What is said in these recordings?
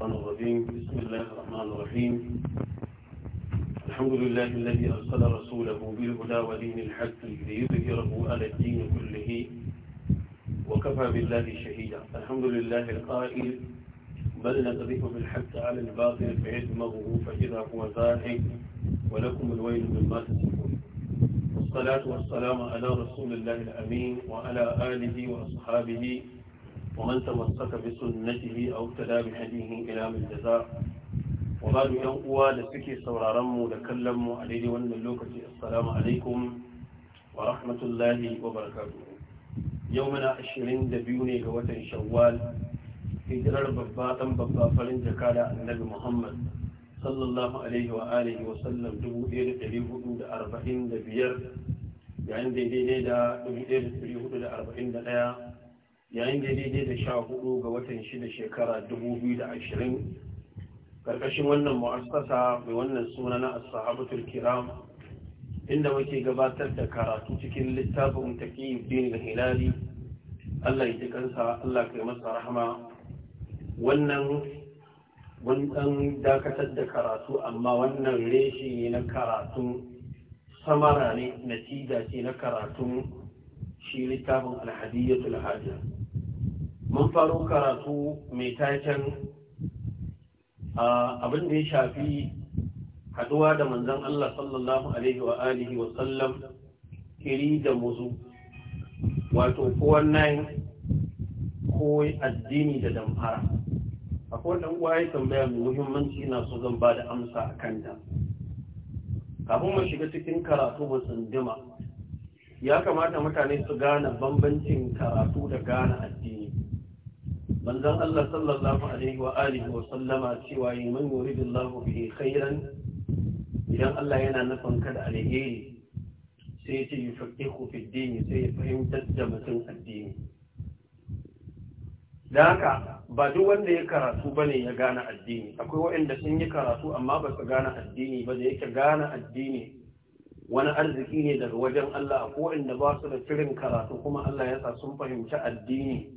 الشيطان الرجيم بسم الله الرحمن الرحيم الحمد لله الذي أرسل رسوله بالهدى ودين الحق ليظهره على الدين كله وكفى بالله شهيدا الحمد لله القائل بل نتبه بالحق على الباطل فيدمغه فإذا هو زاهق ولكم الويل مما تسكون والصلاة والسلام على رسول الله الأمين وعلى آله وأصحابه ومن تمسك بسنته أو ابتدى بهديه إلى من جزاء وبعد أن أوى لسكي سورارم لكلم عليه وأن اللوكة السلام عليكم ورحمة الله وبركاته يومنا عشرين دبيوني قوة شوال hijirar babba dan babba farin jaka da annabi muhammad sallallahu alaihi wa alihi wa sallam 1445 yayin daidai da 1441 yayin da daidai da sha hudu ga watan shida shekara dubu biyu da ashirin karkashin wannan mu'assasa mai wannan suna na asahabatul kiram inda muke gabatar da karatu cikin littafin taqiyuddin al-hilali Allah ya ji kansa Allah kai masa rahama wannan mun dakatar da karatu amma wannan reshi ne na karatun samara ne natija ce na karatun shi littafin alhadiyatul hajjah mun faro karatu mai taken abin da ya shafi haduwa da manzan Allah sallallahu Alaihi wa alihi wa sallam kiri da muzu wato 419 ko addini da damfara akwai wannan waye tambaya mai muhimmanci na so zan ba da amsa a kanta kafin mu shiga cikin karatu mu tsindima ya kamata mutane su gane bambancin karatu da gane addini manzon Allah sallallahu alaihi wa alihi wa sallama cewa man yuridillahu bihi khairan idan Allah yana nufin ka da alheri sai ya ce yufaqihu fi dini sai ya fahimtar da mutum addini da haka ba duk wanda ya karatu bane ya gane addini akwai waɗanda sun yi karatu amma ba su gane addini ba da yake gane addini wani arziki ne daga wajen Allah akwai waɗanda ba su da cirin karatu kuma Allah ya sa sun fahimci addini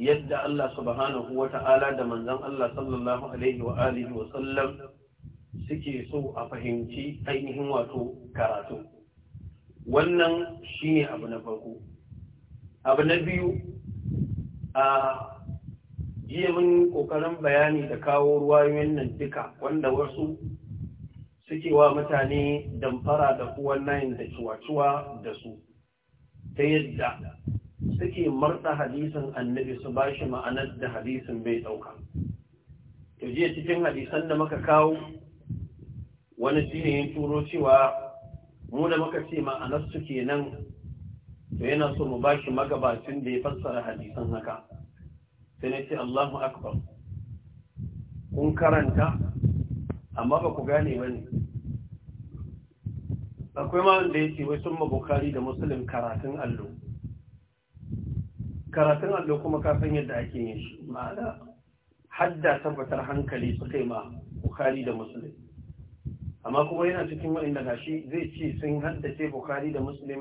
yadda Allah subhanahu wa ta'ala da manzon Allah sallallahu alaihi wa alihi wa sallam suke so a fahimci ainihin wato karatu wannan shi ne abu na farko abu na biyu a jiya mun kokarin bayani da kawo ruwayoyin nan duka wanda wasu suke wa mutane damfara da kuwan nayin da cuwa-cuwa da su ta yadda suke marta hadisin annabi su ba shi ma'anar da hadisin bai ɗauka. Yauje cikin hadisan da muka kawo wani shine yin turo cewa mu da muka ce ma'anar su kenan to yana so mu ba shi magabacin da ya fassara hadisan haka. Sai na Allahu Akbar. Kun karanta, amma ba ku gane ba ne. Akwai ma wanda ya ce wai sun ma Bukhari da Musulun karatun allo. karatun allo kuma ka san yadda ake yin shi ma'ana hadda tabbatar hankali su kai ma bukari da musulmi, amma kuma yana cikin waɗanda gashi zai ce sun haddace bukari da musulmi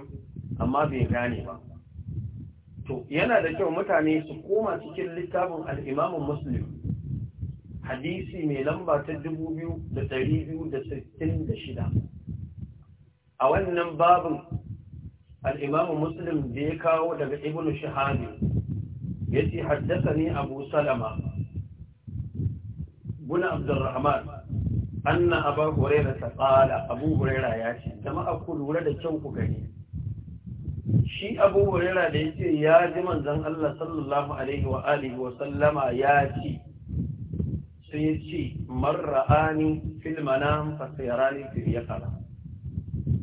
amma bai gane ba to yana da kyau mutane su koma cikin littafin al'imamin musulmi. hadisi mai lamba ta dubu biyu da biyu da sittin shida. a wannan babin al’imamu muslim da ya kawo daga Ibnu shahabi ya ce haddasa ne abu salama guna abdurrahman an na abar hurera ta tsada abu hurera ya ce da kyau ku gani shi abu hurera da ya ce ya ji manzan allah sallallahu alaihi wa alihi wa sallama ya ce sun yi ce marra'ani filmanan fasirani fil yakala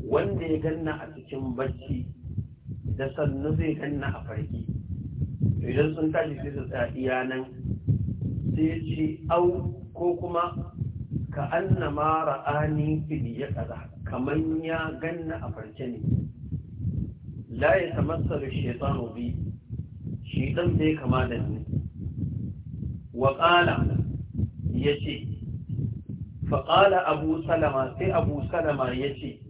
wanda ya ganna a cikin bacci da sannu zai ganna a farki idan sun tashi sai su tsaya iya nan sai ce au ko kuma ka anna ma ra'ani fili ya kaza kamar ya ganna a farce ne la ya tamassar shaitan bi dan bai kama da ni wa qala yace fa qala abu salama sai abu salama yace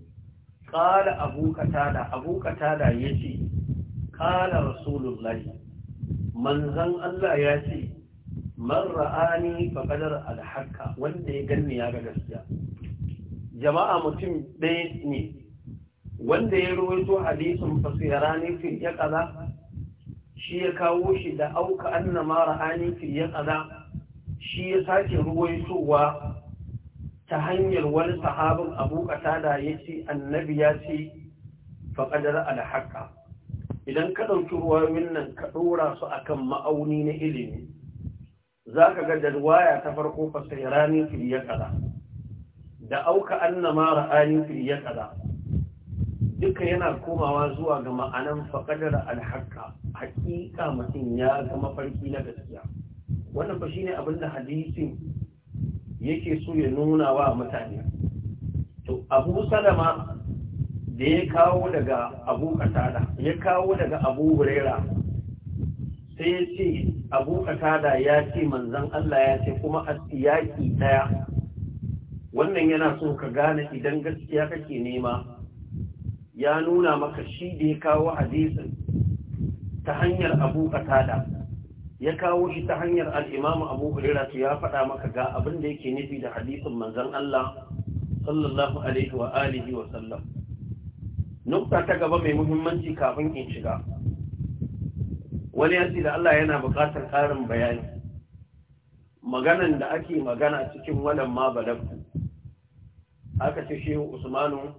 ƙala abu katada abu ya ce ƙala rasulullahi manzan Allah ya ce man ra'ani faƙadar alhaka wanda ya ganni ya ga gaskiya jama'a mutum ɗaya ne wanda ya ruwaito hadisin fasirani fil yaqaza shi ya kawo shi da auka annama ra'ani ya yaqaza shi ya sake ruwaitowa ta hanyar wani sahabin abu ƙasada ya ce annabi ya ce faƙadar alhaƙa idan ka ɗauki ruwayoyin nan ka ɗora su a kan ma'auni na ilimi za ka ga da ta farko fasairani fil ya kaza da auka annama ra'ani fil ya kaza duka yana komawa zuwa ga ma'anan faƙadar alhaƙa haƙiƙa mutum ya mafarki na gaskiya wannan ba ne abin da hadisin yake so ya nuna wa mutane to abu salama da ya kawo daga abu katada ya kawo daga abu hurera sai ya ce abu katada ya ce manzan Allah ya ce kuma a siyaki daya wannan yana so ka gane idan gaskiya kake nema ya nuna maka shi da ya kawo hadisin ta hanyar abu katada ya kawo shi ta hanyar al'imamu abu hurera su ya faɗa maka ga abin da yake nufi da hadisin manzan Allah sallallahu alaihi wa alihi wa sallam nukta ta gaba mai muhimmanci kafin in shiga wani yanzu da Allah yana buƙatar ƙarin bayani maganan da ake magana cikin wannan ma balagku aka ce shehu usmanu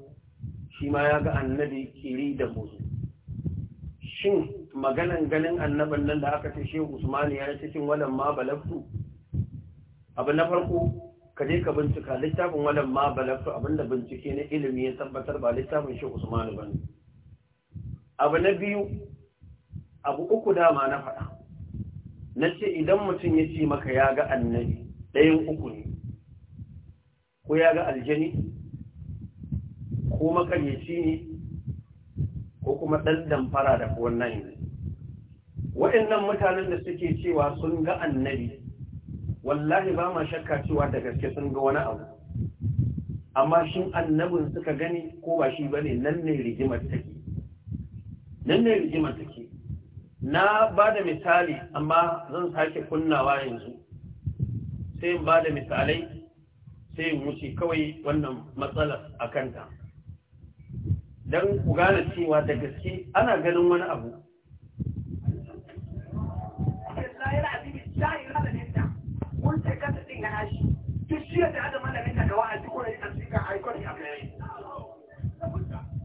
shi ma ya ga annabi kiri da musu. shin maganan ganin annabin nan da aka ce shehu usmani ya yi cikin wannan ma balaftu abu na farko ka je ka bincika littafin wannan ma balaftu abinda bincike na ilimi ya tabbatar ba littafin shehu usmani ba ne abu na biyu abu uku dama na faɗa na ce idan mutum ya ce maka ya ga annabi ɗayan uku ne ko ya ga aljani ko makaryaci ne ko kuma ɗan damfara da wannan yanzu wa'annan mutanen da suke cewa sun ga annabi wallahi ba ma shakka cewa da gaske sun ga wani abu amma shin annabin suka gani ko ba shi ba ne nan ne rigimar take nan ne rigimar take na ba da misali amma zan sake kunnawa yanzu sai in ba da misalai sai in wuce kawai wannan matsalar a kanta don ku gane cewa da gaske ana ganin wani abu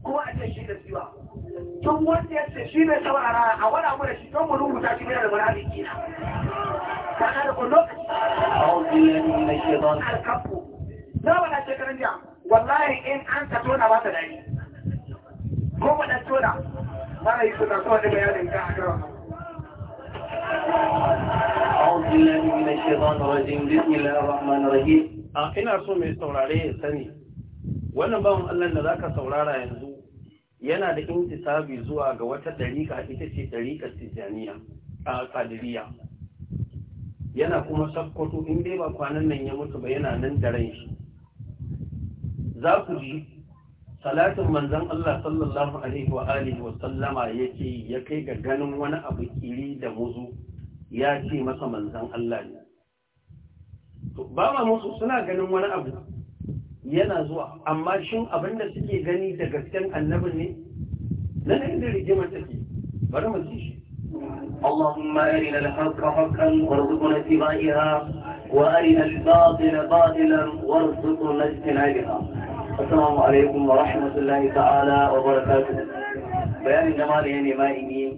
kuma a ce shi da siwa tun wanda ya a da shi ne da a wajen yin na shi don na jiya wallahi in an ka tona ba ta dani ko mu dan tona mana yi suna so da bayanin ka a kan أعوذ بالله من الشيطان الرجيم بسم الله الرحمن الرحيم ina so mai saurare ya sani wannan bawan Allah da zaka saurara yanzu yana da intisabi zuwa ga wata dariƙa ita ce dariƙar Tijaniya a Qadiriyya yana kuma sakkwato in dai ba kwanan nan ya mutu ba yana nan da ran shi za ku ji salatin manzon Allah sallallahu alaihi wa alihi wa sallama yace ya kai ga ganin wani abu kiri da muzu ya ce masa manzon Allah ne to ba ma musu suna ganin wani abu yana zuwa amma shin abin da suke gani da gasken annabi ne nan inda rigimar take bari mu ji shi اللهم أرنا الحق حقا وارزقنا اتباعها وأرنا الباطل باطلا وارزقنا اجتنابها Assalamu alaikum wa rahmatullahi ta'ala wa barakatuh. Bayanin da malaya ne ma ini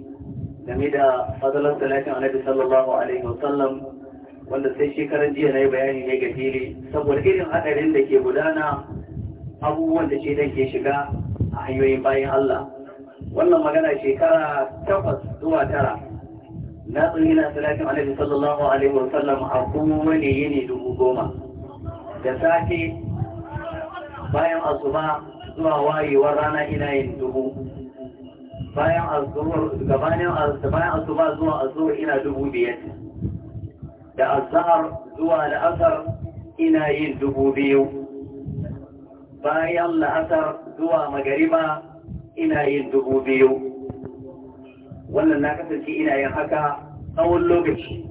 game da fadalar salatin annabi sallallahu alaihi wa sallam wanda sai shekaran jiya na yi bayani ne ga fili saboda irin hadarin da ke gudana abubuwan da shedan ke shiga a hanyoyin bayan Allah. Wannan magana shekara takwas zuwa tara na tsirina salatin annabi sallallahu alaihi wa sallam a kowane yini dubu goma da safe bayan asuba zuwa wayewar rana ina yin dubu bayan azhar gabanin bayan asuba zuwa azhar ina dubu biyar da azhar zuwa la'asar ina yin dubu biyu bayan la'asar zuwa magariba ina yin dubu biyu wannan na kasance ina yin haka tsawon lokaci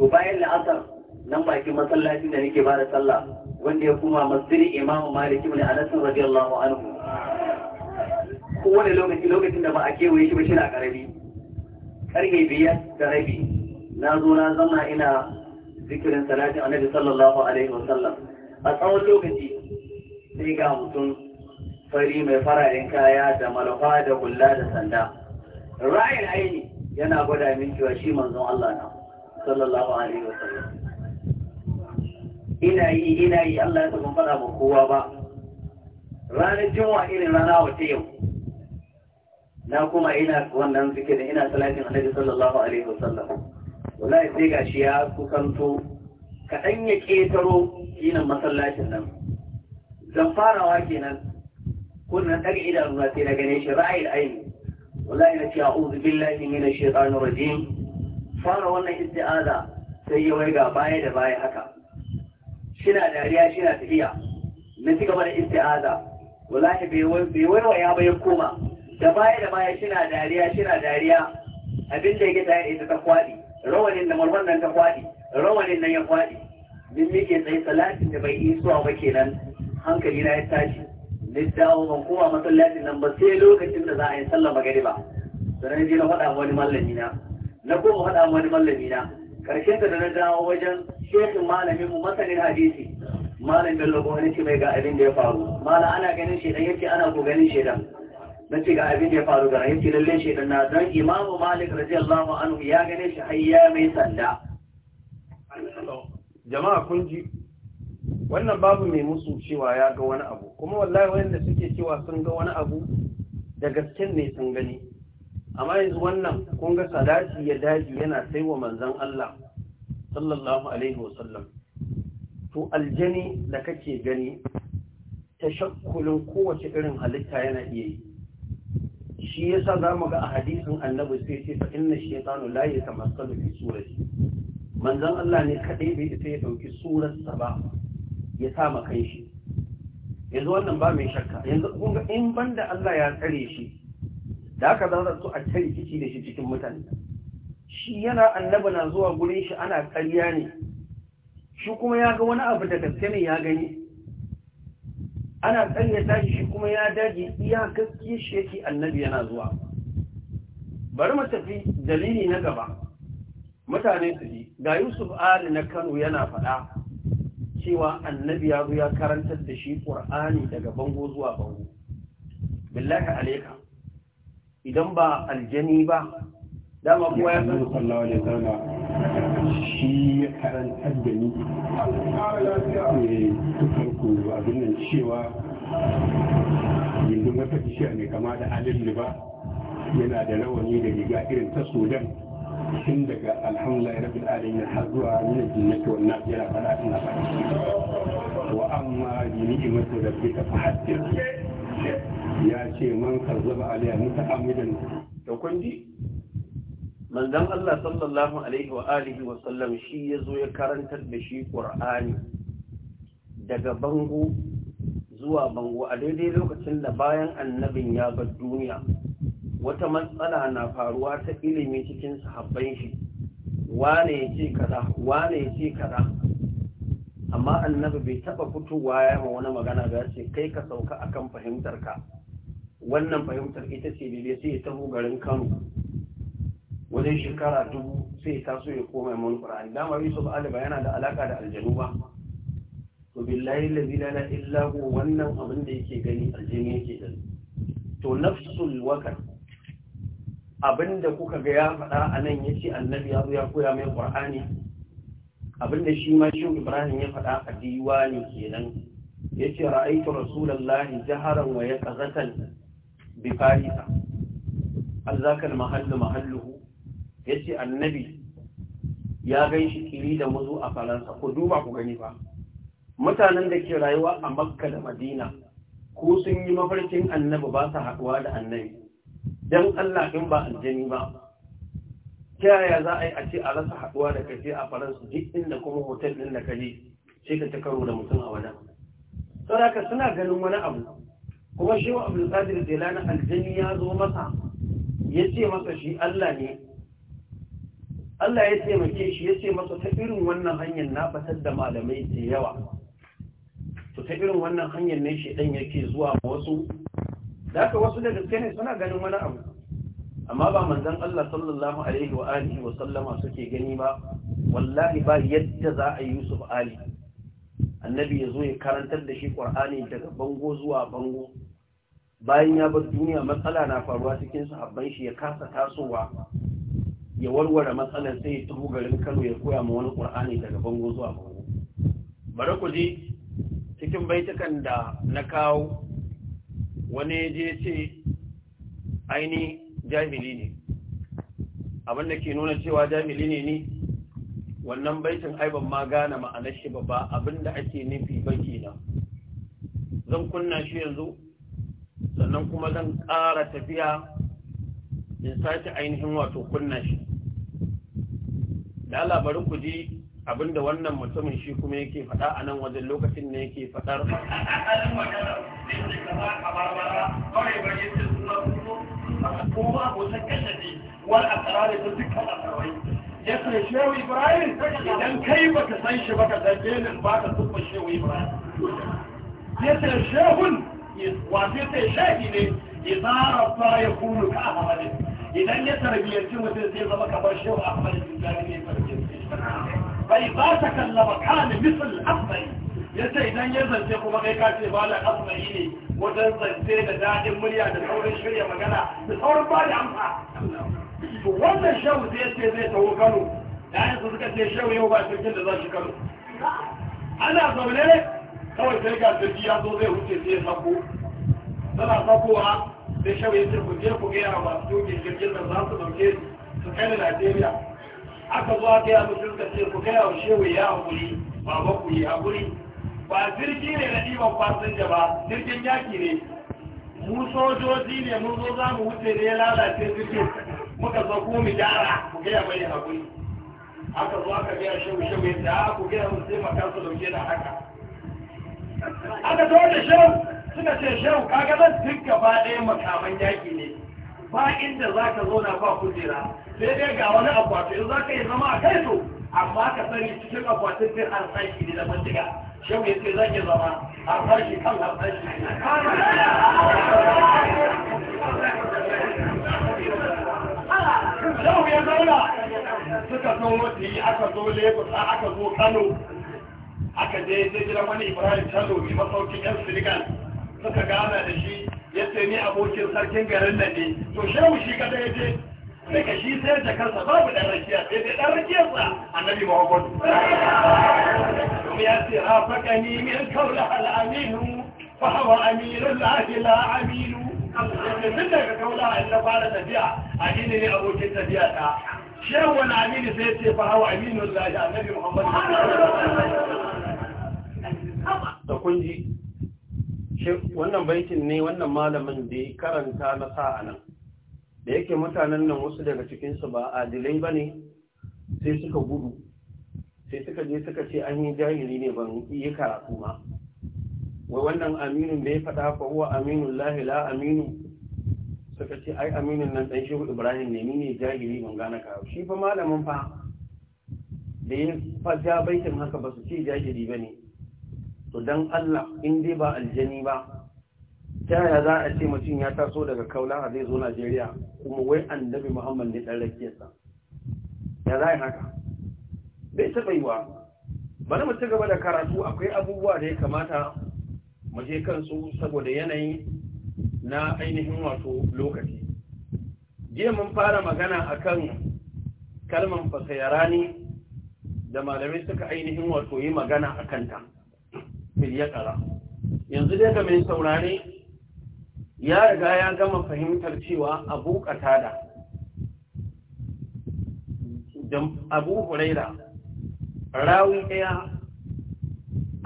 to bayan la'asar nan bakin masallacin da nake ba da sallah wanda ya kuma masiri imamu malik ibn anas radiyallahu anhu kowane lokaci lokacin da ba a kewaye shi ba shi na karami karfe biyar da rabi na zo na zama ina zikirin salatin annabi sallallahu alaihi wa sallam. a tsawon lokaci sai ga mutum fari mai fararen kaya da malafa da hula da sanda ra'ayin aini yana gwada min cewa shi manzon Allah na sallallahu alaihi wa sallam. ina yi ina yi Allah ya taɓa faɗa ba kowa ba ranar juma'a irin rana ta yau na kuma ina wannan zikirin ina salatin annabi sallallahu alaihi wasallam wallahi sai gashi ya kusanto kaɗan ya ƙetaro ginin masallacin nan zan farawa kenan kunna ɗaga idanuna sai na gane shi ra'ayin aini wallahi na ce a a'udhu billahi minash shaitanir rajim fara wannan isti'aza sai ya waiga baya da baya haka shina dariya shina tafiya na ci gaba da isti'aza wallahi bai waiwaya ba ya koma da baya da baya shina dariya shina dariya abin da ya gita ya ita ta kwadi. rawanin da marwan nan ta kwadi. rawanin nan ya kwadi. min mike tsaye salatin da bai isuwa ba kenan hankali na ya tashi na dawo ban koma masallacin nan ba sai lokacin da za a yi sallar magariba sannan je na faɗa wani mallami na na koma faɗa wani mallami na karshen da na dawo wajen shekin malamin mu masanin hadisi malamin bello wani ce mai ga abin da ya faru Mala ana ganin shedan yake ana ko ganin shedan ce ga abin da ya faru ga yake lalle shedan na dan imamu malik radiyallahu anhu ya gane shi hayya mai sanda jama'a kun ji wannan babu mai musu cewa ya ga wani abu kuma wallahi da suke cewa sun ga wani abu da gasken ne sun gani amma yanzu wannan kun ga salati ya daji yana sai wa manzon Allah sallallahu alaihi wasallam to aljani da kake gani tashakkulin kowace irin halitta yana iya yi shi yasa mu ga a hadisin annabi sai ce fa inna shaytanu la yatamassalu fi surati Manzan Allah ne kadai bai sai ya dauki surar sa ba ya sa ma kai shi yanzu wannan ba mai shakka yanzu kun ga in banda Allah ya tsare shi da aka zama su a can rikici da shi cikin mutane shi yana annaba na zuwa gurin shi ana karya ne shi kuma ya ga wani abu da gaske ne ya gani ana ƙaryata shi shi kuma ya dage iya gaske shi yake annabi yana zuwa bari mu tafi dalili na gaba mutane su ji ga Yusuf Ali na Kano yana faɗa cewa annabi ya zo ya karantar da shi Qur'ani daga bango zuwa bango billahi alaikum idan ba aljani ba dama kuwa ya san sallallahu alaihi wasallam shi karantar da ni ne eh, farko abin nan cewa gindin wata bishiya mai kama da alilli ba yana da rawani da riga irin ta sojan? tun daga alhamdulillah rabbil alamin har zuwa min jinnati wan nas yana fara ina fara wa amma bi da rabbika fa haddith ya ce man kazzaba alaiya muta'ammidan to kun manzon Allah sallallahu alaihi wa alihi wa sallam shi yazo ya karantar da shi Qur'ani daga bango zuwa bango a daidai lokacin da bayan annabin ya bar duniya wata matsala na faruwa ta ilimi cikin sahabban shi wane ya ce kaza wane ya kaza amma annabi bai taba fitowa ya ma wani magana ga ce kai ka sauka akan fahimtar ka wannan fahimtar ita ce daidai sai ya taho garin kano wajen shekara dubu sai ya taso ya koma man qur'ani dama yusuf aliba yana da alaƙa da aljanu ba to billahi allazi la illa wannan abin da yake gani aljini yake gani to nafsul waqt abinda kuka ga ya faɗa a nan ya ce annabi ya zo ya koya mai ƙwar'ani abinda shi ma shi ibrahim ya faɗa a diwani kenan ya ce ra'aitu rasulallahi jaharan wa ya ƙazatan Farisa, an zakar mahallu mahalluhu ya ce annabi ya gan shi kiri da muzu a faransa ku duba ku gani ba mutanen da ke rayuwa a makka da madina ko sun yi mafarkin annabi ba su haɗuwa da annabi don allah in ba aljani ba ta yaya za a yi a ce a rasa haɗuwa da kaje a faransa duk inda kuma hotel ɗin da kaje sai ka ta da mutum a wajen saboda suna ganin wani abu kuma shi wa abdulkadir jilani aljani ya zo masa ya ce masa shi Allah ne Allah ya taimake shi ya ce masa ta irin wannan hanyar na fatar da malamai da yawa to ta irin wannan hanyar ne shi dan yake zuwa wasu da ka wasu daga gaske ne suna ganin wani abu amma ba manzon Allah sallallahu alaihi wa alihi wa sallama suke gani ba wallahi ba yadda za a Yusuf Ali annabi ya zo ya karantar da shi ƙwar'ani daga bango zuwa bango bayan ya bar duniya matsala na faruwa cikin sahabban shi ya kasa tasowa ya warware matsalar sai ya taho garin kano ya koya ma wani ƙwar'ani daga bango zuwa bango bari ku ji cikin baitukan da na kawo wani je ce aini jahili ne abin da ke nuna cewa jahili ne ni wannan baitin ai ma gane ma'anar shi ba ba abinda ake nufi ba kenan zan kunna shi yanzu sannan kuma zan ƙara tafiya in sake ainihin wato kunna shi da labarin ku ji abinda wannan mutumin shi kuma yake faɗa a nan wajen lokacin da yake faɗar A kuma kashe abokan kallafi a tsara da dukkan asarai ya san shehu ibrahim idan kai baka san shi baka zabe ni ba ka tuba shehu ibrahim ya san shehun wato sai shehi ne idan rabba ya kunu ka ahmad idan ya tarbiyyanci mutum sai zama kamar shehu ahmad bin jari ne bai ba ta kallama kana misal ahmad ya ce idan ya zance kuma kai ka ce bala asmai ne wajen zance da daɗin murya da saurin shirya magana da saurin ba da amsa wannan shawu zai ce zai taho kano yayin su suka ce shawu yau ba cikin da za shi kano ana zaune kawai sai ga tafi ya zo zai huce sai ya sako tana sakowa sai shawu ya ce ku je ku gaya masu dokin jirgin da za su dauke su kai na najeriya aka zo aka yi amince suka ce ku gaya wa shehu ya haƙuri ba ba ku yi haƙuri ba jirgi ne na ɗiban fasinja ba jirgin yaƙi ne mu sojoji ne mun zo za mu wuce ne ya lalace jirgin muka zo ku mu gyara ku gaya bayan haƙuri aka zo aka gaya shehu shehu yadda ku gaya mu sai maka su dauke da haka aka zo da shehu suka ce Ka kaga zan duk gaba ɗaya makaman yaƙi ne ba inda za ka zo na ba kujera sai dai ga wani akwati in za ka yi zama a kai to amma ka sani cikin akwatin sai an sashi ne da bindiga shehu ya ce za ki zama a sashi kan a ne yau ya zauna suka zo mafi aka zo lagos aka zo kano aka je je wani ibrahim kano mai masaukin yan senegal suka gana da shi ya ce ni abokin sarkin garin nan ne to shehu shi kada ya je sai ka shi sayar da kansa babu ɗan rakiya sai dai ɗan rakiyarsa annabi muhammadu kuma ya ce ha faƙani min kaula al'aminu fa hawa amirul lahi la aminu tun daga kaula in na fara tafiya a aminu ne abokin tafiya ta shehu aminu sai ce fa hawa aminu lahi annabi muhammad da kun ji wannan baitin ne wannan malamin da ya karanta na sa'a nan da yake mutanen nan wasu daga cikinsu ba adilai ba ne sai suka gudu sai suka je suka ce an yi jahili ne ban yi karatu ma wa wannan Aminu da ya faɗa fa huwa aminun lahi la aminu suka ce ai Aminu nan ɗan shehu ibrahim ne ne jahili ban gane ka shi fa malamin fa da ya fa ja baitin haka ba su ce jahili ba ne to dan allah in dai ba aljani ba ta yaya za a ce mutum ya taso daga kaula a zai zo najeriya kuma wai annabi muhammad ne ɗan rakiyarsa ya za haka bai taɓa yi wa bari mu ci gaba da karatu akwai abubuwa da ya kamata mu je kansu saboda yanayi na ainihin wato lokaci Jiya mun fara magana akan kalman fasayarani da malamai suka ainihin wato yi magana a kanta fil ya kara yanzu daga mai saurari ya riga ya gama fahimtar cewa abu katada da abu huraira rawi ɗaya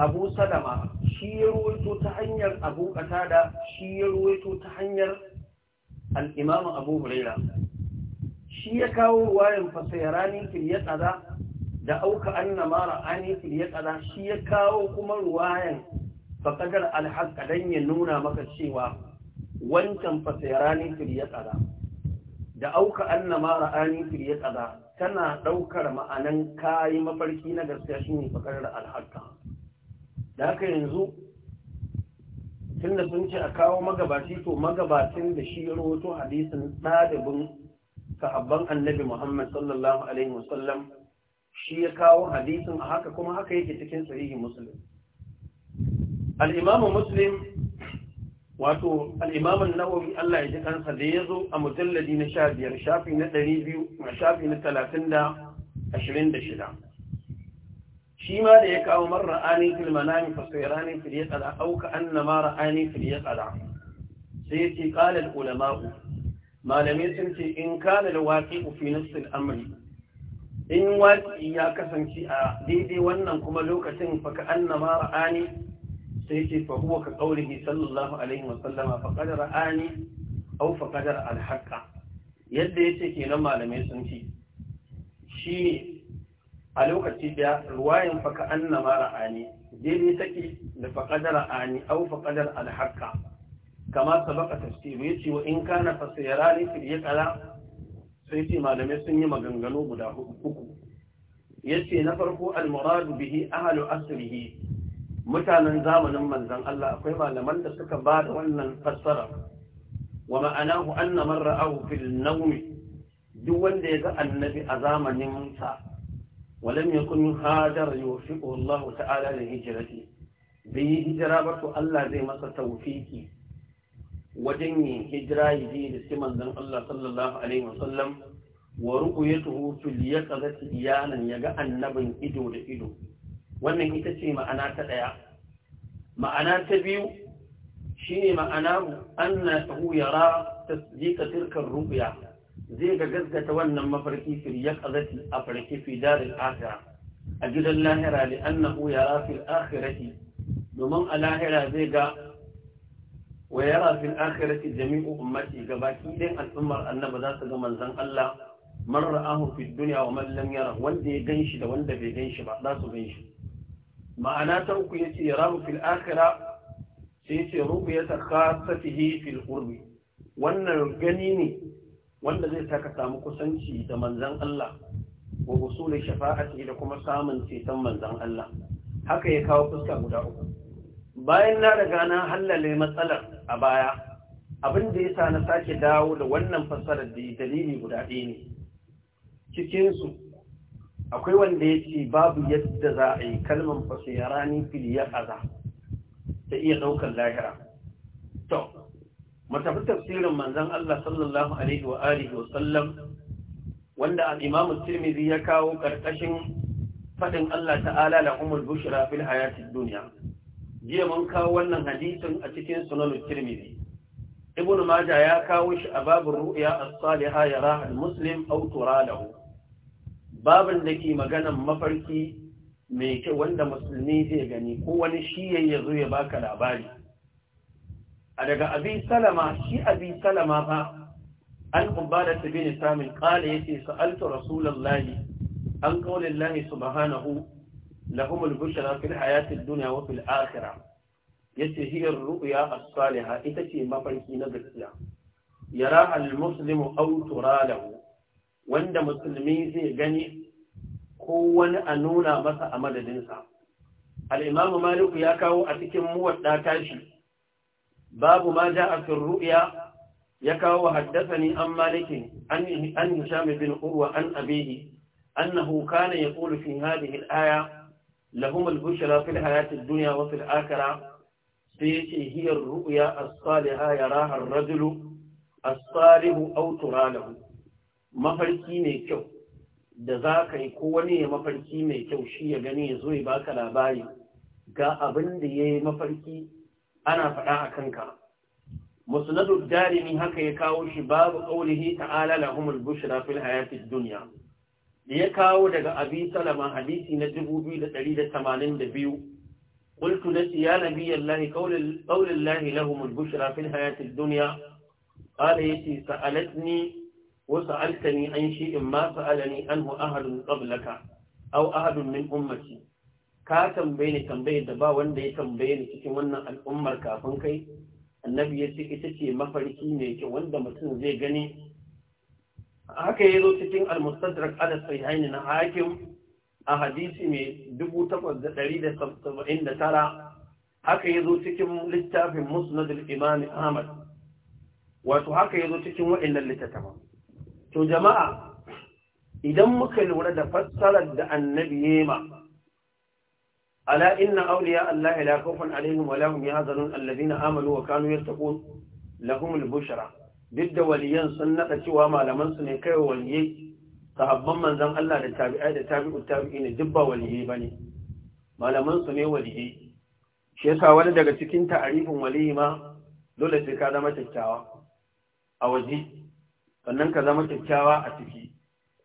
abu salama shi ya ruwaito ta hanyar abu da shi ya ruwaito ta hanyar al abu huraira shi ya kawo wayan fasayarani fil tsada da auka anna mara ra'ani fil tsada shi ya kawo kuma ruwayan faqadar Alhaka don ya nuna maka cewa wancan fasayarani fil tsada da auka anna mara ra'ani fil tsada tana ɗaukar ma'anan kayi mafarki na gaskiya shi ne al alhaka. da haka yanzu tun da sun ce a kawo magabaci to magabacin da shi ya rahoto hadisin ɗalibin sahabban annabi Muhammad sallallahu alaihi wasallam shi ya kawo hadisin a haka kuma haka yake cikin sahihi muslim al-imamu muslim wato al-imamu an-nawawi Allah ya ji kansa da yazo a mujalladi na biyar shafi na 200 shafi na talatin da shida. shi ma da ya kawo marar ani fil manami fa sayrani fil yaqala aw ka anna mara ani fil yaqala sai yace qala al ulama malami sun ce in kana al waqi'u fi nafs al amri in waqi ya kasance a daidai wannan kuma lokacin fa ka anna mara ani sai ce fa huwa ka qawlihi sallallahu alaihi wa sallama fa qad ra'ani aw fa qad al haqqa yadda yace kenan malamai sun ce shi ne. a lokaci daya ruwayan faka annama ra'ani daidai take da faqadar ra'ani aw alhaka. al-haqqa kama sabaka tafsir ce wa in kana fasayarani ya yaqala sai ce malamai sun yi maganganu guda uku yace na farko almuradu bihi ahlu asrihi mutanen zamanin manzon Allah akwai malaman da suka ba da wannan fassara wa ma'anahu anna man ra'ahu fil nawm duk wanda ya ga annabi a zamanin sa ولم يكن هاجر يوفقه الله تعالى لهجرته bai hijira ba to Allah zai masa taufiki wajen yin hijira yaje da shi manzon Allah sallallahu alaihi wasallam wa ru'yatuhu fil yaqazati iyanan yaga annabin ido da ido wannan ita ce ma'ana ta ɗaya. ma'ana ta biyu shine ma'ana annahu yara tasdiqa tilka ru'ya zai ga gaskata wannan mafarki fil yaqzati a farki fi daril akhirah a gidan lahira da annahu ya fil akhirati domin a lahira zai ga wa yara fil akhirati jami'u ummati baki din al'ummar annaba za su ga manzan Allah man ra'ahu Duniya dunya wa man lam yara wanda ya ganshi da wanda bai ganshi ba za su ganshi ma'ana ta uku yace yarahu fil akhirah sai yace ya khassatihi fil qurbi wannan gani ne wanda zai saka samu kusanci da manzan Allah wa usulin shafa'ati da kuma samun ceton manzan Allah haka ya kawo fuska guda uku bayan na riga na hallale matsalar a baya abin da sa na sake dawo da wannan fassarar da dalili guda ɗaya ne cikin su akwai wanda yake babu yadda za a yi kalmar fasiyarani fil ya ta iya ɗaukar lahira to mu tafi tafsirin manzon Allah sallallahu alaihi wa alihi wa sallam wanda al-Imam Tirmidhi ya kawo karkashin faɗin Allah ta'ala Umar bushra fil Hayati Duniya. jiya mun kawo wannan hadisin a cikin sunan Tirmidhi Ibn maja ya kawo shi a babin ru'ya as ya raha al-muslim aw turalahu babin da ke maganan mafarki mai kyau wanda musulmi zai gani ko wani shi ya zo ya baka labari a daga abin salama shi abin salama fa an ubbada ta bin samin qala yace sa'altu rasulullahi an su subhanahu lahum al-bushra fil hayati duniya, wa fil akhirah yace hiya ar-ru'ya as-salihah ita ce mafarki na gaskiya yara al-muslimu aw turalahu wanda musulmi zai gani ko wani a nuna masa a madadinsa al maliku ya kawo a cikin muwadda tashi babu ma ja'a fi ru'ya ya kawo haddasa ni an maliki an an hisham bin urwa an abihi annahu kana yaqulu fi hadhihi al-aya lahum al-bushra fi al-hayati ad-dunya wa fi al-akhirah سيتي هي الرؤيا الصالحة يراها الرجل الصالح أو ترى له mafarki mai kyau da za ka yi kowane ya mafarki mai kyau shi ya gani ya zo ya baka labari ga abin da ya yi mafarki ana faɗa a kanka musnadu darimi haka ya kawo shi babu qaulihi ta'ala lahumul bushra fil hayatid dunya da ya kawo daga abi salama hadisi na 2182 qultu lati ya nabiyallahi qaulul qaulullahi lahumul bushra fil hayatid dunya qala yati sa'alatni wa sa'altani an shay'in ma sa'alani anhu ahadun qablaka aw ahadun min ummati ka tambaye ni tambayar da ba wanda ya tambaye ni cikin wannan al'ummar kafin kai annabi ya ce ita ce mafarki ne ke wanda mutum zai gani haka ya zo cikin al-mustadrak ala sahihain na hakim a hadisi mai 8,179 haka ya zo cikin littafin musnad al-imam ahmad wato haka ya zo cikin waɗannan littattafan to jama'a idan muka lura da fassarar da annabi yema ألا إن أولياء الله لا خوف عليهم ولا هم يحزنون الذين آمنوا وكانوا يتقون لهم البشرى ضد وليا سنة سوى cewa لمن سنة كي وليي sahabban manzan Allah da tabi'ai da tabi'ut tabi'in dubba duk ba malaman su ne waliyai shi yasa wani daga cikin ta'arifin waliyi ma dole sai ka zama kyakkyawa a waje sannan ka zama kyakkyawa a ciki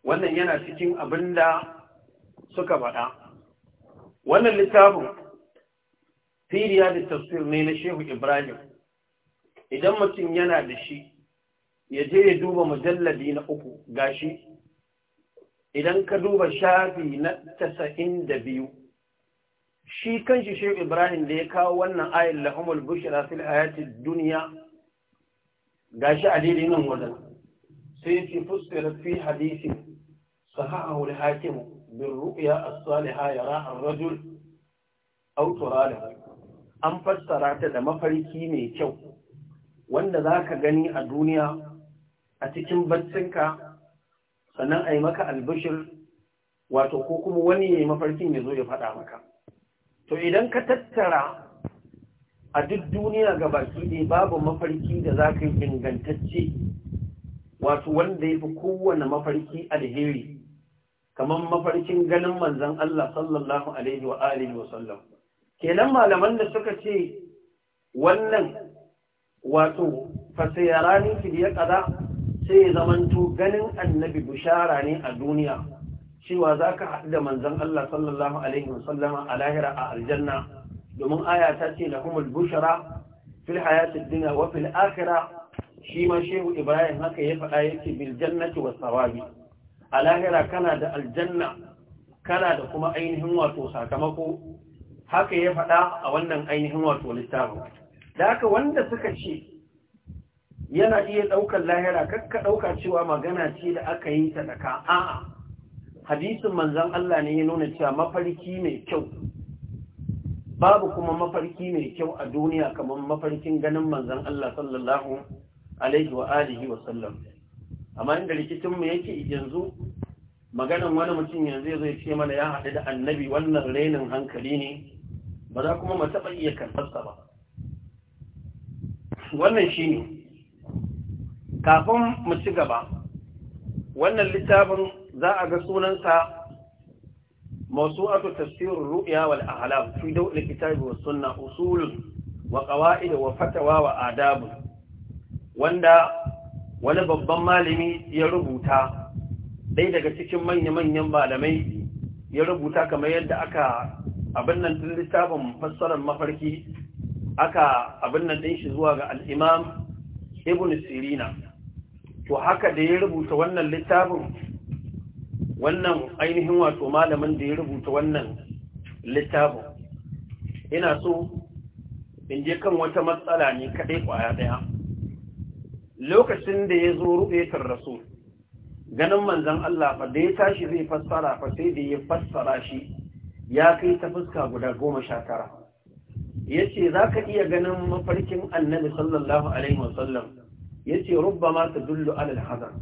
wannan yana cikin abinda suka faɗa wannan littafin firiya da tafsir ne na shehu ibrahim idan mutum yana da shi ya je ya duba mujalladi na uku gashi idan ka duba shafi na tasa'in da biyu shi kanshi shehu ibrahim da ya kawo wannan ayin lahumul bushra fil hayatid duniya gashi a daidai nan wajen sai ya ce fuskar fi hadisi sahahu al-hakimu بالرؤيا الصالحة يراها الرجل أو ترى له an fassara ta da mafarki mai kyau wanda za gani a duniya a cikin baccinka sannan a yi maka albishir wato ko kuma wani ya yi mafarkin ya zo ya faɗa maka to idan ka tattara a duk duniya ga baki ne babu mafarki da za ka yi ingantacce wato wanda ya fi kowane mafarki alheri kamar mafarkin ganin manzan Allah sallallahu alaihi wa alihi wa sallam kenan malaman da suka ce wannan wato fasayarani fil yaqada sai ya zamanto ganin annabi bushara ne a duniya cewa zaka haɗu da manzan Allah sallallahu alaihi wa sallama a lahira a aljanna domin aya ta ce lahumul bushara fil hayatid dunya wa fil akhirah shi ma shehu ibrahim haka ya faɗa yake bil jannati was sawabi a lahira kana da aljanna kana da kuma ainihin wato sakamako haka ya faɗa a wannan ainihin wato littafin da haka wanda suka ce yana iya ɗaukar lahira kakka ɗauka cewa magana ce da aka yi ta daka a'a hadisin manzon Allah ne ya nuna cewa mafarki mai kyau babu kuma mafarki mai kyau a duniya kamar mafarkin ganin manzon Allah sallallahu alaihi wa alihi wa sallam amma inda rikicinmu yake yanzu maganan wani mutum yanzu ya zai ce mana ya haɗu da annabi wannan renin hankali ne ba za kuma mu taɓa iya karɓarsa ba wannan shi ne kafin mu ci gaba wannan littafin za a ga sunansa masu موسوعة تفسير الرؤيا wa في دول wa والسنة wa fatawa wa adabu wanda. wani babban malami ya rubuta ɗaya daga cikin manya-manyan malamai ya rubuta kamar yadda aka abin nan ɗin littafin fassarar mafarki aka abin nan ɗin shi zuwa ga al'imam ibn sirina to haka da ya rubuta wannan littafin wannan ainihin wato malamin da ya rubuta wannan littafin ina so in je kan wata matsala ne kaɗai ƙwaya ɗaya lokacin da ya zo ru'ayatul rasul ganin manzon Allah fa da ya tashi zai fassara fa sai da ya fassara shi ya kai ta fuska guda goma sha tara yace zaka iya ganin mafarkin annabi sallallahu alaihi wasallam yace rubbama ta ala al-hazar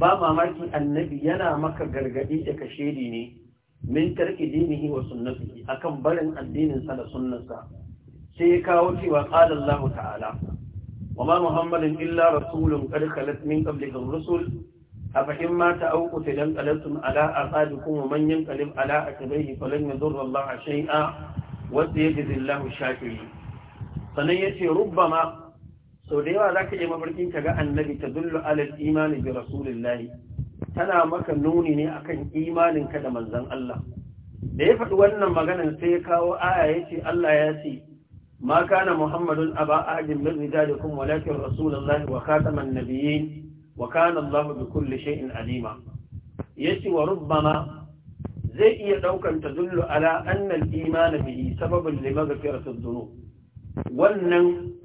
ba mamaki annabi yana maka gargadi da kashedi ne min tarki dinihi wa sunnatihi akan barin addinin sa da sunnarsa sai ya kawo cewa qala Allahu ta'ala وما محمد إلا رسول قد خلت من قبله الرسل أفإن مات أو قتل انقلبتم على أعقابكم ومن ينقلب على عقبيه فلن يضر الله شيئا وسيجزي الله الشاكرين سنيتي ربما سوديوا ذاك يا مبركين كغا النبي تدل على الإيمان برسول الله tana maka nuni ne akan imaninka da manzon Allah da ya faɗi wannan maganar sai ya kawo aya yace Allah ya ce ما كان محمد أبا أحد من رجالكم ولكن رسول الله وخاتم النبيين وكان الله بكل شيء عليما يسي وربما زي يدوكا تدل على أن الإيمان به سبب لمغفرة الذنوب wannan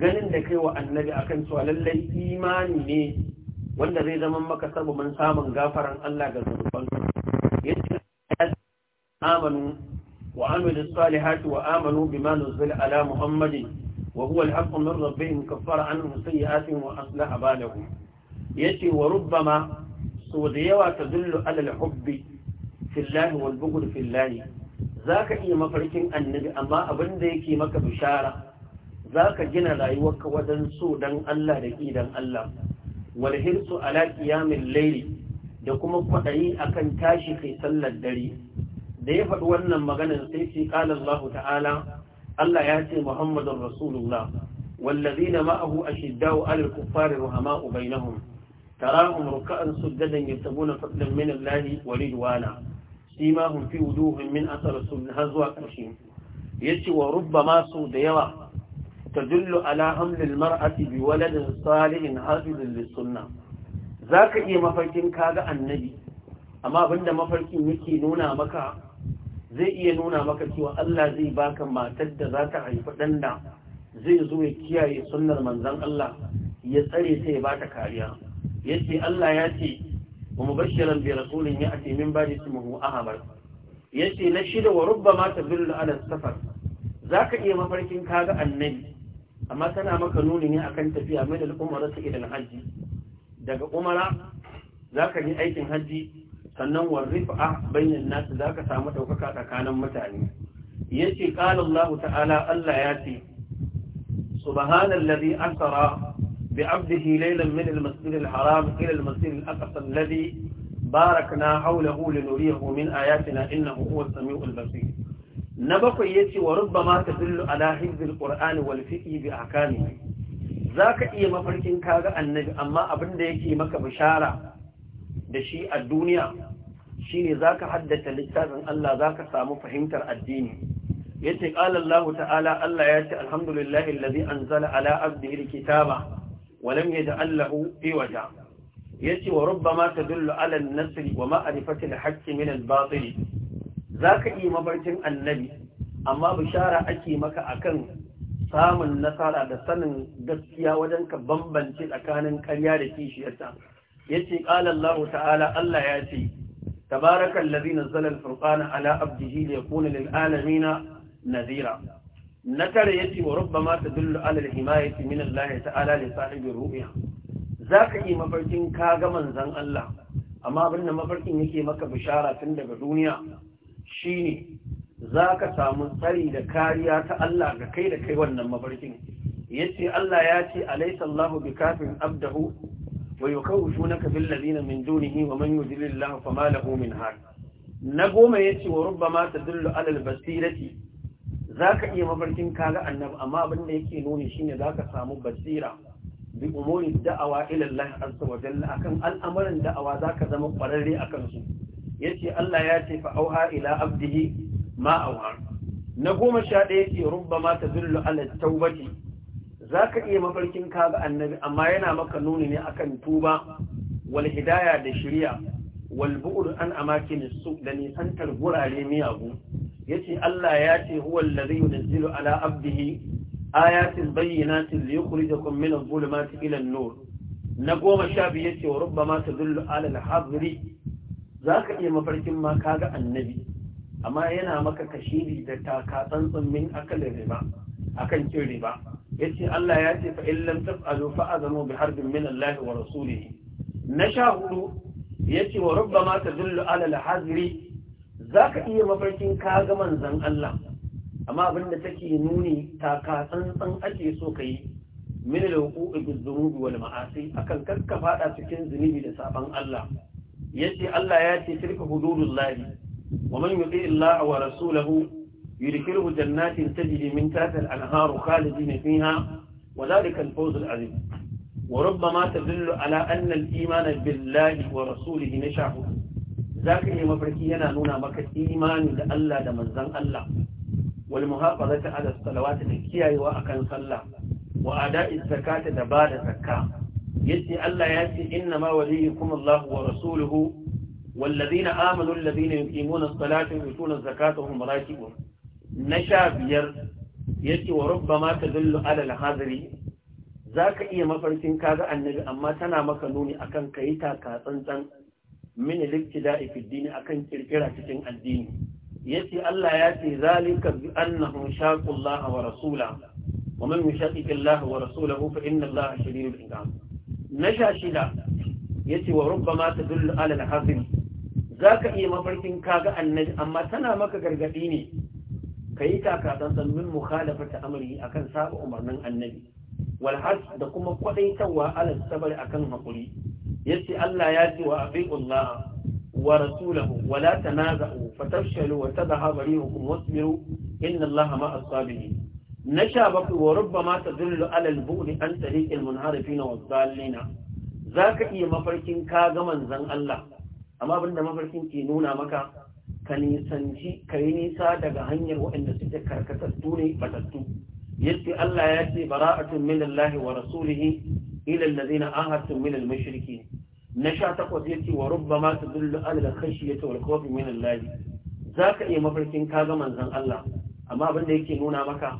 ganin da kai wa annabi akan cewa lallai imani ne wanda zai zama maka sababin samun gafaran Allah ga zunubanka yace amanu وعملوا الصالحات وآمنوا بما نزل على محمد وهو الحق من ربهم كفر عنهم سيئاتهم وأصلح بالهم يتي وربما سوديوة تدل على الحب في الله والبغض في الله ذاك إيه مفركين النبي أما أبن ديكي مك بشارة ذاك جنا لا يوك ودن سودن الله رئيدا الله والهرس على قيام الليل da kuma kwaɗayi akan tashi kai sallar dare da ya faɗi wannan maganar sai fi ƙalar Allah ta'ala, Allah ya ce Muhammadun Rasulullah, wallazi na ma'ahu a shidawo alir kufari ruhama ubai na hun, tara hun ruka an su gadon faɗin min lahi wa rijuwala, shi ma hun fi min asar su har ƙarshe. Ya ce rubba masu da yawa, ta dullu ala hamlin mar'ati bi waladin salihin hafizin lissunna. Za ka iya mafarkin kaga annabi, amma abinda mafarkin yake nuna maka zai iya nuna maka cewa Allah zai baka matar da za ta haifi ɗanda zai zo ya kiyaye sunnar manzon Allah ya tsare sai ya bata kariya yace Allah ya ce wa mubashiran bi rasulin ya'ti min ba'di ismihi Ya yace na shida wa rubbama tabillu ala safar zaka iya mafarkin kaga annabi amma tana maka nuni ne akan tafiya mai da umara rasa idan hajji. daga umara zaka yi aikin hajji? sannan warrifa bayyan nasu za ka samu ɗaukaka tsakanin mutane ya ce ƙalallahu ta'ala Allah ya ce subhanallazi asara bi abdihi laylan min al-masjid al-haram ila al-masjid al-aqsa alladhi barakna hawlahu linuriyahu min ayatina innahu huwa as-sami'u al-basir na bakwai yace wa rubbama tadullu ala hifz al-qur'an wal fiqh bi ahkamihi zaka iya mafarkin kaga annabi amma abinda yake maka bishara da shi a duniya shine zaka haddata littafin Allah za ka samu fahimtar addini yace qala Allah ta'ala Allah ya ce alhamdulillahi allazi anzala ala abdihi alkitaba wa lam yaj'al lahu iwaja yace wa rubbama tadullu ala an-nasr wa ma'rifati al-haqq min al-batil zaka yi mabarkin annabi amma bishara ake maka akan samun nasara da sanin gaskiya wajen ka bambance tsakanin ƙarya da kishiyarta yace qala Allah ta'ala Allah ya ce tabarakal ladzi nazzala al-furqana ala abdihi liyakuna lil Nazira. nadhira nakara yace wa rubbama tadullu ala al-himayati min Allah ta'ala li sahibi ru'ya zaka yi mafarkin ka ga manzon Allah amma abin da mafarkin yake maka bishara tun daga duniya shine zaka samu tsari da kariya ta Allah ga kai da kai wannan mafarkin yace Allah ya ce alaysa Allahu bikafin abdahu ويخوفونك بالذين من دونه ومن يدل الله فما له من هاد نقوم يتي وربما تدل على البصيرة ذاك إيه مفركين كاغا أنب أما بن يكي نوني شين ذاك سامو بصيرة بأمور الدعوة إلى الله عز وجل أكن الأمر الدعوة ذاك زم قرري أكن سو يتي الله ياتي فأوها إلى عبده ما أوها نقوم شاد يتي ربما تدل على التوبة za ka iya mafarkin ka ga annabi amma yana maka nuni ne akan tuba wal hidaya da shirya wal bu'd an amakin su da nisantar gurare miyagu yace Allah ya ce huwa allazi yunzilu ala abdihi ayatin bayyinatin li yukhrijakum min adh-dhulumati ila an-nur na goma sha biyu yace wa rubbama tadullu ala al-hadri zaka iya mafarkin ma kaga annabi amma yana maka kashiri da taka tsantsan min akal riba akan cin riba yace Allah ya ce fa illam taf'alu fa azanu bi harbin min Allah wa rasulihi na sha hudu yace wa rubbama tadullu ala al-hazri zaka iya mafarkin ka ga manzon Allah amma abinda take nuni ka tsantsan ake so kai min al-huquqi biz-dhunubi wal ma'asi akan karka fada cikin zunubi da saban Allah yace Allah ya ce tilka hududullahi wa man yuti Allah wa rasulahu يدخله جنات تجري من تحتها الأنهار خالدين فيها وذلك الفوز العظيم وربما تدل على أن الإيمان بالله ورسوله نشعه ذاك اللي مفركي هنا نونا مكة إيمان لألا دمزن الله والمحافظة على الصلوات الكياي وأكن صلى وأداء الزكاة دباد زكاة يسي الله يسي إنما وليكم الله ورسوله والذين آمنوا الذين يقيمون الصلاة ويؤتون الزكاة وهم راكبون na sha biyar ya ce wa rubba ma ta dullu alal hazari za ka iya mafarkin kaga annabi amma tana maka nuni akan ka yi taka tsantsan mini liktida ifiddini akan kirkira cikin addini ya ce Allah ya ce zalika bi annahum shaqullaha wa rasula wa man yushaqiqi Allah wa rasulahu fa inna Allah shadidul iqam na sha shida ya ce wa ma ta tadullu alal al za ka iya mafarkin kaga annabi amma tana maka gargadi ne yi takadan san min ta amri akan saba umarnin annabi wal da kuma kwadaitawa ala sabr akan hakuri yace Allah ya ce wa abiqullah wa rasulahu wa la tanaza'u fatafshalu wa tadhhabu rihukum wasbiru inna Allaha ma'as Na sha baku wa rubbama tadullu ala al-bu'd an tariqil munharifin wad Za zaka iya mafarkin ka ga manzon Allah amma abinda mafarkin ke nuna maka ka nisanci ka yi nisa daga hanyar waɗanda suke karkatattu ne batattu yadda Allah ya ce bara'atun min Allah wa rasulihi ila allazina ahadtum min al-mushriki na sha takwas yace wa rubbama tudullu ala al-khashyati wal khawfi min Allah zaka iya mafarkin kaga manzon Allah amma abin da yake nuna maka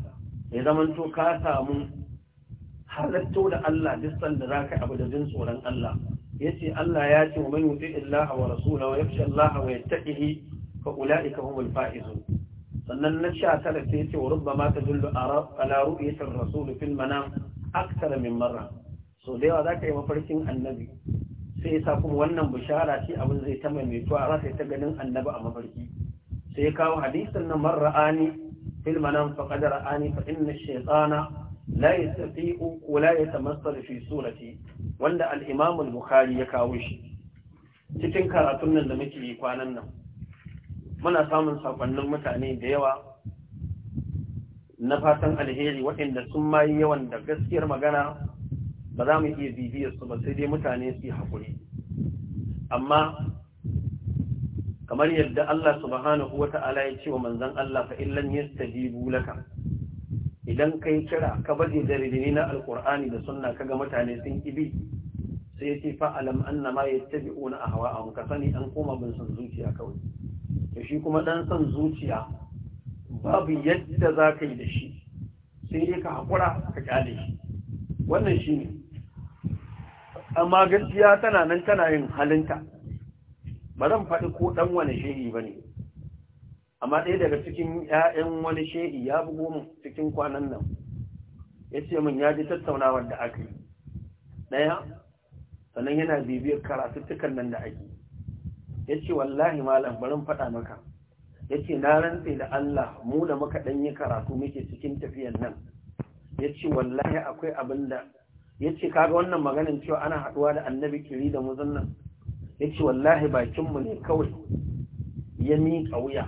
ya zaman to ka samu halatto da Allah duk sanda zaka abu da jin tsoron Allah yace Allah ya ce wa man yuti Allah wa rasulahu wa yakhsha Allah wa yattaqihi fa ula'ika humul fa'izun sannan na sha tara sai yace rubba ma tadullu ala ru'yatir rasul fil manam akthara min marra so da yawa zaka yi mafarkin annabi sai yasa kuma wannan bishara ce abin zai ta maimaituwa za ta ta ganin annabi a mafarki sai ya kawo hadisin nan marra ani fil manam fa qad ra'ani fa inna shaytana la yastati'u wa la yatamassal fi surati wanda al-imam al-bukhari ya kawo shi cikin karatun nan da muke yi kwanan nan muna samun sakonnin mutane da yawa na fatan alheri waɗanda sun mayi yawan da gaskiyar magana ba za mu iya bibiyar su ba sai dai mutane su yi haƙuri amma kamar yadda Allah subhanahu wa ta'ala ya ce wa manzan Allah fa illan yastajibu laka idan kai kira ka baje jaridini na alqur'ani da sunna kaga mutane sun bi sai ya ce fa alam annama yattabi'una ahwa'ahum ka sani an koma bin san zuciya kawai da shi kuma ɗan son zuciya babu yadda za ka yi da shi sai dai ka haƙura ka ƙyale shi wannan shi ne amma gaskiya tana nan tana yin halinta ba zan faɗi ko ɗan wani shehi ba ne amma ɗaya daga cikin ‘ya'yan wani shehi ya bugo mu cikin kwanan nan ya ce min ya ji tattaunawar da aka yi ɗaya sannan yana bibiyar karatuttukan nan da ake ya ce wallahi malam barin faɗa maka ya ce na rantse da Allah mu da muka yi karatu muke cikin tafiyar nan ya ce wallahi akwai abin da ya ce kaga wannan maganin cewa ana haɗuwa da annabi kiri da muzan nan ya ce wallahi bakinmu ne kawai ya miƙa wuya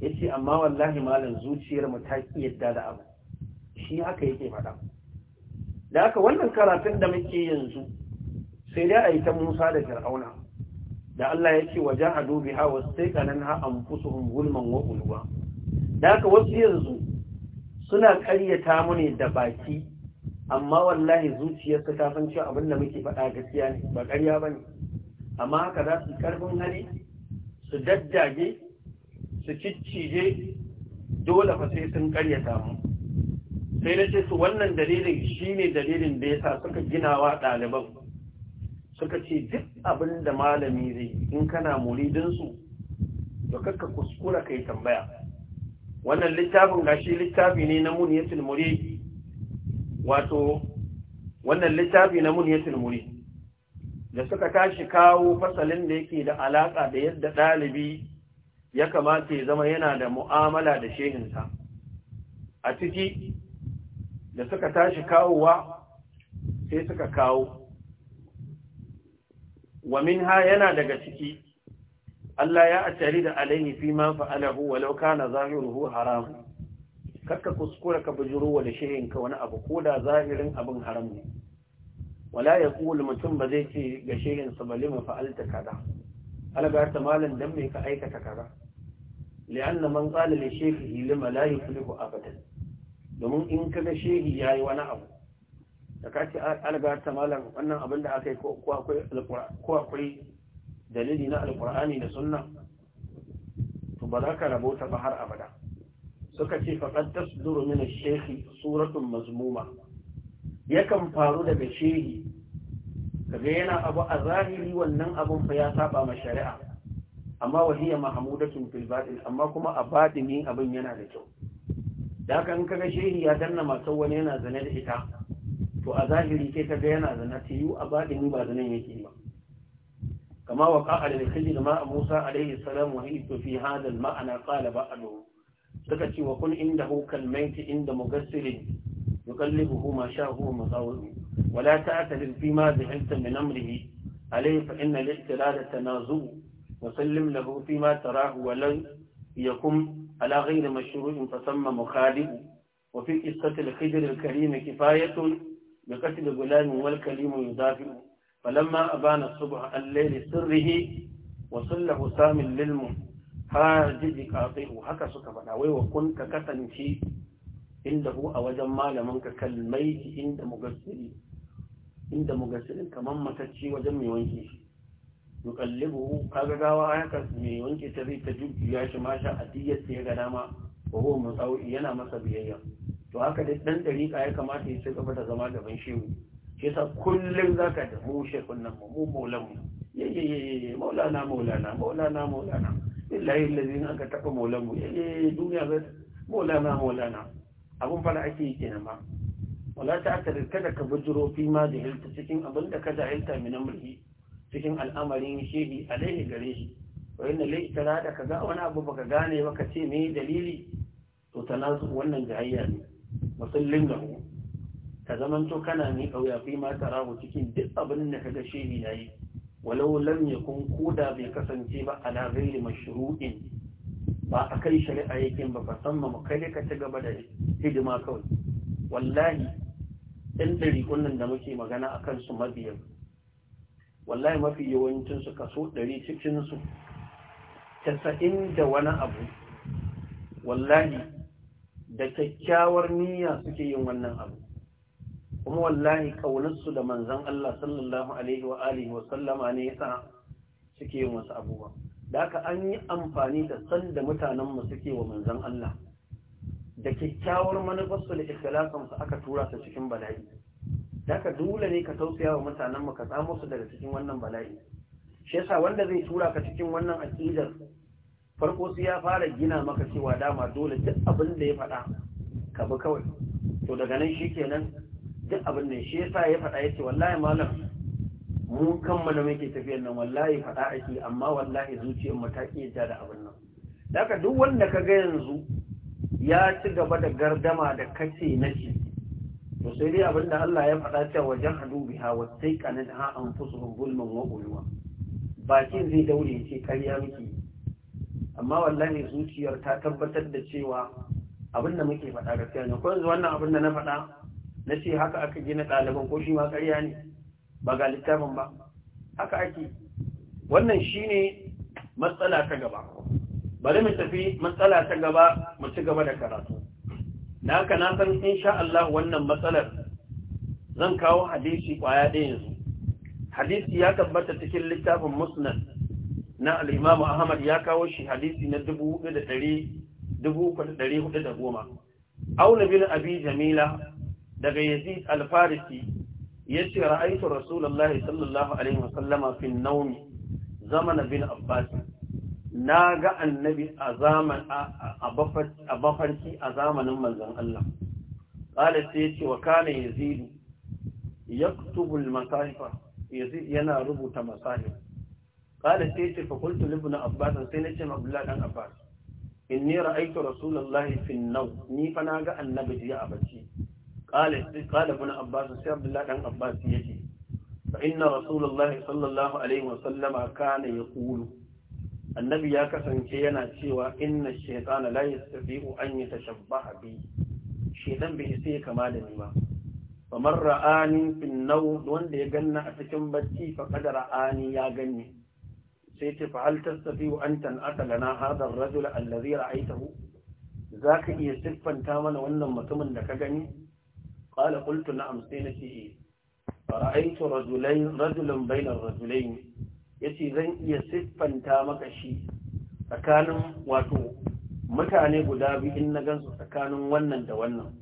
ya ce amma wallahi malam zuciyar mu ta ƙi yadda da abu shi haka yake faɗa da haka wannan karatun da muke yanzu sai dai a yi ta musa da fir'auna da Allah ya ce sai jahadu biha wastaqananha anfusuhum gulman wa ulwa da haka wasu yanzu suna karyata mu ne da baki amma wallahi zuciyarsa ta san cewa abin da muke faɗa gaskiya ne ba ƙarya bane amma haka za su karfin hali su daddage su ciccije dole fa sai sun karyata mu sai na ce su wannan dalilin shine dalilin da yasa suka ginawa ɗaliban suka ce duk abin da malami zai yi in kana muridinsu to kakka kuskura kai tambaya wannan littafin gashi littafi ne na muniyatul murid wato wannan littafi na muniyatul murid da suka tashi kawo fasalin da yake da alaka da yadda dalibi ya kamata ya zama yana da mu'amala da shehinsa a ciki da suka tashi kawowa sai suka kawo wa minha yana daga ciki Allah ya atari da alaihi fi ma fa'alahu walau kana zahiruhu haram kakka kuskura ka bujuru wa da ka wani abu ko da zahirin abin haram ne wala ya kula mutum ba zai ce ga shirin sa bali ma fa'alta kada ta malan dan me ka aikata kaza li'anna man qala li shaykhihi lima la yuflihu abadan domin in kaga shehi yayi wani abu da ka ce ta malam wannan abin da aka yi ko akwai dalili na alkur'ani da sunna to ba za ka rabota ba har abada suka ce qad tasduru min ash-shaykh suratun mazmuma yakan faru daga shehi kaga yana abu a zahiri wannan abun fa ya saba ma shari'a amma wahiya mahmudatun fil batin amma kuma a batini abin yana da kyau da haka in kaga shehi ya danna matar wani yana zane da ita to a zahiri sai ga yana zina ta yi a baɗini ba zanen yake ba kama wa ƙa'ar da kaji da ma'a musa alaihi salam wa hito fi hadal ma'ana ƙala ba a dogo suka wa kun inda hukal maiti inda mugassirin yuqallibuhu ma sha huwa musawwi wala ta'tadil fi ma dhahilta min amrihi alayhi fa inna al-ihtilal tanazu wa sallim lahu fi ma tarahu wa lan yakum ala ghayri mashru'in fa thamma mukhadib wa fi qissati al-khidr بقتل غلام والكليم يدافع فلما أبان الصبح الليل سره وصله سام للم حاجد قاطئ حكى سكبنا وكن ككتنشي inda hu a wajen malamanka kalmai inda mugassiri inda mugassirin kamar matacci wajen mai wanke shi yukallibu kaga gawa haka mai wanke ta zai ta jujjuya shi masha a ya ga dama ba huwa yana masa biyayya to haka da dan ɗariƙa ya kamata ya ci gaba ta zama gaban shehu shi yasa kullum zaka da mu shekun nan mu maulan mu ye ye ye ye maulana maulana maulana maulana billahi allazi aka taɓa maulan mu ye ye duniya zai maulana maulana abun fara ake yi kenan ba wala ta da kada ka bujuro fi ma da hilta cikin abin da ka hilta min amri cikin al'amarin shehi alaihi gare shi wa inna lai tara da kaga wani abu baka gane ba ka ce me dalili to tana wannan jahiyya ne musallin lahu ka zamanto kana ne kauya fi ma tarahu cikin duk abin da kaga shehi yayi walau lam yakun koda bai kasance ba ala ghairi mashru'in ba a kai shari'a yakin ba fa san mu kai ka ci gaba da hidima kawai wallahi ɗan ɗari kunnan da muke magana akan su mabiyan wallahi mafi yawancin su kaso ɗari cikin su casa'in da wani abu wallahi da kyakkyawar niyya suke yin wannan abu kuma wallahi kaunarsu da manzon Allah sallallahu alaihi wa alihi wa sallama ne yasa suke yin wasu abubuwa da haka an yi amfani da san da mutanen suke wa manzan Allah da kyakkyawar manufarsu da ikhlasan su aka tura su cikin bala'i da haka dole ne ka tausaya wa mutanen mu ka tsamo su daga cikin wannan bala'i shi yasa wanda zai tura ka cikin wannan aqidar farko sai ya fara gina maka cewa dama dole duk abin da ya faɗa ka bi kawai to daga nan shi kenan duk abin da shi yasa ya faɗa ya ce wallahi malam mu kammala muke tafiyar nan wallahi faɗa ake amma wallahi zuciyar mu ta ja da abin nan daga duk wanda ka ga yanzu ya ci gaba da gardama da kace na shi to sai dai abin da Allah ya faɗa cewa wajen hadu biha wa sai kanin ha an zulman wa ulwa bakin zai daure ce kariya miki amma wallahi zuciyar ta tabbatar da cewa abin da muke faɗa gaskiya ne ko yanzu wannan abin da na faɗa na ce haka aka gina ɗaliban ko shi ma ƙarya ne ba ga littafin ba haka ake wannan shi ne matsala ta gaba bari mu tafi matsala ta gaba mu ci gaba da karatu da haka na san sha Allah wannan matsalar zan kawo hadisi kwaya ɗaya yanzu hadisi ya tabbata cikin littafin musnad na al'imamu ahmad ya kawo shi hadisi na dubu da da goma. bin abi jamila daga yazid al-farisi ya ce ra'aitu rasulallah sallallahu alaihi wasallama fin naumi zaman bin Abbasi. na ga annabi a zaman a bafarki a zamanin manzon Allah qala ya ce wa kane Yazidu. yaktubu al-masahifa yazid yana rubuta Masahifa. qala sai ce fa qultu li ibn abbas sai na ce abdullahi dan abbas inni ra'aytu rasulullahi fi an-naw ni fa na ga annabi jiya a bacci qala sai qala ibn abbas sai abdullahi dan abbas yace fa inna rasulullahi sallallahu alaihi wa sallama kana yaqulu annabi ya kasance yana cewa inna ash-shaytana la yastafi'u an yatashabbaha bi shedan bai sai kama da ni ba famar ra'ani fin nau wanda ya ganna a cikin bacci fa kada ra'ani ya ganni sai ce fa hal tastati an tan'ata lana hadha ar-rajul alladhi Za ka iya siffanta mana wannan mutumin da ka gani qala qultu na sai nace eh ra'aytu rajulayn rajulan bayna ar yace zan iya siffanta maka shi tsakanin wato mutane guda biyu in na gansu tsakanin wannan da wannan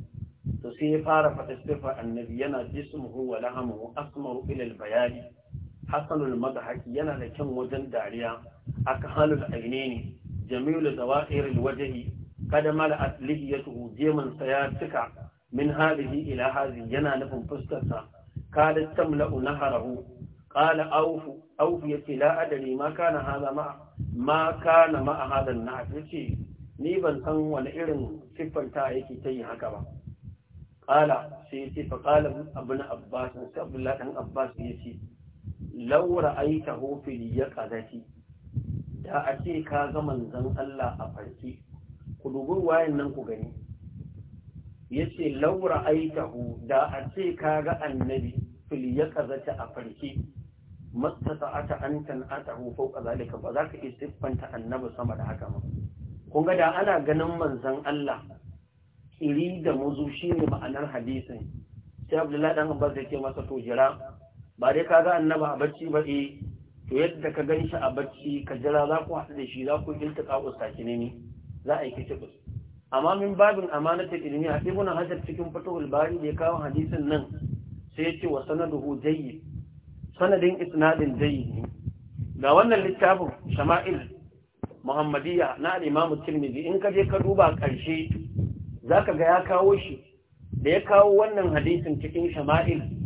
to sai ya fara faɗa siffar annabi yana jismuhu wa lahamuhu asmaru ila bayani hasanul madhaki yana da kyan wajen dariya akhalul ainaini jamilul zawahirul wajhi kada mal aslihiyatu jeman sa ya tuka min hadhihi ila hadhihi yana nufin fuskar sa kada tamla'u naharahu qala awfu awfu yati la adri ma kana hadha ma ma kana ma hadha an-nahar ni ban san wani irin sifanta yake ta yi haka ba qala sai yace fa qala ibn abbas sai abdullah dan abbas yace laura aita hofil ya ƙazati da a ce ka ga manzan Allah a farki ku dubi wayan nan ku gani ya ce laura aita hu da a ce ka ga annabi fil ya ƙazata a farki matsata ata an tan'ata hu fauka zalika ba za ka iya siffanta annabi sama da haka ma kun ga da ana ganin manzan Allah iri da muzu ne ma'anar hadisin sai abdullahi dan abbas yake masa to jira ba dai ka ga annaba a bacci ba eh to yadda ka gan shi a barci ka jira za ku haɗu da shi za ku ilta ƙa'us ne ne za a yi kicibus amma min babin amanatar ilmi a ibn hajar cikin fatuhul bari da ya kawo hadisin nan sai ya ce wa sanaduhu jayyid sanadin isnadin jayyid ga wannan littafin shama'il muhammadiyya na al-imam tirmidhi in ka je ka duba karshe zaka ga ya kawo shi da ya kawo wannan hadisin cikin shama'il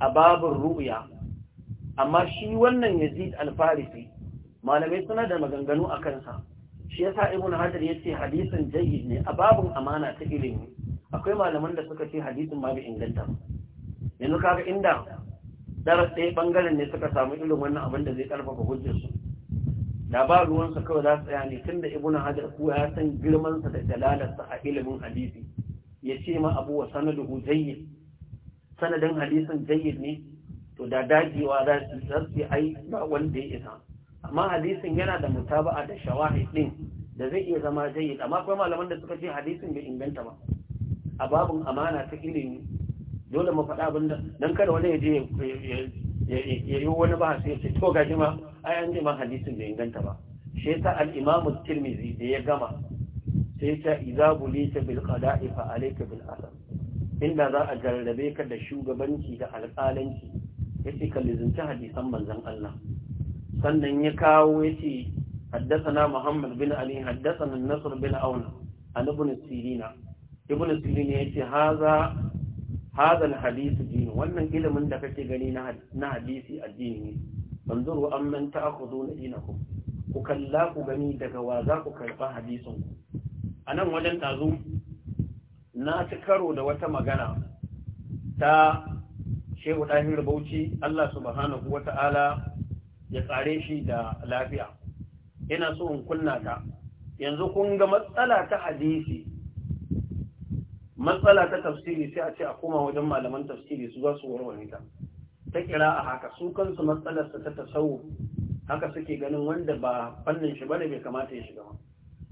a babin ru'uya amma shi wannan yazid al-farisi malamai suna da maganganu a kansa shi yasa ibn ya ce hadisin jayyid ne a babin amana ta ilimi akwai malaman da suka ce hadisin ma bai inganta yanzu kaga inda daras ɗaya bangaren ne suka samu ilimin wannan abin da zai karfafa hujjarsu da ba ruwansa kawai za su tsaya ne tun da ibn hadar kuwa ya san girmansa da dalalarsa a ilimin hadisi ya ce ma abu wa sanadu jayyid sanadin hadisin jayyid ne to da dagewa za su ai ba wanda ya isa amma hadisin yana da mutaba'a da shawahid din da zai iya zama jayyid amma kuma malaman da suka ce hadisin bai inganta ba a babun amana ta ilimi dole mu faɗa abin da dan kada wani ya je ya yi wani ba sai ya ce to gaji ma ai an ma hadisin bai inganta ba shi yasa al-imam tirmidhi da ya gama sai ya ce idza bulita bil qada'i fa alayka bil inda za a jarrabe ka da shugabanci da alƙalanci ya ce kalli lizinci hadisan manzan Allah sannan ya kawo ya ce haddasana Muhammad bin Ali haddasana Nasr bin Auna an ibn Sirina ibn Sirina ya ce haza hadha hadisi din wannan ilimin da kake gani na hadisi addini ne manzuru amman ta'khuduna dinakum ku kalla ku gani daga wa za ku karba hadisin ku anan wajen tazo. na ci karo da wata magana ta shehu ɗahir bauchi Allah subhanahu wa ta'ala ya tsare shi da lafiya ina so in kunna ta yanzu kun ga matsala ta hadisi matsala ta tafsiri sai a ce a koma wajen malaman tafsiri su za warware ta ta kira a haka su kansu matsalarsa ta tasawu haka suke ganin wanda ba fannin shi bane bai kamata ya shiga ba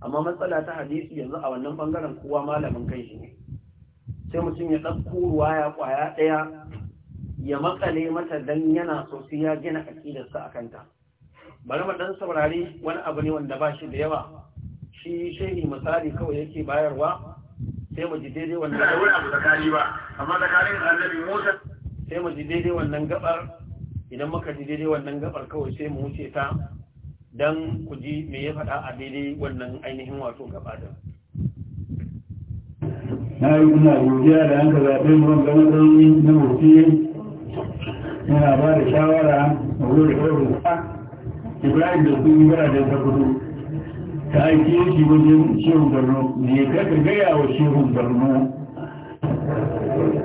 amma matsala ta hadisi yanzu a wannan bangaren kowa malamin kai shi ne sai mutum ya ɗauko ruwa ya ƙwaya ɗaya ya makale mata dan yana so ya gina aƙidarsa a kanta bari mu ɗan saurari wani abu ne wanda ba shi da yawa shi shehi misali kawai yake bayarwa sai mu ji daidai wannan wani abu tsakani ba amma tsakanin annabi Musa sai mu ji daidai wannan gabar idan muka ji daidai wannan gabar kawai sai mu wuce ta don ku ji me ya faɗa a daidai wannan ainihin wato gaba da na yi ina godiya da an ka zaɓe mun ga na mafi yana ba da shawara a wurin ɗaurin ta. ibrahim da sun yi bara da ta kudu ta aiki shi wajen shehun borno ne ka gaya wa shehun borno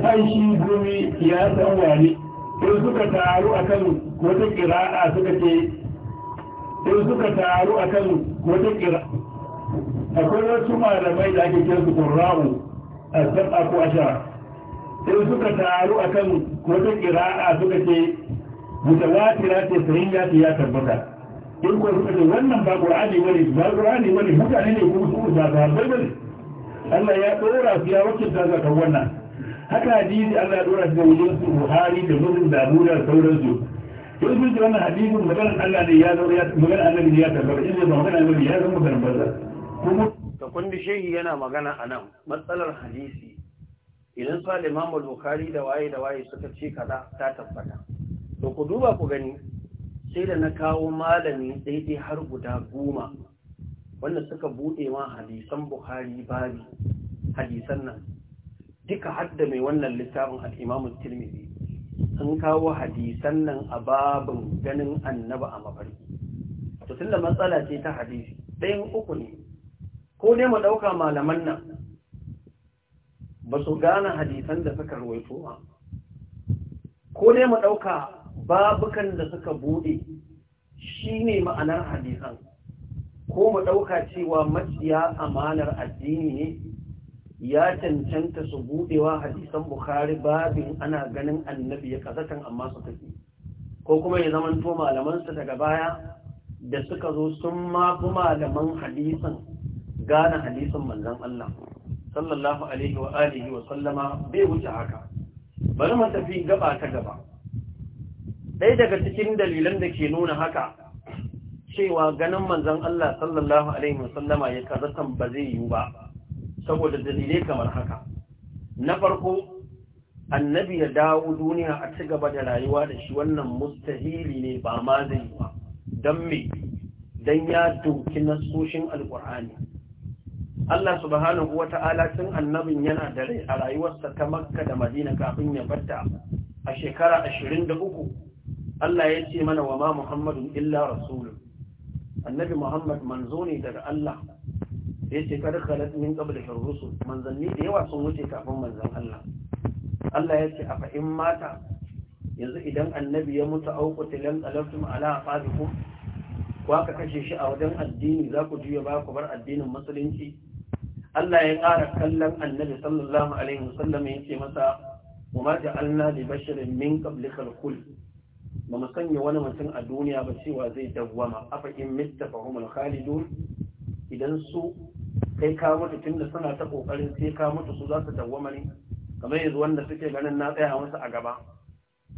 ai shi gumi ya san wani sai suka taru akan wata kira'a suka ce sai suka taru a kan wata kira akwai wasu malamai da ake kira su ƙurra'u a sab'a ko ashara sai suka taru a kan wata a suka ce mutawatira ce sahin ya ce ya tabbata in ko suka ce wannan ba ƙur'ani bane ba ƙur'ani bane mutane ne kuma su ba ba bane Allah ya ɗora su ya wakilta zakan wannan haka hadisi Allah ya ɗora su da wajen su Buhari da Muslim da Abu da sauransu to in ji wannan hadisin maganar Allah ne ya zama maganar annabi ne ya tabbata in zama maganar annabi ya zama maganar banza kuma to kun shehi yana magana a nan. matsalar hadisi idan sa Imam Bukhari da waye da waye suka ce kaza ta tabbata to ku duba ku gani sai da na kawo malami daidai har guda goma wanda suka buɗe ma hadisan Bukhari babi hadisan nan duka hadda mai wannan littafin al-Imam Tirmidhi sun kawo hadisan nan a babin ganin annaba a mafarki to da matsala ce ta hadisi ɗayan uku ne ko dai mu ɗauka malaman nan ba su gane hadisan da suka ruwaito ba ko dai mu ɗauka babukan da suka buɗe shi ne ma'anar hadisan ko mu ɗauka cewa maciya amanar addini ne ya cancanta su buɗewa hadisan Bukhari babin ana ganin annabi ya kazatan amma su tafi ko kuma ya zaman to malamansa daga baya da suka zo sun ma fi malaman hadisan gane hadisan Manzan Allah sallallahu alaihi wa alihi wa sallama bai wuce haka bari mu tafi gaba ta gaba ɗaya daga cikin dalilan da ke nuna haka cewa ganin Manzan Allah sallallahu alaihi wa sallama ya kazatan ba zai yiwu ba saboda dalilai kamar haka na farko annabi ya dawo duniya a ci gaba da rayuwa da shi wannan mustahili ne ba ma zai yi ba don me don ya doki nasoshin alkur'ani Allah subhanahu wa ta'ala tun annabin yana da rai a rayuwarsa ta makka da madina kafin ya batta a shekara ashirin da uku Allah ya ce mana wa ma muhammadun illa rasulun annabi muhammad manzo ne daga Allah sai ce kada khalat min da rusul manzanni da yawa sun wuce kafin manzan Allah Allah ya ce a in mata yanzu idan annabi ya mutu au qutilan qalaftum ala aqabikum Ku aka kashe shi a wajen addini za ku juya ba ku bar addinin musulunci Allah ya ƙara kallon annabi sallallahu alaihi wasallam ya ce masa wa ma ja'alna li basharin min qablika al ba mu sanya wani mutum a duniya ba cewa zai dawwama a in mitta fa khalidun idan su kai ka mutu da suna ta kokarin sai ka mutu su za su dawwama ne kamar yanzu wanda suke ganin na tsaya masa a gaba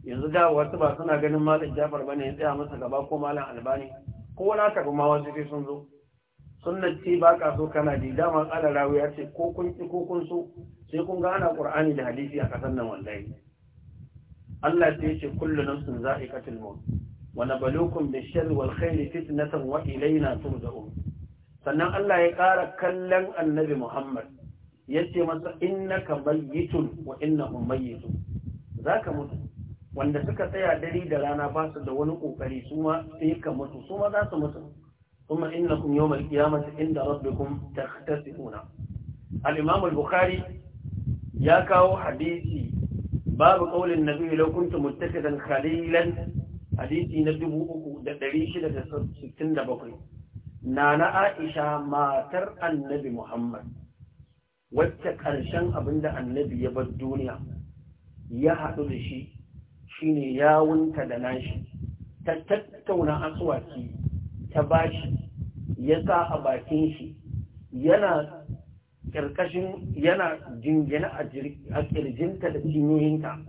yanzu da wasu ba suna ganin malam Jafar bane ya tsaya masa gaba ko malam Albani ko na tafi ma wasu sai sun zo sunnar ce ba ka so kana ji dama tsara rawi ya ce ko kun ki ko kun so sai kun ga ana Qur'ani da hadisi a kasan nan wallahi Allah sai ya ce kullu nafsin za'iqatul maut wa nabluukum bish-sharri wal khairi fitnatan wa ilayna turja'un sannan Allah ya ƙara kallon annabi Muhammad ya ce masa innaka mayyitun wa innahum mayyitun zaka mutu wanda suka tsaya dare da rana ba su da wani kokari su ma sai ka mutu su ma za su mutu kuma innakum yawmal qiyamati inda rabbikum takhtasifuna al-imam al-bukhari ya kawo hadisi babu qaulin nabi law kuntum muttakidan khalilan hadisi na 3667 nana aisha matar annabi muhammad wacce ƙarshen abin da annabi ya bar duniya ya haɗu da shi shine yawunta da nashi ta tattauna asuwaki ta bashi ya sa a bakin shi yana ƙarƙashin yana jingina a ƙirjinta da cinyoyinta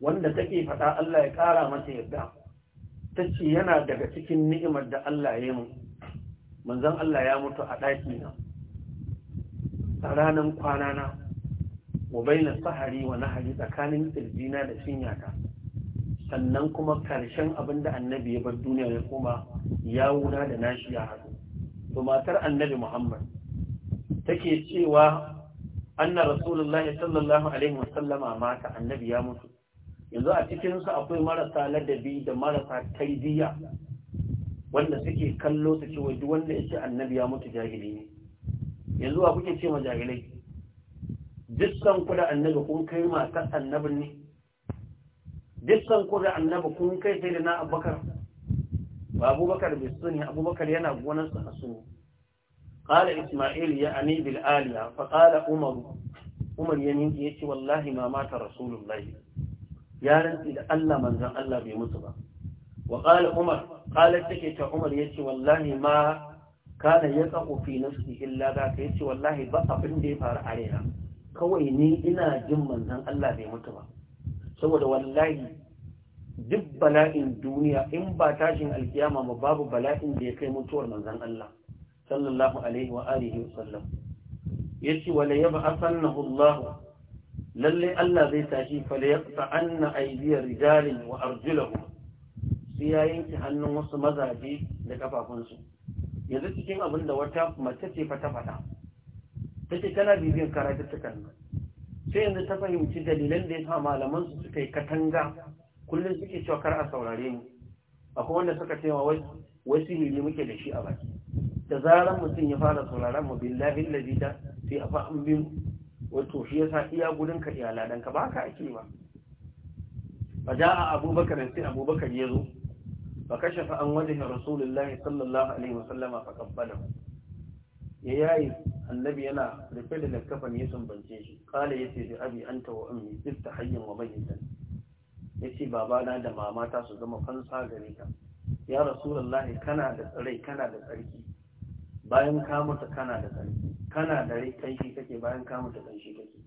wanda take faɗa Allah ya ƙara mata yadda ta ce yana daga cikin ni'imar da Allah ya yi mu manzon Allah ya mutu a ɗaki na a ranar kwana na wa bainar sahari wa nahari tsakanin kirjina da shinyata sannan kuma karshen abin da annabi ya bar duniya ya koma ya wuna da nashi ya haɗu to matar annabi muhammad take cewa anna rasulullah sallallahu alaihi wa sallama mata annabi ya mutu yanzu a cikinsu akwai marasa ladabi da marasa tarbiyya wanda suke kallo su ce duk wanda ya ce annabi ya mutu jahili ne yanzu a kuke ce ma jahilai dukkan ku da annabi kun kai matar annabin ne dukkan ku da annabi kun kai sai da na abubakar ba abubakar bai so sani abubakar yana gonar gonarsa a sunu قال kala Umar. Umar ya عمر عمر يمين يتي والله ما مات رسول الله da Allah manzan Allah bai mutu ba. wa qala umar qalat take ta umar yace wallahi ma kana yaqu fi nafsi illa da ka yace wallahi ba abin da ya faru a raina kawai ni ina jin manzon Allah bai mutu ba saboda wallahi duk bala'in duniya in ba tashin alkiyama ba babu bala'in da ya kai mutuwar manzon Allah sallallahu alaihi wa alihi wa sallam yace wala yab'athannahu Allah lalle Allah zai tashi fa la yaqta anna aydiya rijalin wa arjulahum sai ya yanke hannun wasu mazaje da kafafunsu yanzu cikin abin da wata mace ce fata fata take tana bibiyan karatuttukan nan sai yanzu ta fahimci dalilan da ya sa malaman su suka yi katanga kullum suke cewa kar a saurare mu akwai wanda suka ce wa wasu ne muke da shi a baki da zarar mutum ya fara sauraron mu billahi allazi da sai a fa'an bin wato shi yasa iya gudun ka iyala ka ba ka ake ba fa ja'a abubakar sai abubakar ya zo فكشف عن وجه رسول الله صلى الله عليه da فقبله Ya النبي انا رفد الكفن يسنبنجي قال يتي ابي انت وامي زدت حي وميتا yace baba na da mama ta su zama fansa gare ka ya rasulullahi kana da tsare kana da tsarki bayan ka mutu kana da tsarki kana da rai kai shi kake bayan ka mutu kan shi kake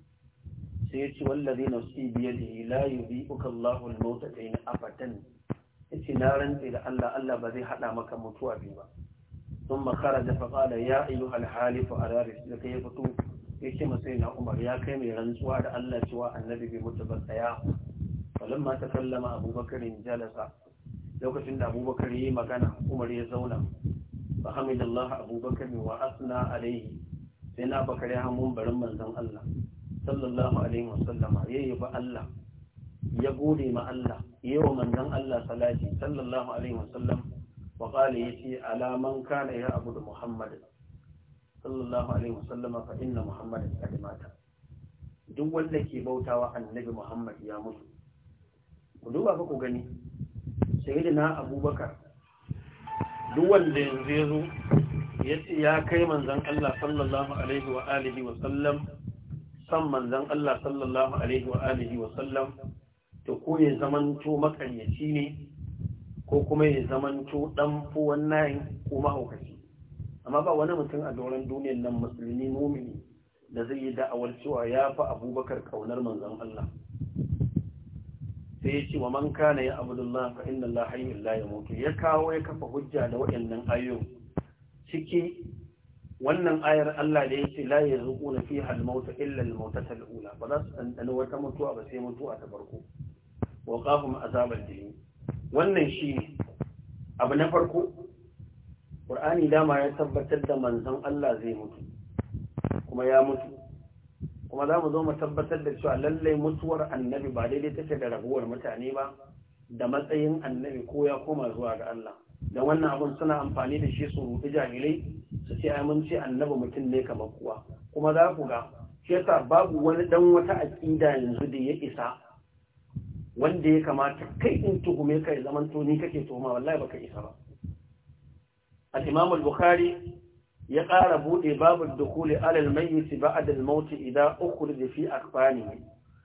sai yace wallazi nafsi biyadihi la yubi'uka Allahu al-mawt kayna abadan yace na rantse da Allah Allah ba zai hada maka mutuwa biyu ba ya ثم خرج فقال يا da الحالف على fito. Ya yace masa na Umar ya kai mai rantsuwa da Allah cewa annabi bai mutu ba tsaya ma ta kallama Abubakar jalasa lokacin da Abubakar yi magana Umar ya zauna fa hamidallah Abubakar wa asna alaihi sai na bakare hamun barin manzon Allah sallallahu alaihi wasallama yayi ba Allah ya gode ma Allah ya wa manzan Allah salati sallallahu alaihi wasallam wa qala yati ala man kana ya abu muhammad sallallahu alaihi wasallam fa inna muhammadan qad mata duk wanda ke bautawa annabi muhammad ya mutu ku duba fa ku gani sayyidina abubakar duk wanda yanzu ya zo ya kai manzan Allah sallallahu alaihi wa alihi wa sallam san manzan Allah sallallahu alaihi wa alihi wa sallam to ko ya zamanto makaryaci ne ko kuma ya zamanto dan fuwan nayin ko mahaukaci amma ba wani mutum a doron duniyar nan musulmi mumini da zai yi da'awar cewa ya fi abubakar kaunar manzon Allah sai ya ce wa man kana ya abdullah fa inna Allah hayyul la yamutu ya kawo ya kafa hujja da waɗannan ayo ciki wannan ayar Allah da yake la yarzuquna fiha al-mauta illa al-mautata al-ula ba za su dandana wata mutuwa ba sai mutuwa ta farko wa qafum azabal wannan shi abu na farko Qur'ani dama ya tabbatar da manzon Allah zai mutu kuma ya mutu kuma za mu zo mu tabbatar da cewa lallai mutuwar annabi ba daidai take da rabuwar mutane ba da matsayin annabi ko ya koma zuwa ga Allah da wannan abun suna amfani da shi su rufe jahilai su ce ai mun ce annabi mutum ne kamar kuwa? kuma za ku ga shi yasa babu wani dan wata aqida yanzu da ya isa wanda ya kamata kai in tuhume kai zaman to kake tuhuma wallahi baka isa ba al-imam al-bukhari ya ƙara buɗe babu dukuli alal mayyit ba'da al-maut idan ukhrij fi aqfani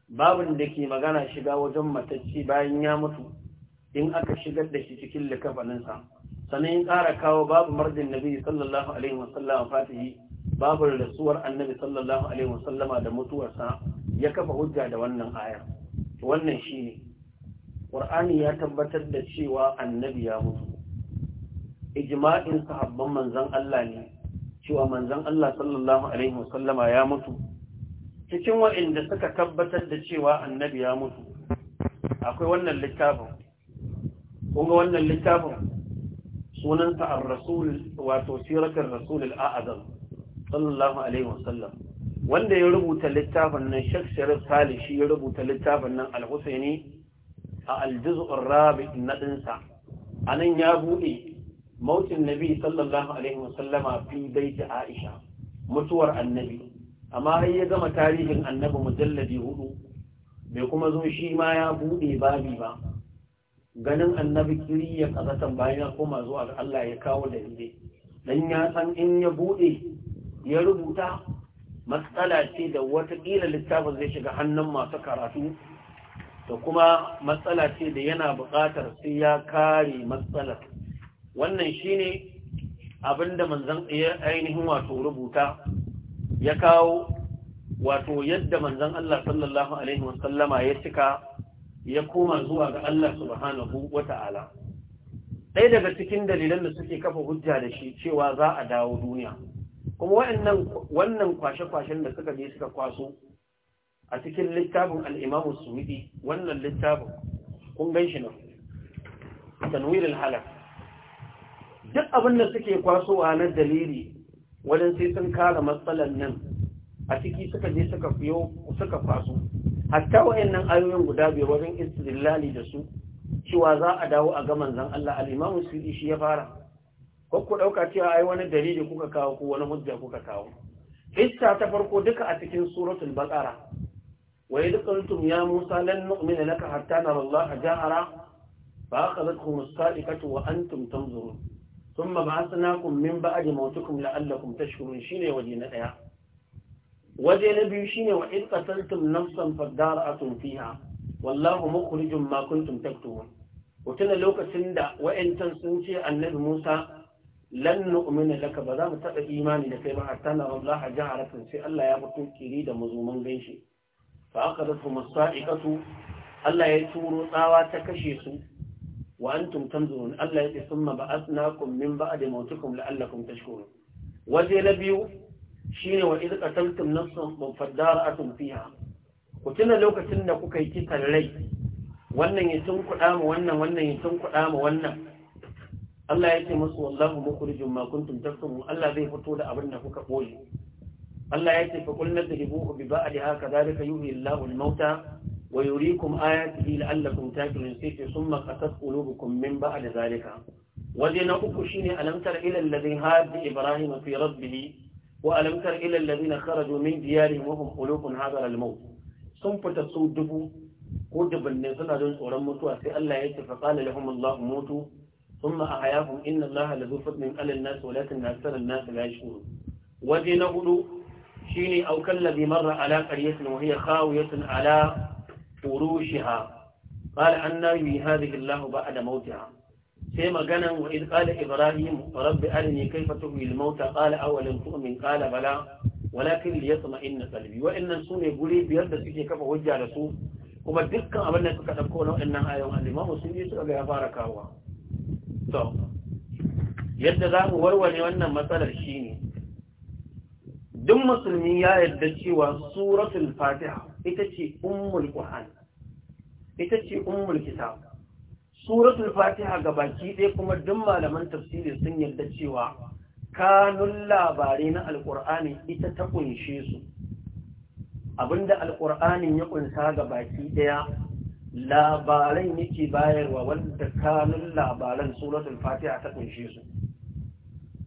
babun da ke magana shiga wajen matacci bayan ya mutu in aka shigar da shi cikin likafaninsa sannan in ƙara kawo babu mardin nabi sallallahu alaihi wasallam fatihi babu rasuwar annabi sallallahu alaihi wasallama da mutuwarsa ya kafa hujja da wannan ayar wannan shi ne ƙur'ani ya tabbatar da cewa annabi ya mutu ijma'in sahabban manzan Allah ne cewa manzan Allah sallallahu alaihi wasallama ya mutu cikin waɗanda suka tabbatar da cewa annabi ya mutu akwai wannan littafin kunga wannan littafin sunansa ar-rasul wato siratul rasul al-a'zam sallallahu alaihi wasallam wanda ya rubuta littafin nan Sheikh Sharif shi ya rubuta littafin nan Al-Husaini a Al-Juz'ur Rabi' na dinsa anan ya bude mautin Nabi sallallahu alaihi wasallama fi baiti Aisha mutuwar Annabi amma har ya gama tarihin Annabi mujalladi huɗu. bai kuma zo shi ma ya bude babi ba ganin Annabi kiriya ya bayan ya koma zuwa Allah ya kawo dalilai dan ya san in ya bude ya rubuta matsala ce da watakila littafin zai shiga hannun masu karatu da kuma matsala ce da yana buƙatar sai ya kare matsalar wannan shine abinda manzan ainihin wato rubuta ya kawo wato yadda manzan Allah sallallahu alaihi wasallama ya cika ya koma zuwa ga Allah subhanahu wata'ala ɗaya daga cikin dalilan da suke kafa hujja da shi cewa za a dawo duniya kuma wa'annan wannan kwashe-kwashen da suka je suka kwaso a cikin littafin al'imamu suwidi wannan littafin kun gan shi na tanwirin halak duk abin da suke kwasowa na dalili wajen sai sun kara matsalan nan a ciki suka je suka fiyo suka kwaso hatta wa'annan ayoyin guda biyar wajen istilali da su cewa za a dawo a gaman zan Allah al-Imam shi ya fara ko ku ɗauka cewa ai wani dalili kuka kawo ko wani hujja kuka kawo hissa ta farko duka a cikin suratul baqara wa idh qultum ya musa lan nu'mina laka hatta nara allaha jahara fa akhadhatkum as-sa'iqatu wa antum tanzurun thumma ba'athnakum min ba'di mawtikum la'allakum tashkurun shine waje na daya waje na biyu shine wa idh qataltum nafsan fadara'atum fiha wallahu mukhrijum ma kuntum taktubun wutuna lokacin da wa'yantan sun ce annabi Musa lan nu'mina laka ba za mu taɓa imani da kai ba hatta na Allah jaharatan sai Allah ya fito kiri da mazuman ganshi fa aka da su musa'iqatu Allah ya turo tsawa ta kashe su wa antum tanzurun Allah ya ce summa ba'athnakum min ba'di mawtikum la'allakum tashkurun waje na biyu shine wa idh qataltum nafsan mufaddara'atun fiha ku tuna lokacin da kuka yi kitan rai wannan ya tunkuɗa mu wannan wannan ya tunkuɗa mu wannan Allah ya ce musu wallahu mukhrijum ma kuntum taktumun Allah zai fito da abin da kuka boye Allah ya ce fa qul nadribuhu bi haka kadhalika yuhyi Allahu al-mauta wa yuriikum ayatihi la'allakum taqilun sai summa qasat qulubukum min ba'd zalika waje na uku shine alam tar ila alladhi hadi ibrahim fi rabbih wa alam tar ila alladhina kharaju min diyarihim wa hum qulubun hadar al-maut sun fita su dubu ko dubanne suna don tsoron mutuwa sai Allah ya ce fa qala lahum Allahu mutu ثم أحياهم إن الله لذو فضل على الناس ولكن أكثر الناس لا يشكرون وذي نقول شيني أو كالذي مر على قرية وهي خاوية على فروشها قال أن هذه الله بعد موتها سيما جنا وإذ قال إبراهيم رب أرني كيف تحيي الموتى قال أولم تؤمن قال بلى ولكن ليطمئن قلبي وإن سوني قولي بيرد سيكي كفا وجه رسول kuma dukkan abin da suka ɗauko na waɗannan ayon alima musulmi suka ga ya fara kawowa to yadda za mu warware wannan matsalar shi ne. duk musulmi ya yarda cewa suratul fatiha ita ce ummul qur'an ita ce ummul kitab suratul fatiha ga baki ɗaya kuma duk malaman tafsiri sun yarda cewa kanun labarai na alqur'ani ita ta ƙunshe su abinda alqur'anin ya ƙunsa ga baki ɗaya labaran yake bayarwa wanda kanun labaran suratul fatiha ta kunshe su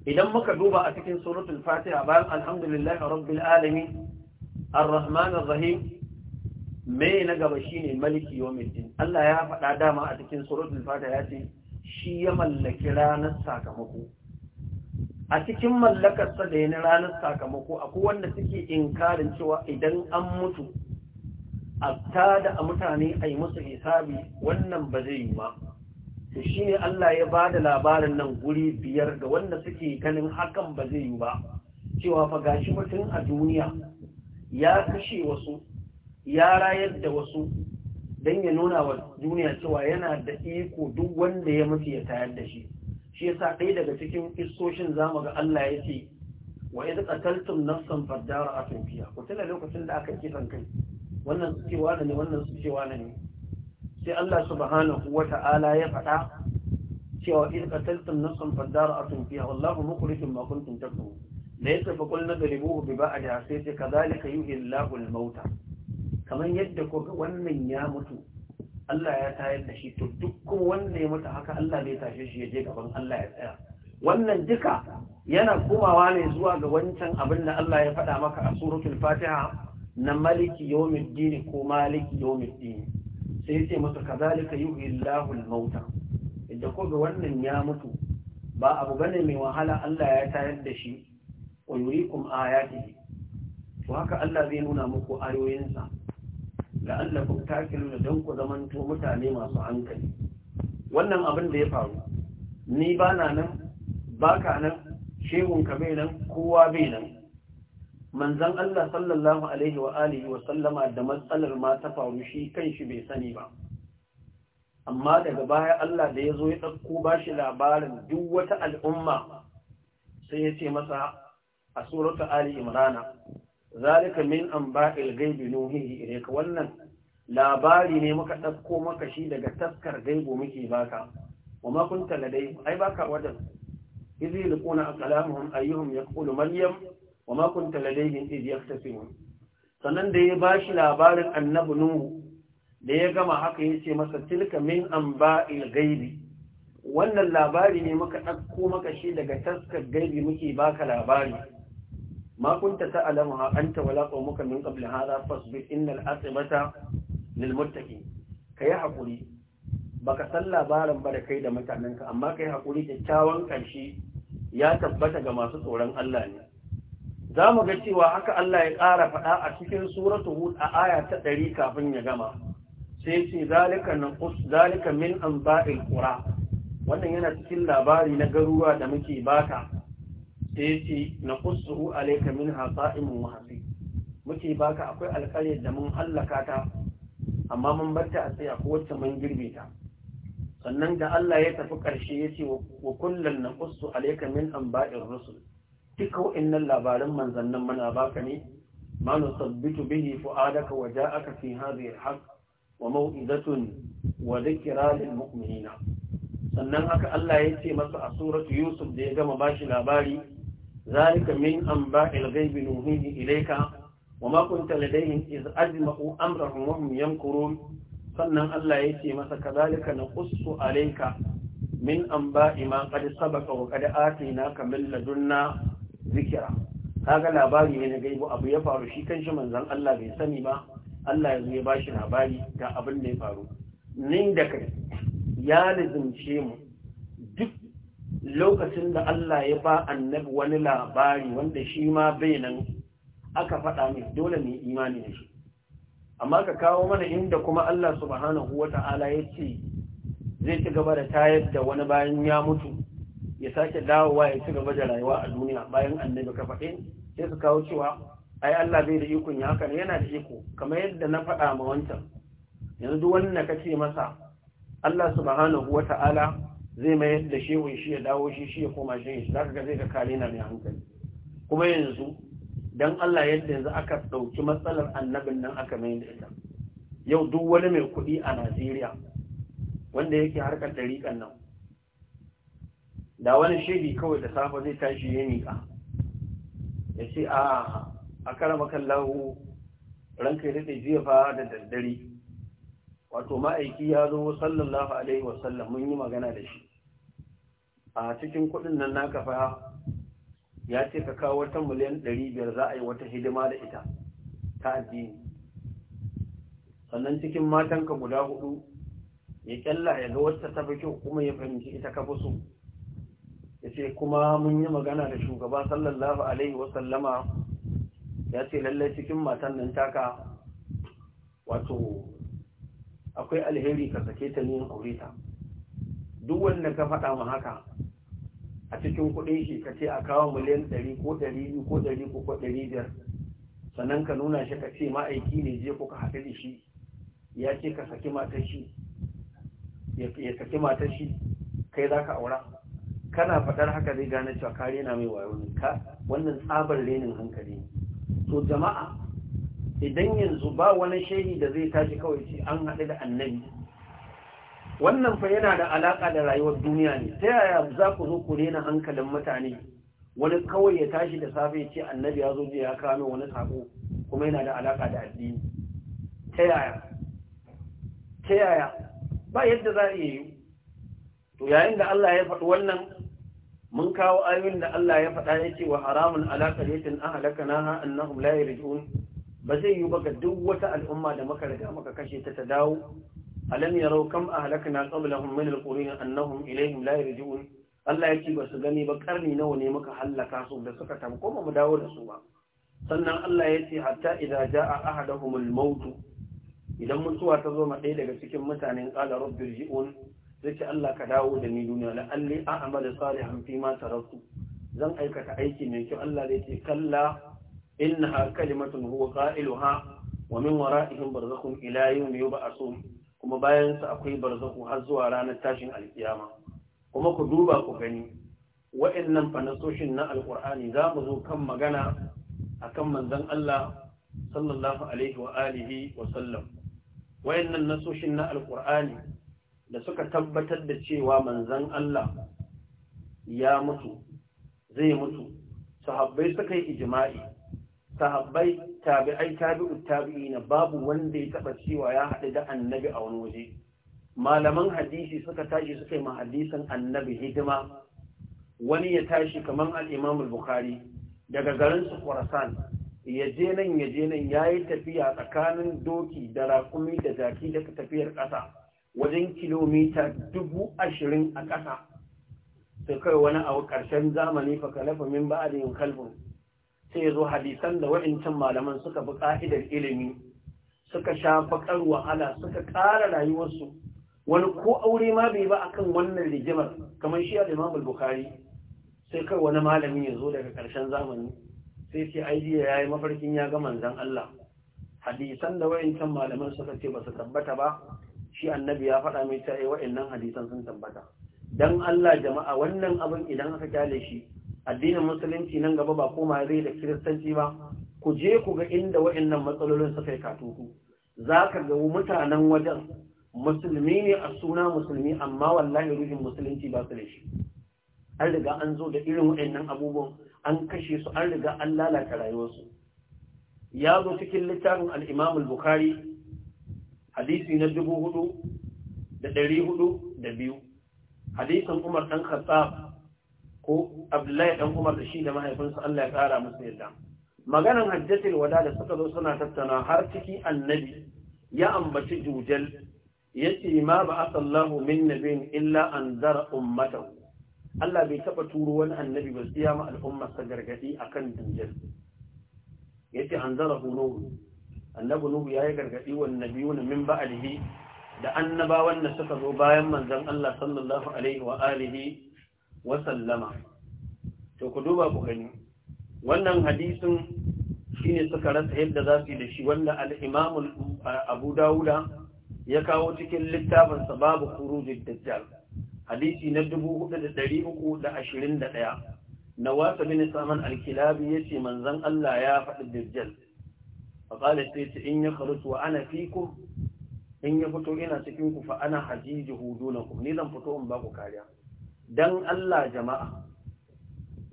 idan muka duba a cikin suratul fatiha bayan alhamdulillahi rabbil alamin arrahman arrahim me na gaba shine maliki yawmiddin Allah ya faɗa dama a cikin suratul fatiha ya ce shi ya mallaki ranar sakamako a cikin mallakarsa da yana ranar sakamako akwai wanda suke inkarin cewa idan an mutu a tada a mutane a yi musu hisabi wannan ba zai yi ba to ne Allah ya ba da labarin nan guri biyar ga wanda suke ganin hakan ba zai yi ba cewa fa gashi mutum a duniya ya kashe wasu ya rayar da wasu don ya nuna wa duniya cewa yana da iko duk wanda ya mutu ya tayar da shi shi yasa ɗaya daga cikin isoshin zamu ga Allah ya ce wa idza qataltum nafsan fadara atufiya ku tuna lokacin da aka kisan kai wannan su ce wane ne wannan su ce wane ne sai Allah subhanahu wa ta'ala ya faɗa cewa in qataltum nafsan fadara'atun fiha wallahu mukhrijum ma kuntum taktumun da yake fa kullu nadribuhu bi ba'dihi sai ce kadhalika yuhi Allahu al-mauta kaman yadda ko wannan ya mutu Allah ya tayar da shi to dukkan wanda ya mutu haka Allah bai tashe shi ya je gaban Allah ya tsaya wannan duka yana komawa ne zuwa ga wancan abin da Allah ya faɗa maka a suratul Fatiha na maliki yawon dini ko maliki yawmin dini sai ce masa kazalika yuhillahu al-mauta idan ko wannan ya mutu ba abu bane mai wahala Allah ya tayar da shi wa yurikum to haka Allah zai nuna muku ayoyinsa la'allakum da don ku zamanto mutane masu hankali wannan abin da ya faru ni ba na nan ba ka nan ka bai nan kowa bai nan manzan Allah sallallahu alaihi wa wa sallama da matsalar ma ta faru shi kanshi bai sani ba amma daga baya Allah da ya zo ya ɗauko ba shi labarin duk wata al'umma sai ya ce masa a surata Ali Imrana zalika min anba'il ghaibi nuhihi Ka wannan labari ne muka ɗauko maka shi daga taskar gaibo muke baka wa ma kunta dai, ai baka wadan idh yulquna aqlamuhum ayyuhum yaqulu maryam wa ma kunta ladayhim idh yaktasimun sannan da ya ba shi labarin annabi nuhu da ya gama haka ya ce masa tilka min anba'il ghaibi wannan labari ne muka ɗauko maka shi daga taskar ghaibi muke baka labari ma kunta ta'lamuha anta wala qaumuka min qabl hadha fasbir innal aqibata lil muttaqin kai hakuri baka san labarin ba da kai da mutanenka amma kai hakuri kyakkyawan ƙarshe ya tabbata ga masu tsoron Allah ne za mu ga cewa haka Allah ya ƙara faɗa a cikin suratu hud a aya ta ɗari kafin ya gama sai ce zalika min an ba'il ƙura wannan yana cikin labari na garuwa da muke baka sai ce na kusuhu alaika min mu wahasi muke baka akwai alƙaryar da mun hallaka ta amma mun bar a tsaya ko wacce mun girbe ta sannan da Allah ya tafi ƙarshe ya ce wa kullum na kusu alaika min an ba'il rusul duka wa'annan labaran manzannin mana baka ne ma sabbitu bihi fu'adaka wa ja'aka fi hadhihi al-haq wa maw'idatun wa dhikra lil mu'minina sannan haka Allah ya ce masa a suratu Yusuf da ya gama bashi labari zalika min anba'il ghaibi nuhihi ilayka وما كنت لديهم إذ أجمعوا أمرهم وهم يمكرون sannan Allah ya ce masa kazalika na kusu alaika min an ma ƙadi sabaka wa ƙadi ati na zikira kaga labari ne na gaibu abu ya faru shi kan shi manzon Allah bai sani ba Allah yanzu ya bashi labari ga abin da ya faru nin da kai ya lazimce mu duk lokacin da Allah ya ba annabi wani labari wanda shi ma bai nan aka faɗa ne dole ne imani da shi amma ka kawo mana inda kuma Allah subhanahu wata'ala ya ce zai ci gaba da tayar da wani bayan ya mutu ya sake dawowa ya ci gaba da rayuwa a duniya bayan annabi ka faɗi sai su kawo cewa ai Allah bai da ikon ya haka yana da iko kamar yadda na faɗa ma wancan yanzu duk wanda ka ce masa Allah subhanahu wata'ala zai mayar da shehun shi ya dawo shi shi ya koma shi shi zaka ga zai ka kare na mai hankali kuma yanzu dan Allah yadda yanzu aka ɗauki matsalar annabin nan aka mai da ita yau duk wani mai kuɗi a Najeriya wanda yake harkar dariƙan nan da wani shiri kawai da safe zai tashi ya miƙa ya ce a a karama kallahu ranka ya daɗe jiya fara da daddare wato ma'aiki ya zo sallallahu alaihi wasallam mun yi magana da shi a cikin kuɗin nan naka fa ya ce ka kawo wata miliyan ɗari biyar za a yi wata hidima da ita ta addini sannan cikin matanka guda hudu ya kyalla ya ga wacce tafi kyau kuma ya fahimci ita ka fi so yace kuma mun yi magana da shugaba sallallahu alaihi wasallama ya ce lallai cikin matan nan taka wato akwai alheri ka sake ta ne aure ta duk wanda ka faɗa mu haka a cikin kuɗin shi ka ce a kawo miliyan ɗari ko ɗari biyu ko ɗari ko ko ɗari biyar sannan ka nuna shi ka ce ma'aiki ne je ko ka haɗu da shi ya ce ka saki matar shi ya saki shi kai za ka aura kana faɗar haka zai gane cewa ka rena mai wayo ne ka wannan tsabar renin hankali ne to jama'a idan yanzu ba wani shehi da zai tashi kawai ce an haɗu da annabi wannan fa yana da alaƙa da rayuwar duniya ne ta yaya za ku zo ku rena hankalin mutane wani kawai ya tashi da safe ya ce annabi ya zo ya kawo wani sako kuma yana da alaƙa da addini ta yaya ta yaya ba yadda za a iya yi to yayin da Allah ya faɗi wannan mun kawo ayoyin da Allah ya faɗa ya ce wa haramun alaƙaritin an halaka na ha annahum la yarji'un ba zai yi ba ga duk wata al'umma da muka riga muka kashe ta ta dawo alam yarau kam ahlakna qablahum min alqurun annahum ilayhim la yarji'un Allah ya ce ba su gani ba karni nawa ne muka hallaka su da suka tamko ba mu dawo da su ba sannan Allah ya ce hatta idza jaa ahaduhum al idan mutuwa ta zo ma ɗaya daga cikin mutanen qala rabbi ji'un. zai Allah ka dawo da ni duniya la alli a'malu salihan fi ma taraktu zan aikata aiki mai kyau Allah zai ce kalla innaha kalimatun huwa qailuha wa min wara'ihim barzakhun ila yawmi yub'asun kuma bayan sa akwai barzakhu har zuwa ranar tashin alkiyama kuma ku duba ku gani wa'annan fanasoshin na alqur'ani za mu zo kan magana akan manzon Allah sallallahu alaihi wa alihi wa sallam wa'annan nasoshin na alqur'ani da suka tabbatar da cewa manzan Allah ya mutu zai mutu sahabbai suka yi ijima'i sahabbai tabi'ai tabi'u na babu wanda ya taba cewa ya haɗu da annabi a wani waje malaman hadisi suka tashi suka yi hadisin annabi hidima wani ya tashi kamar al-Imam bukhari daga garin su Khurasan ya je nan ya je nan yayi tafiya tsakanin doki da raƙumi da jaki da tafiyar ƙasa wajen kilomita dubu ashirin a ƙasa sai kai wani a ƙarshen zamani fa kalafa min ba da yin kalbun sai zo hadisan da waɗancan malaman suka fi ƙa'idar ilimi suka sha baƙar wahala suka ƙara rayuwarsu wani ko aure ma bai ba akan wannan rigimar kamar shi da imam bukari bukhari sai kai wani malami ya zo daga ƙarshen zamani sai ce ya yi mafarkin ya ga manzan Allah hadisan da wayancan malaman suka ce ba su tabbata ba shi annabi ya faɗa mai cewa eh, wa'annan hadisan sun tabbata dan Allah jama'a wannan abin idan aka kyale shi addinin musulunci nan gaba ba koma zai da kiristanci ba ku je ku ga inda wa'annan matsalolin suka kai katuku. za ka ga mutanen wajen musulmi ne a suna musulmi amma wallahi ruhin musulunci ba su da shi an riga an zo da irin wa'annan abubuwan an kashe su an riga an lalata rayuwarsu ya zo cikin littafin al-Imam bukhari hadisi na dubu hudu da ɗari hudu da biyu hadisin umar ɗan khattab ko abdullahi ɗan umar da shi da mahaifinsa allah ya ƙara musu yadda maganan hajjatul wada da suka zo suna tattauna har ciki annabi ya ambaci jujal ya ce ma ba a sallahu min nabin illa an zara ummatahu Allah bai taɓa turo wani annabi ba yi ma al'ummarsa gargaɗi akan dujal ya ce an zara hunohu annabi nuhu ya yi gargadi biyu na min ba'dihi da annabawan da suka zo bayan manzon Allah sallallahu alaihi wa alihi wa sallama to ku duba ku gani wannan hadisin shine suka rasa yadda za su yi da shi wanda al-Imam Abu Dawuda ya kawo cikin littafin Babu khurujid dajjal hadisi na 4321 na wasa bin saman al-kilabi yace manzon Allah ya faɗi dajjal faƙalar sai in ya karutu wa ana fikum in ya fito ina cikin ku fa ana hajiji hudunakum ni zan fito in ba ku kariya dan Allah jama'a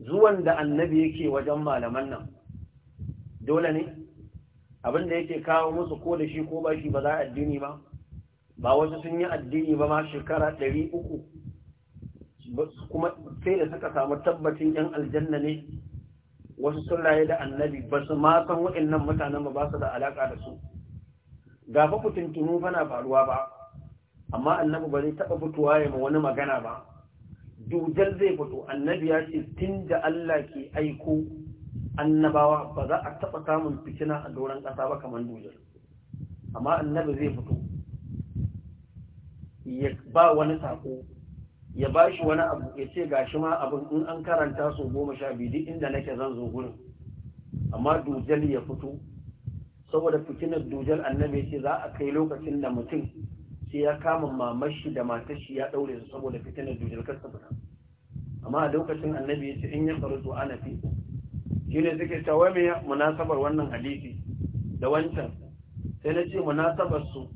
zuwan da annabi yake wajen malaman nan dole ne abin da yake kawo musu ko da shi ko ba shi ba za a addini ba ba wasu sun yi addini ba ma shekara ɗari uku kuma sai da suka samu tabbacin ‘yan aljanna ne wasu sunaye da annabi ba su ma waɗannan mutanen ba su da alaƙa da su ga fa kutuntunu fa na faruwa ba amma annabi ba zai taɓa fitowa ya ma wani magana ba dujal zai fito annabi ya ce tun da Allah ke aiko annabawa ba za a taɓa samun fitina a doron ƙasa ba kamar dujal amma annabi zai fito ya ba wani saƙo ya ba shi wani abu ya ce ga shi ma abin in an karanta su goma sha biyu duk inda nake zan zo gurin amma dujal ya fito saboda fitinar dujal annabi ce za a kai lokacin da mutum sai ya kama mamashi da matashi ya daure su saboda fitinar dujal kar fita amma a lokacin annabi ya ce in ya faru to ana fi shi ne suke cewa munasabar wannan hadisi da wancan sai na ce munasabar su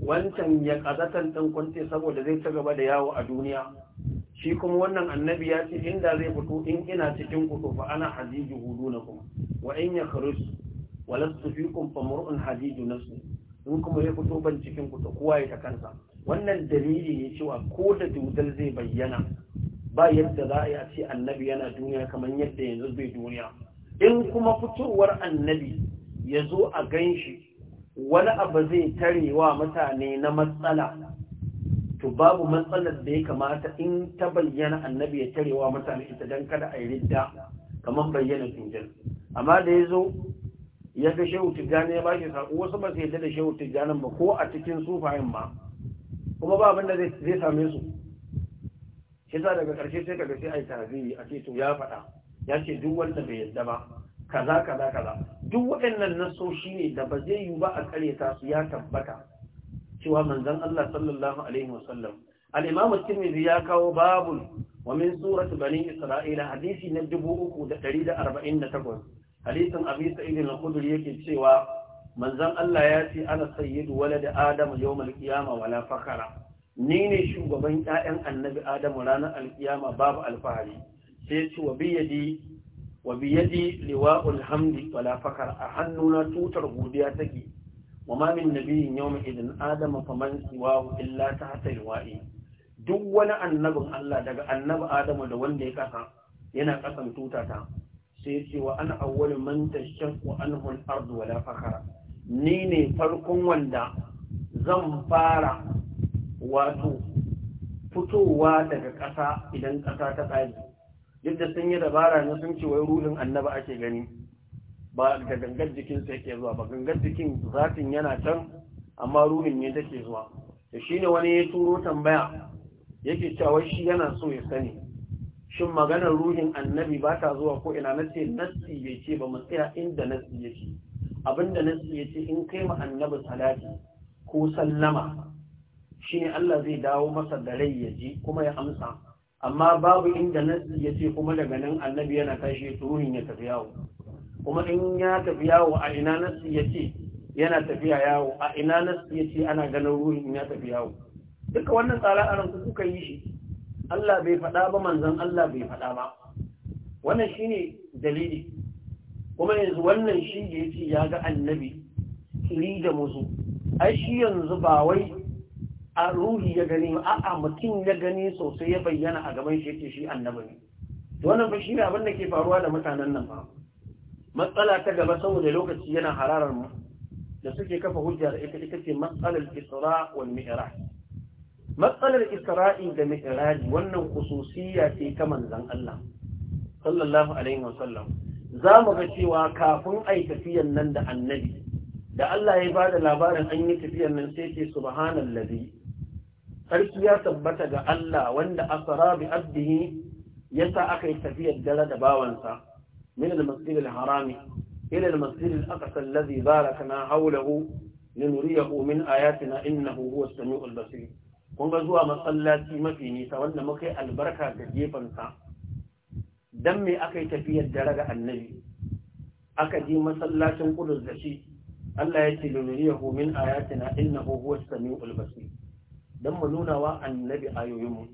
wancan ya ƙazatan ɗin saboda zai ta gaba da yawo a duniya shi kuma wannan annabi ya ce inda zai fito in ina cikin ku fa ana hajiji hudu na kuma wa in ya kharus wa lastu fa mur'un hajiju nafsi in kuma ya fito ban cikin ku to kowa ya ta kansa wannan dalili ne cewa ko da dudal zai bayyana ba yadda za a yi a ce annabi yana duniya kamar yadda yanzu bai duniya in kuma fitowar annabi ya zo a gan shi wani abu zai tare wa mutane na matsala to babu matsalar da ya kamata in ta bayyana annabi ya tare wa mutane ita don kada a yi ridda kamar bayyana tunjil amma da ya zo ya ga shehu tijjani ya bashi saƙo wasu ba su yadda da shehu tijjanin ba ko a cikin sufayen ba kuma ba abin da zai same su shi sa daga karshe sai ga sai a yi tarihi a ce to ya faɗa ya ce duk wanda bai yadda ba kaza kaza kaza duk waɗannan nasoshi ne da ba zai yi ba a karyata su ya tabbata cewa manzon Allah sallallahu alaihi wasallam al-Imam tirmidhi ya kawo babul wa min surati bani Isra'ila hadisi na 3148 hadisin Abi Sa'id al-Khudri yake cewa manzon Allah ya ce ana sayyidu walad Adam yawm al-qiyamah wala fakhara ni ne shugaban ƴaƴan annabi Adam ranar al babu alfahari sai ya ce wa biyadi wa biyadi liwa'ul hamdi wala fakar a hannuna tutar godiya take wa ma min nabiyyin yawma idan adama faman siwahu illa ta hata liwa'i duk wani annabin Allah daga annabi Adamu da wanda ya kasa yana kasan tuta ta sai ce wa ana awwal man tashaqqu anhu al-ard wala fakara ni ne farkon wanda zan fara wato fitowa daga ƙasa idan ƙasa ta tsari duk da sun yi dabara na sun ce wai ruhin annaba ake gani ba da gangar jikinsa yake zuwa ba gangar jikin zatin yana can amma ruhin ne take zuwa da shi ne wani ya turo tambaya yake cewa shi yana so ya sani shin maganar ruhin annabi ba ta zuwa ko ina na ce nassi bai ce ba mu tsaya inda nassi ya ce abinda nassi ya in kai ma annabi salati ko sallama shi Allah zai dawo masa da rai ya ji kuma ya amsa amma babu inda nasi ya ce kuma daga nan annabi yana tashi turuni ya tafi yawo kuma in ya tafi yawo a ina nasu ya ce yana tafiya yawo a ina nasu ya ce ana ganin ruhin ya tafi yawo duka wannan tsara a ranku kuka yi shi Allah bai faɗa ba manzan Allah bai faɗa ba wannan shine dalili kuma yanzu wannan shi ya ce ya ga annabi kiri da musu ai shi yanzu ba wai a ruhi ya gani a'a mutum ya gani sosai ya bayyana a gaban shi ke shi annabi ne wannan ba shi ne abin da ke faruwa da mutanen nan ba matsala ta gaba saboda lokaci yana hararar mu da suke kafa hujja da ita ita ce matsalar isra wal mi'raj matsalar isra'i da mi'raj wannan khususiyya ce ta manzon Allah sallallahu alaihi wasallam za mu ga cewa kafin ayi tafiyan nan da annabi da Allah ya bada labarin an yi tafiyan nan sai ce subhanallazi sarki ya tabbata ga Allah wanda asara bi abdihi yasa aka yi tafiyar dare da bawansa min al-masjid al-harami ila al-masjid al-aqsa alladhi barakna hawlahu linuriyahu min ayatina innahu huwa as-sami'u al-basir kun ga zuwa masallaci mafi nisa wanda muka yi albarka ga sa dan me aka yi tafiyar dare ga annabi aka je masallacin kudus da shi Allah ya ce linuriyahu min ayatina innahu huwa as-sami'u al-basir don mu nuna wa annabi ayoyinmu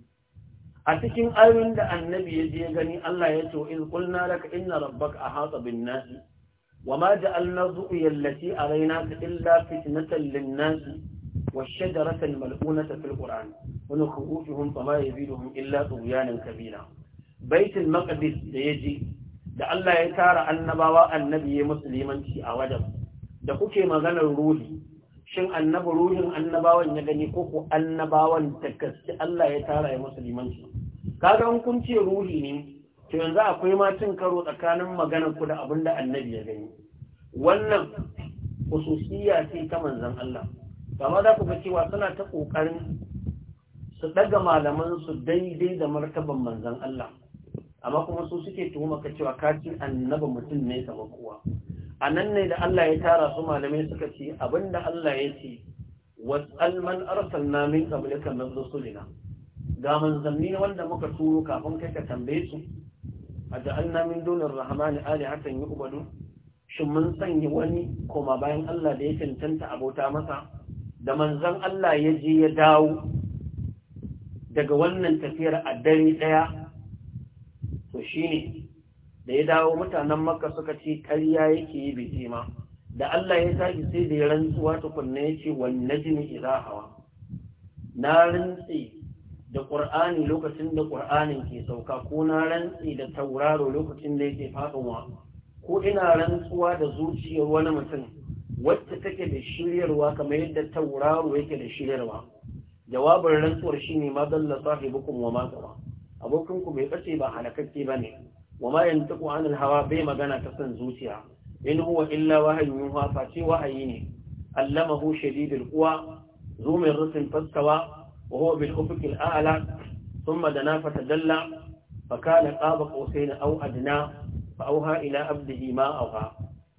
a cikin ayoyin da annabi ya je gani Allah ya ce in qulna laka inna rabbaka ahata bin nas wa ma ja'alna ru'ya allati araynaka illa fitnatan lin nas والشجرة الملعونة في القرآن ونخوفهم da يزيدهم إلا طغيانا كبيرا بيت المقدس يجي da Allah ya tara annabawa annabi ya musulmanci a wajen da kuke maganar ruhi shin annabi ruhin annabawan ya gani ko ko annabawan da gaske Allah ya tara ya musu limanci kaga in ruhi ne to yanzu akwai ma cin karo tsakanin maganar ku da abin da annabi ya gani wannan khususiyya ce ta manzon Allah amma za ku ga cewa suna ta kokarin su daga malaman su daidai da martaban manzon Allah amma kuma su suke tuhuma ka cewa ka annaba annabi mutum ne sama kowa a nan ne da Allah ya tara su malamai suka ce abinda Allah ya ce wasal man arsalna min qablika min rusulina ga manzanni wanda muka turo kafin kai ka tambaye su a ja'alna min ali hakan yi ubadu shin mun sanya wani koma bayan Allah da ya cancanta abota masa da manzan Allah ya je ya dawo daga wannan tafiyar a dare ɗaya to shine da ya dawo mutanen makka suka ce ƙarya yake yi bai ma da Allah ya tashi sai da ya rantsuwa tukunna ya ce wal najmi idha hawa na rantsi da ƙur'ani lokacin da qur'anin ke sauka ko na rantsi da tauraro lokacin da yake faduwa ko ina rantsuwa da zuciyar wani mutum wacce take da shiryarwa kamar yadda tauraro yake da shiryarwa jawabin rantsuwar shine ma dalla sahibukum wa ma gawa bai bace ba halakakke ne. wa ma yantiqu anil hawa bai magana ta san zuciya in huwa illa wahyun yuha fa wahayi ne allamahu shadidul quwa zu min rusul fastawa wa huwa bil ufuqil a'la thumma dana fatadalla fa kana qaba qausayn aw adna fa auha ila abdihi ma auha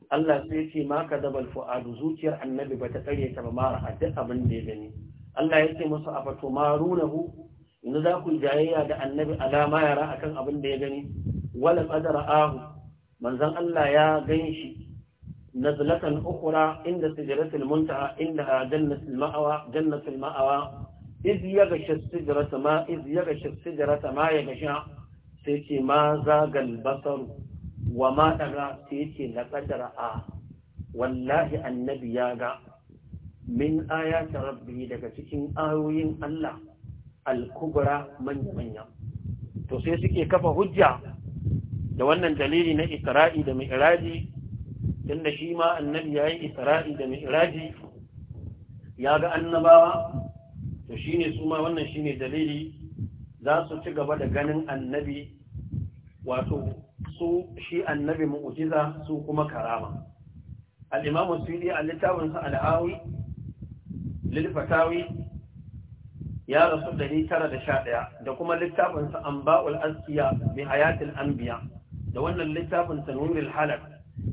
Allah sai ce ma ka dabal fu'adu zuciyar annabi ba ta tsare ta ba mara a duk abin da ya gani Allah ya ce musu a fato marunahu inda za ku jayayya da annabi alama yara akan abin da ya gani wala qadara ahu manzon Allah ya ganshi nazlatan ukura, inda sidratil muntaha inda jannatul ma'awa jannatul ma'awa iz yaghsha sidrata ma iz yaghsha sidrata ma yaghsha sai ce ma zagal basaru wa ma daga sai ce la qadara a wallahi annabi ya ga min ayati rabbi daga cikin ayoyin Allah al-kubra manya manya to sai suke kafa hujja da wannan dalili na isra'i da mi'raji inda shi ma annabi yayi isra'i da mi'raji ya ga annabawa to shine su ma wannan shine dalili za su ci gaba da ganin annabi wato su shi annabi mu'jiza su kuma karama al-imamu suyudi a littafinsa al-awi lil-fatawi ya rasu 911 da kuma littafinsa anba'ul askiya bi hayatil anbiya' da wannan littafin tanwirul halar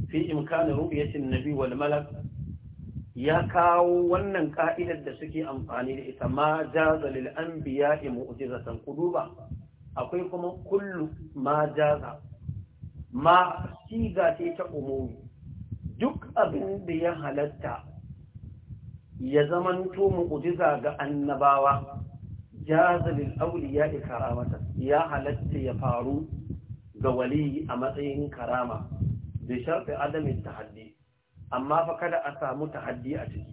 fi imkani ru'yatin nabi wal malak ya kawo wannan ka'idar da suke amfani da ita ma jaza lil anbiya'i mu'jizatan kuduba akwai kuma kullu ma jaza ma siga ce ta umumi duk abin da ya halatta ya zamanto mu'ujiza ga annabawa jaza ya awliya'i karamatan ya halatta ya faru ga waliyi a matsayin karama da sharfi adamin tahaddi amma fa kada a samu tahaddi a ciki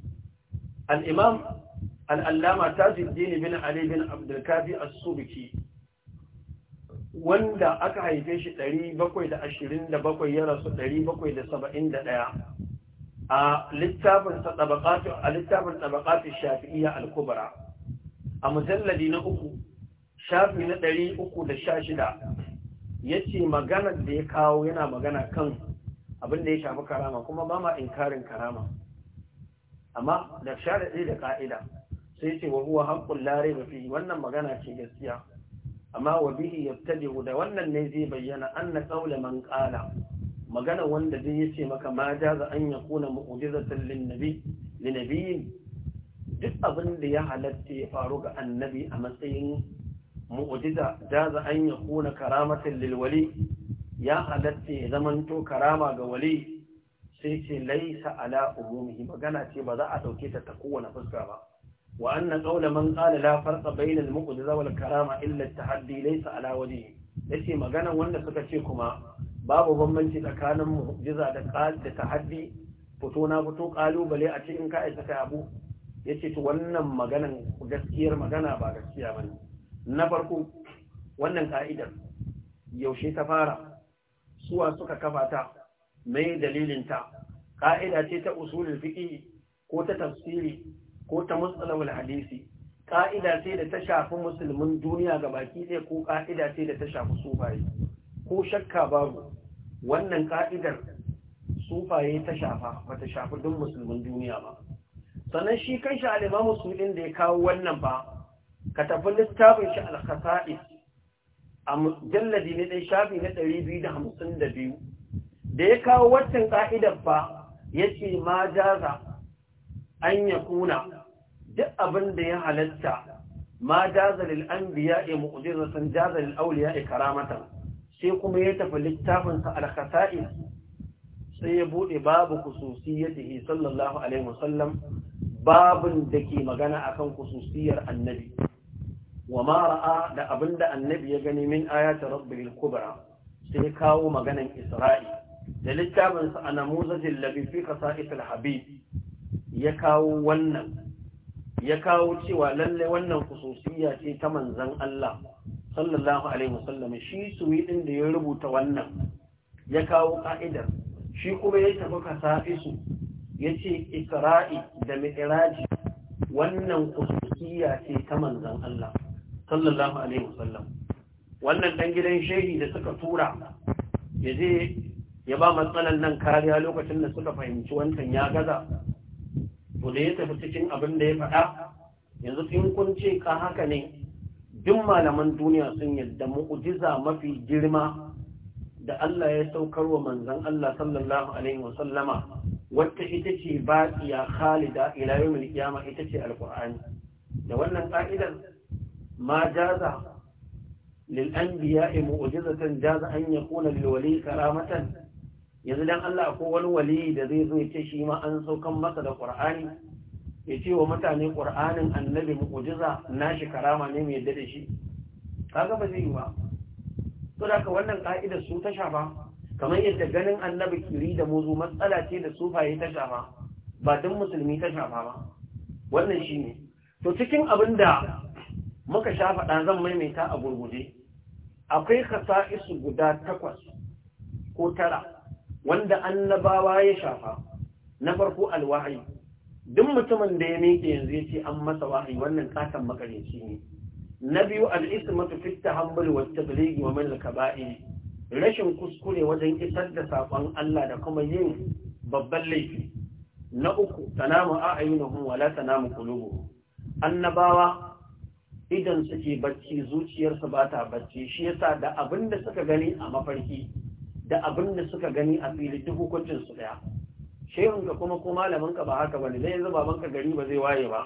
al-imam ta allama tajuddin bin ali bin abdul kafi as wanda aka haife shi 727 ya rasu 771 a littafin tabaqatu a littafin tabaqatu shafi'iyya al-kubra a mujalladi na uku shafi na 316 ya ce maganar da ya kawo yana magana kan abin da ya shafi karama kuma ba ma inkarin karama amma da sharaɗi da ƙa'ida sai ce wa huwa haƙƙun lare mafi wannan magana ce gaskiya amma wa bihi yabtadihu da wannan ne zai bayyana anna qawla man qala magana wanda zai yace maka ma jaza an ya kuna lin nabi lin duk abin da ya halatta ya faru ga annabi a matsayin mu'jiza jaza an yakuna karamatan lil wali ya halatta ya zamanto karama ga wali sai ce laisa ala umumihi magana ce ba za a dauke ta ta kowane fuska ba wa anna qawla man qala la farqa bayna al mu'jiza wal karama illa at tahaddi laisa ala wajhi yace magana wanda suka ce kuma babu bambanci tsakanin mu'jiza da da tahaddi fito na fito kalubale a cikin in ka kai abu yace to wannan maganan gaskiyar magana ba gaskiya bane na farko wannan ka'idar yaushe ta fara suwa suka kafa ta mai dalilin ta ka'ida ce ta usulul fiqh ko ta tafsiri ko ta musalawul hadisi ka'ida ce da ta shafi musulmin duniya ga baki ɗaya ko ka'ida ce da ta shafi sufaye ko shakka babu wannan ka'idar sufaye ta shafa ba ta shafi duk musulmin duniya ba sannan shi kan shi alimamu su da ya kawo wannan ba ka tafi littafin shi al-khasa'is a mujalladi na ɗaya shafi na ɗari biyu da hamsin da biyu da ya kawo waccan ƙa'idar fa ya ce ma jaza an ya kuna duk abin da ya halatta ma jaza lil'ambiya ya mu'ujiza sun jaza lil'auliya ya karamata sai kuma ya tafi littafinsa al-khasa'is sai ya buɗe babu ya kususiyatihi sallallahu alaihi wasallam babin da ke magana akan kususiyar annabi wa ra'a da abinda annabi ya gani min ta rabbil kubra sai kawo maganan isra'i da littafin sa anamuzajil ladhi fi qasa'is habib ya kawo wannan ya kawo cewa lalle wannan khususiyya ce ta manzon Allah sallallahu alaihi wasallam shi suwi din da ya rubuta wannan ya kawo ka'idar shi kuma ya tafi kasa'isu ya ce isra'i da mi'iraji wannan kusurkiya ce ta Manzon Allah sallallahu alaihi wasallam wannan dan gidan shehi da suka tura ya je ya ba matsalan nan kariya lokacin da suka fahimci wancan ya gaza to da ya tafi cikin abin da ya faɗa yanzu in kun ce ka haka ne duk malaman duniya sun yadda mu'jiza mafi girma da Allah ya saukar wa manzon Allah sallallahu alaihi wasallama wacce ita ce baqiya khalida ila yawmil qiyama ita ce alqur'ani da wannan ka'idar Ma jaza جاز للأنبياء مؤجزة جاز أن يكون للولي كرامة yanzu dan Allah ko wani wali da zai zo ce shi ma an saukan masa da Qur'ani ya ce wa mutane Qur'anin annabi mu'jiza nashi karama ne mai yadda da shi kaga ba zai yi ba to da wannan ka'ida su ta shafa kamar yadda ganin annabi kiri da muzu matsala ce da sufaye ta shafa ba dan musulmi ta shafa ba wannan shine to cikin abin da muka shafa faɗa zan maimaita a gurguje akwai isu guda takwas ko tara wanda annabawa ya shafa na farko alwahayi duk mutumin da ya miƙe yanzu ya ce an masa wahayi wannan katon makareci ne na biyu al'ismatu fit tahammul wa tablighi wa man kaba'iri rashin kuskure wajen isar da saƙon Allah da kuma yin babban laifi na uku tanamu a'yunuhum wala la tanamu qulubuhum annabawa idan suke bacci zuciyarsu ba ta bacci shi yasa da abin da suka gani a mafarki da abin da suka gani a fili duk hukuncin su daya shehun ka kuma ko malamin ka ba haka bane zai yanzu baban ka gari ba zai waye ba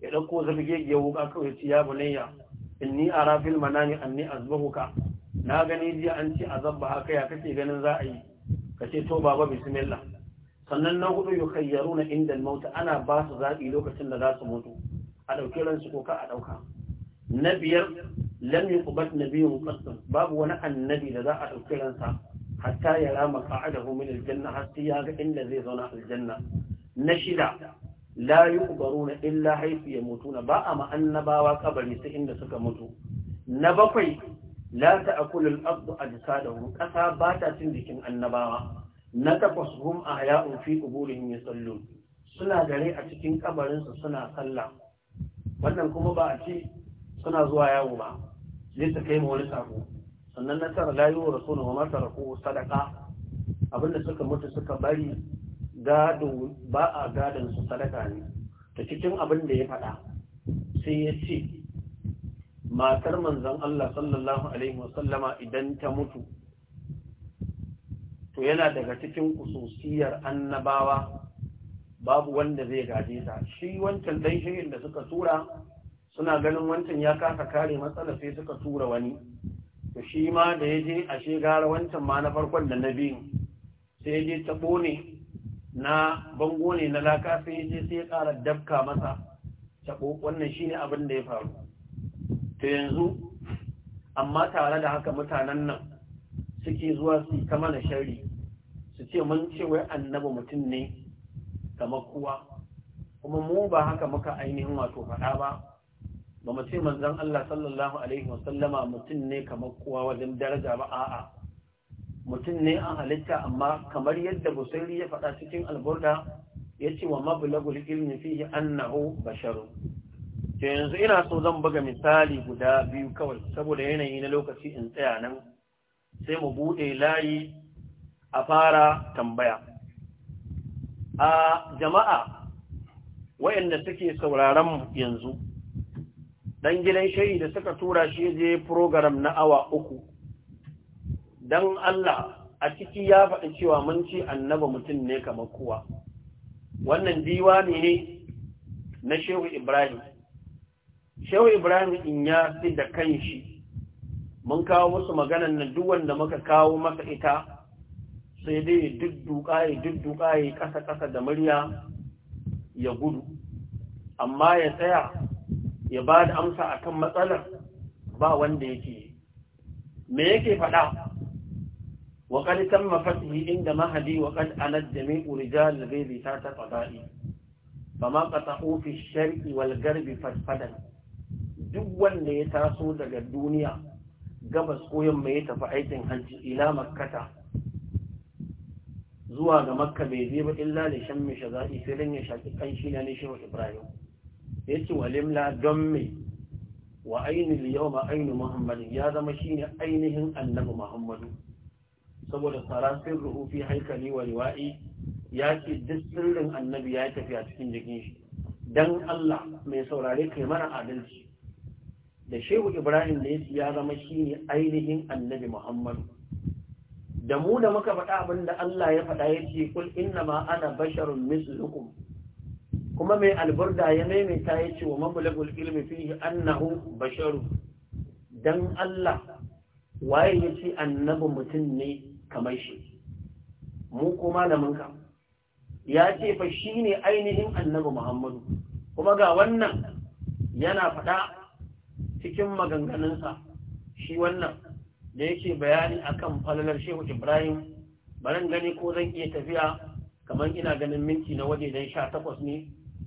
ya dauko zabige ya wuka kawai ci ya bunayya inni ara fil manami anni azbahuka na gani jiya an ci azabba haka ya kake ganin za a yi ka ce to baba bismillah sannan na hudu yukhayyaruna inda al-maut ana ba su zabi lokacin da za su mutu a dauke ransu ko ka a dauka na biyar lam yuqbat nabiyyun qasdan babu wani annabi da za a dauki ransa hatta ya rama qa'adahu min aljanna har sai ya ga inda zai zauna aljanna na shida la yuqbaruna illa haythu yamutuna ba a ma annabawa kabari sai inda suka mutu na bakwai la ta'kulu al-ardu ajsadahum kasa ba ta cin jikin annabawa na takwas hum ahya'un fi quburihim yusallun suna dare a cikin kabarinsu suna sallah wannan kuma ba a ce suna zuwa yawo ba zai ta kai ma wani sako sannan na tara layi wa rasulun wa mata rako sadaka abinda suka mutu suka bari gado ba a gadon su sadaka ne ta cikin abin ya faɗa sai ya ce matar manzon Allah sallallahu alaihi wasallama idan ta mutu to yana daga cikin kususiyar annabawa babu wanda zai gaje ta shi wancan dan shirin da suka tura suna ganin wancan ya kasa kare matsala sai suka tura wani to shi ma da ya je ashe gara wancan ma na farkon da na biyu sai ya je tabo ne na bango ne na laka sai ya je sai ya ƙara dabka masa tabo wannan shi ne abin da ya faru to yanzu amma tare da haka mutanen nan suke zuwa su ta mana shari su ce mun ce wai annaba mutum ne kamar kowa kuma mu ba haka muka ainihin wato faɗa ba ba mu ce manzon Allah sallallahu alaihi wasallama mutum ne kamar kowa wajen daraja ba a'a mutum ne an halitta amma kamar yadda Busairi ya faɗa cikin alburda ce wa mablagul ilmi fihi annahu basharu to yanzu ina so zan buga misali guda biyu kawai saboda yanayi na lokaci in tsaya nan sai mu bude layi a fara tambaya a jama'a wayanda suke sauraron yanzu dan gidan shehi da suka tura shi je program na awa uku dan Allah a ciki ya faɗi cewa mun ci annaba mutum ne kamar kowa wannan diwani ne na shehu Ibrahim shehu Ibrahim in ya fi da kanshi mun kawo musu maganan na duk wanda muka kawo masa ita sai dai dudduka ya dudduka ya kasa-kasa da murya ya gudu amma ya tsaya ya ba da amsa a kan matsalar ba wanda yake me yake faɗa wa kad tamma inda mahadi wa kad anad jami'u rijal zai ta ta ma ka qata'u fi shari'i wal garbi duk wanda ya taso daga duniya gabas koyon mai tafi aikin hajji ila makkata zuwa ga makka bai je ba illa shan shammi shaza'i sai don ya shaki shi na nishin ibrahim ya walimla don wa aini yau ma ainihin ya zama shine ainihin annabi muhammadu saboda sarafin ruhu fi haikali wa riwa'i ya ce duk sirrin annabi ya tafi a cikin jikin shi don Allah mai saurare kai mana adalci da shehu ibrahim da ne ya zama shine ainihin annabi muhammadu da mu da muka faɗa abin da Allah ya faɗa ya ce kul inna ma ana basharun mislukum kuma mai alburda ya maimaita ya ce wa mabulagul ilmi fihi annahu basharu dan Allah waye ya ce annabi mutum ne kamar shi mu ko malaminka ya ce fa shi ne ainihin annabi muhammadu kuma ga wannan yana faɗa cikin maganganunsa shi wannan da yake bayani akan falalar shehu ibrahim barin gani ko zan iya tafiya kamar ina ganin minti na waje dan sha takwas ne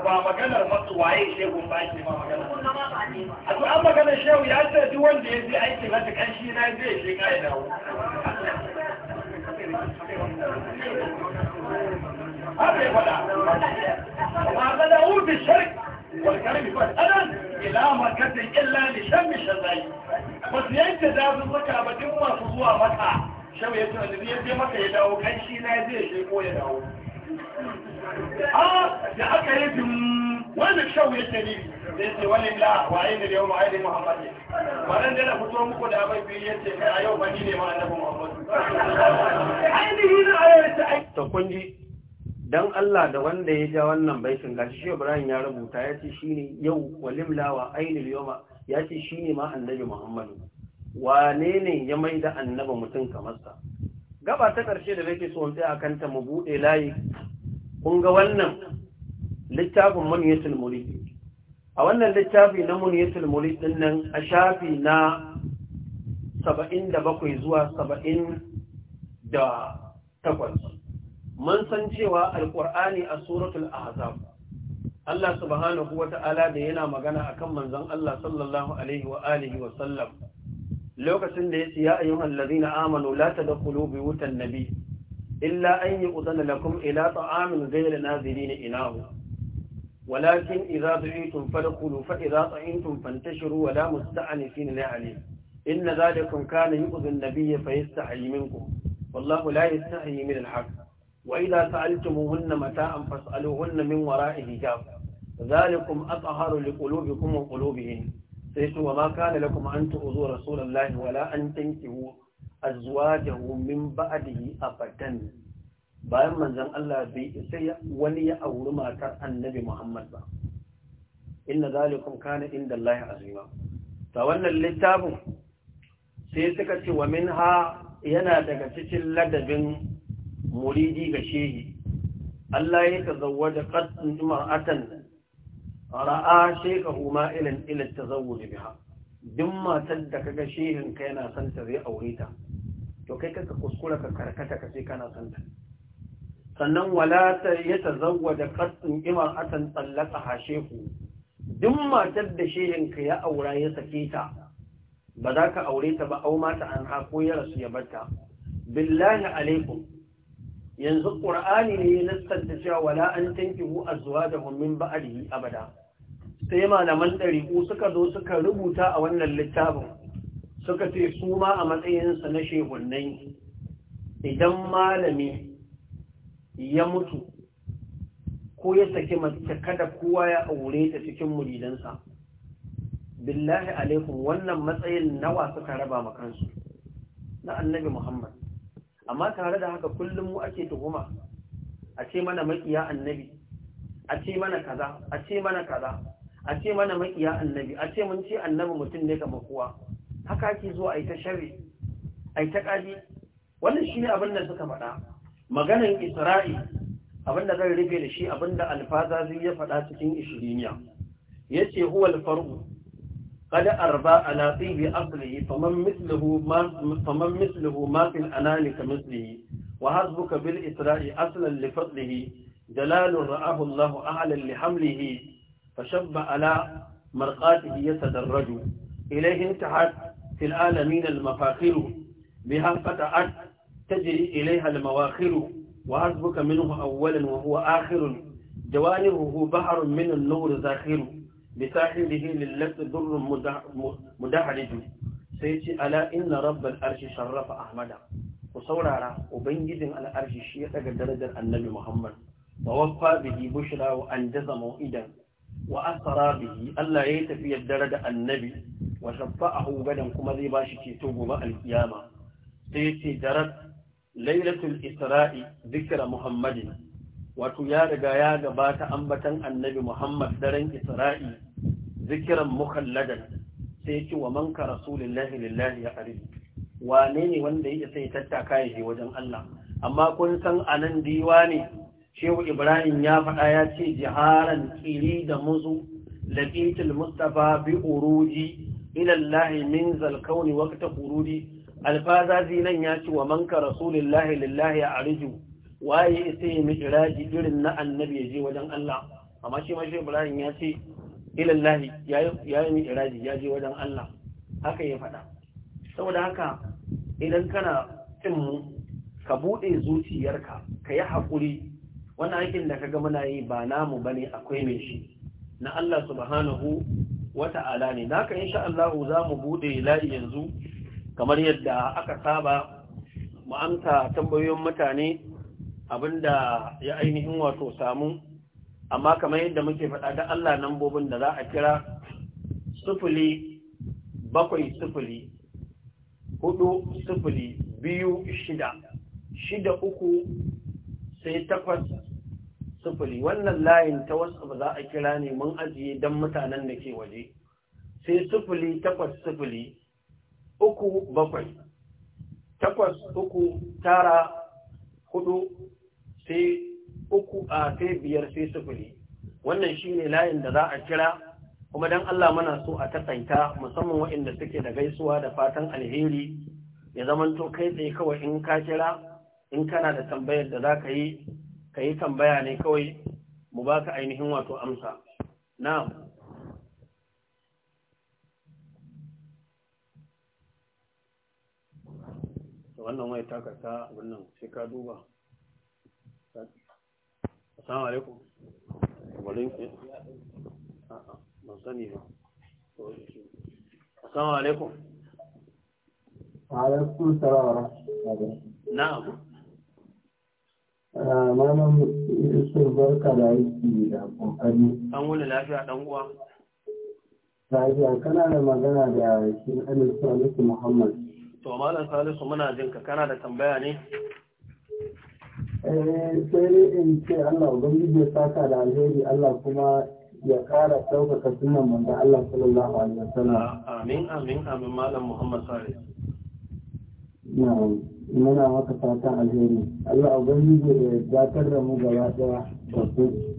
ba maganar matsu waye shehu ba ake ba maganar a to an maganar shehu ya ce duk wanda ya je aiki na ta kanshi na zai shi ka ya dawo هذا يبدا وهذا له بالشرك والكلام فاسألا إلى مكة إلا لشم الشرعي بس يأتي ذات الزكاة بدون ما تضوى مكة شو يتعلم يدي مكة يدعو كان شيء نازل شيء يدعو da aka yi jin wannan shau ya ne ni da ya wani la wa yi da yau wa yi da muhammadu ba nan da na fito muku da abai biyu ya ce kai a yau ba ni ne ma annabi muhammadu ainihi na ayar ta kunji dan Allah da wanda ya ja wannan baitin gashi shi Ibrahim ya rubuta ya ce shine yau walim la wa ainil yawma ya ce shine ma annabi muhammadu wane ne ya maida annabi mutum kamar sa gaba ta ƙarshe da nake so in a kanta mu buɗe layi kun ga wannan littafin muniyatul mulk a wannan littafi na muniyatul mulk ɗin nan a shafi na saba'in da bakwai zuwa saba'in da takwas. mun san cewa Alƙur'ani a suratul ahzab Allah subhanahu wata'ala da yana magana akan manzon Allah sallallahu alaihi wa alihi wa sallam lokacin da ya ce a ayyuhan allazina amanu la tadkhulu bi wutan nabi illa an yu'dana lakum ila ta'amin ghayra nazirin inahu walakin idza du'itum fadkhulu fa idza ta'intum fantashiru wa la musta'anifin li'ali in dhalikum kana yu'dhi an-nabiy fa yastahi minkum wallahu la yastahi min al-haq wa idza sa'altumuhunna mata'an fas'aluhunna min wara'i hijab dhalikum atharu liqulubikum wa qulubihim sai ce wa ma kana lakum an tu'zu rasulullahi wala an tankihu azwajahu min a fatan. bayan manzon Allah bai isa wani ya auri matar annabi Muhammad ba inna zalikum kane inda Allah azima ta wannan littafin sai suka ce wa minha yana daga cikin ladabin muridi ga shehi Allah ya tazawwaja qad imra'atan ra'a shekahu ma'ilan ila tazawwuj biha duk matar da kaga shehin ka yana son ta zai aure ta to kai kaka kuskura ka karkata ka sai kana son ta sannan wala ta ya tazawwada qatun tsallaka ha shehu duk matar da shehin ka ya aura ya sake ta ba za ka aure ta ba au mata an ha ko ya rasu ya barta billahi alaikum yanzu qur'ani ne ya da cewa wala an tankihu azwajahum min ba'dihi abada sai malaman ɗariƙu suka zo suka rubuta a wannan littafin suka ce su ma a matsayinsa na shehunnai idan malami ya mutu ko ya saki mace kada kowa ya aure ta cikin muridansa billahi alaikum wannan matsayin nawa suka raba makansu na annabi muhammad amma tare da haka kullum mu ake tuhuma a ce mana makiya annabi a ce mana kaza a ce mana kaza a ce mana makiya annabi a ce mun ce annabi mutum ne kamar kowa haka ake zuwa a yi ta sharri a yi ta ƙaji wannan shi ne abin da suka faɗa maganan isra'i abin da zai rufe da shi abin da alfaza zai ya faɗa cikin ishiriniya ya ce huwal faru kada arba ala tsibi asali faman mislihu mafin anani ka mislihi wa hasbuka bil isra'i asalan li fadlihi ra'ahullahu, ra'ahu Allah ahalan li hamlihi فشب على مرقاته يتدرج إليه انتهت في العالمين المفاخر بها فتعت تجري إليها المواخر وحسبك منه أولا وهو آخر جوانبه بحر من النور زاخر بساحله للت ضر مدحرج سيتي ألا إن رب الأرش شرف أحمد وصورا وبنجد الأرش شيئا درجة النبي محمد ووفى به بشرى وأنجز موئدا wa asara bihi Allah ya yi tafiyar dare da annabi wa shaffa'ahu gadan kuma zai ba shi ceto gobe alkiyama sai ce darat lailatul isra'i dhikra muhammadin wato ya riga ya gabata ambatan annabi muhammad daren isra'i zikiran mukalladan sai ce wa manka rasulullahi lillahi ya arihi wane ne wanda ya sai tattaka ya je wajen Allah amma kun san anan diwa ne shehu ibrahim ya faɗa ya ce jiharan ƙiri da musu laƙitul mustapha bi uruji ilallahi min zalkauni wakta kurudi alfaza zinan ya ce wa manka rasulillahi lillahi a arju waye sai ya miƙiraji irin na annabi ya je wajen Allah amma shi mashi ibrahim ya ce ilallahi ya yi miƙiraji ya je wajen Allah haka ya faɗa saboda haka idan kana cin mu ka buɗe zuciyarka ka yi haƙuri wannan aikin da kaga muna yi ba namu bane akwai mai shi na Allah subhanahu wata'ala ne da ka insha Allah za mu bude layi yanzu kamar yadda aka saba mu amsa tambayoyin mutane abinda ya ainihin wato samu amma kamar yadda muke faɗa da Allah nan nambobin da za a kira sufuli bakwai sufuli hudu sufuli biyu shida shida uku sai takwas sufuri wannan layin ta wasu za a kira ne mun ajiye don mutanen da ke waje sai sufuri takwas sufuri uku bakwai takwas uku tara hudu sai uku a sai biyar sai sufuri wannan shine layin da za a kira kuma don Allah muna so a takaita musamman waɗanda suke da gaisuwa da fatan alheri ya zamanto kai tsaye kawai in ka kira in kana da tambayar da za ka yi ka yi tambaya ne kawai mu baka ainihin wato amsa na'am wannan wai ta karta wannan sai ka duba assalamu alaikum walin a'a ban sani ba assalamu alaikum wa alaikum salam na'am Maman Yusuf barka da aiki da kokari. An wani lafiya ɗan uwa? Lafiya kana da magana da shi Amin Salisu Muhammad. To Malam Salisu muna jin ka kana da tambaya ne? Eh sai in ce Allah Ubangiji ya saka da alheri Allah kuma ya ƙara ɗaukaka sunan manzon Allah sallallahu alaihi wasallam. Amin amin amin Malam Muhammad Salisu. muna maka fata alheri Allah ubangiji ya dakatar da mu gaba daya da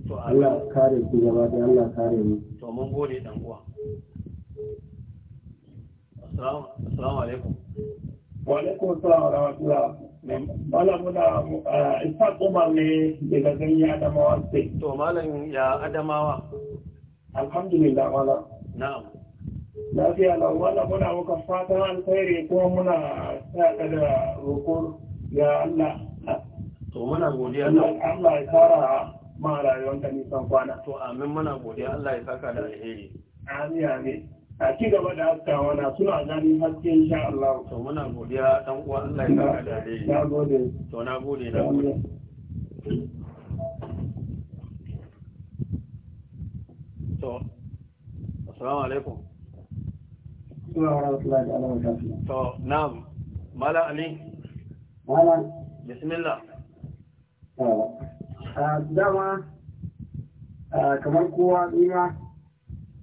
ku Allah kare ku gaba daya Allah kare mu to mun gode dan uwa assalamu alaikum wa alaikum assalam wa rahmatullah bala muna eh, Isaac Umar ne daga ganin Adamawa state to malam ya Adamawa alhamdulillah wala na'am lafiya na wannan muna muka fatan alkhairi ko muna saɗa da roƙon ya Allah to muna godiya Allah ya fara ma rayuwar ka nisan kwana to amin muna godiya Allah ya saka da alheri amin amin a ci gaba da haska wana suna gani haske insha Allah to muna godiya dan uwa Allah ya saka da alheri na gode to na gode na gode to assalamu alaikum to na'am mala ali mala bismillah ah, dama ah, kamar kowa nima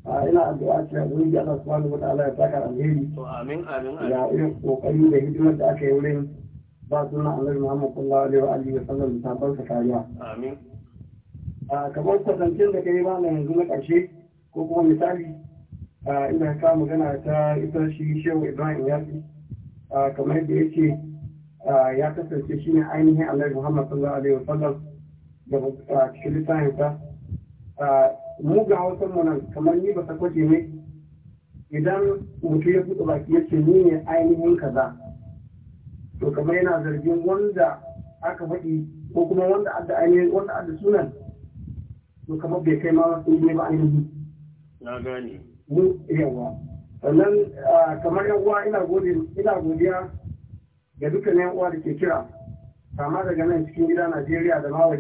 ah, ina addu'a cewa wani ya Allah subhanahu wataala ya saka alheri to amin amin amin ya irin kokari da hidimar da aka yi wurin ba sunan Annabi Muhammad sallallahu alaihi wa alihi wa sallam sabon sa kariya amin kamar kwatancin da kai ba yanzu na karshe ko kuma misali ina ka magana ta ita shi shehu ibrahim yasi kamar yadda ya ce ya kasance shi ne ainihin annabi muhammad sallallahu alaihi wasallam da cikin littafin sa mu ga wasu munan nan kamar ni ba sakwace ne idan mutum ya fito baki ya ce ni ne ainihin kaza to kamar yana zargin wanda aka faɗi ko kuma wanda adda ainihin wanda adda sunan to kamar bai kai ma wasu ne ba ainihin na gane yawa sannan kamar yan uwa ina godiya ga duka yan uwa da ke kira kama daga nan cikin gida Najeriya da ma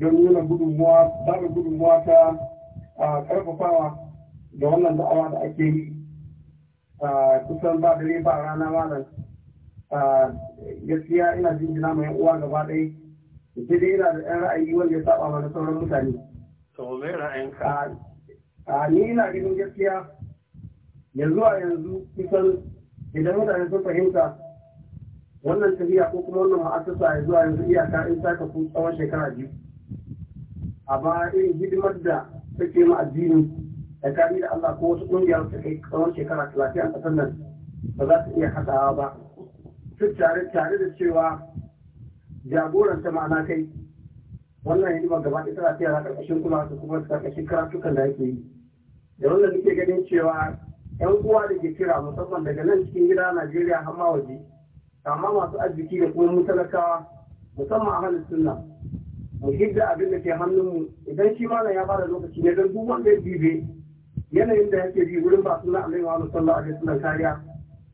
don nuna gudunmuwa babu gudunmuwa ta karfafawa da wannan da'awa da ake yi kusan ba dare ba rana malam gaskiya ina jinjina mai uwa gaba ɗaya da dai da ɗan ra'ayi wanda ya saba mana sauran mutane. Sau mai ka. a ni ina ganin gaskiya yanzu a yanzu kusan idan mutane sun fahimta wannan tafiya ko kuma wannan ma'asasa ya zuwa yanzu iyaka in ta kafu tsawon shekara biyu a a irin hidimar da take ma addini da kari da Allah ko wasu ƙungiyar su kai tsawon shekara talatin a ƙasar nan ba za su iya haɗawa ba Su tare tare da cewa jagoranta ma'ana kai wannan hidimar gaba ɗaya tana tsaya ƙarƙashin kula su kuma ƙarƙashin karatukan da ake yi da wannan muke ganin cewa yan uwa da ke kira musamman daga nan cikin gida Najeriya har ma waje amma masu arziki da kuma mutalakawa musamman a halin sunna mu hidda abin da ke hannun mu. idan shi malam ya bada lokaci ne don duk wanda ya bibe yanayin da yake bi wurin ba sunna alaihi wa sallallahu alaihi wasallam kariya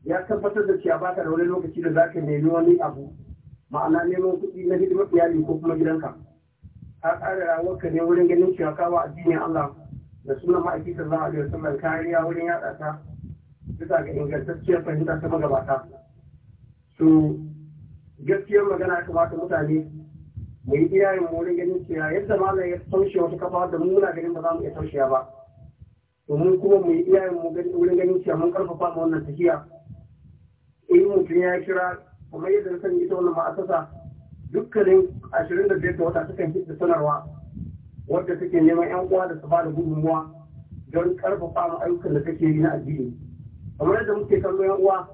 ya tabbatar da cewa baka da wani lokaci da zaka nemi wani abu ma'ana neman kuɗi na hidimar iyali ko kuma gidanka ka ƙara rawarka ne wurin ganin cewa kawo addinin Allah da sunan ma'aiki sallallahu alaihi wasallam kariya wurin yaɗa ta bisa ga ingantacciyar fahimta ta magabata to gaskiyar magana ya kamata mutane mu yi iyayen mu wurin ganin cewa yadda malam ya taushe wata kafa da mu muna ganin ba za mu iya taushe ba domin kuma mu yi iyayen mu wurin ganin cewa mun karfafa mu wannan tafiya in mutum ya kira kuma yadda na sani ita wannan ma'asasa dukkanin ashirin da wata sukan hidda sanarwa wadda suke neman yan uwa da su ba da gudunmuwa don karfafa mu ayyukan da take yi na addini kamar yadda muke kallo yan uwa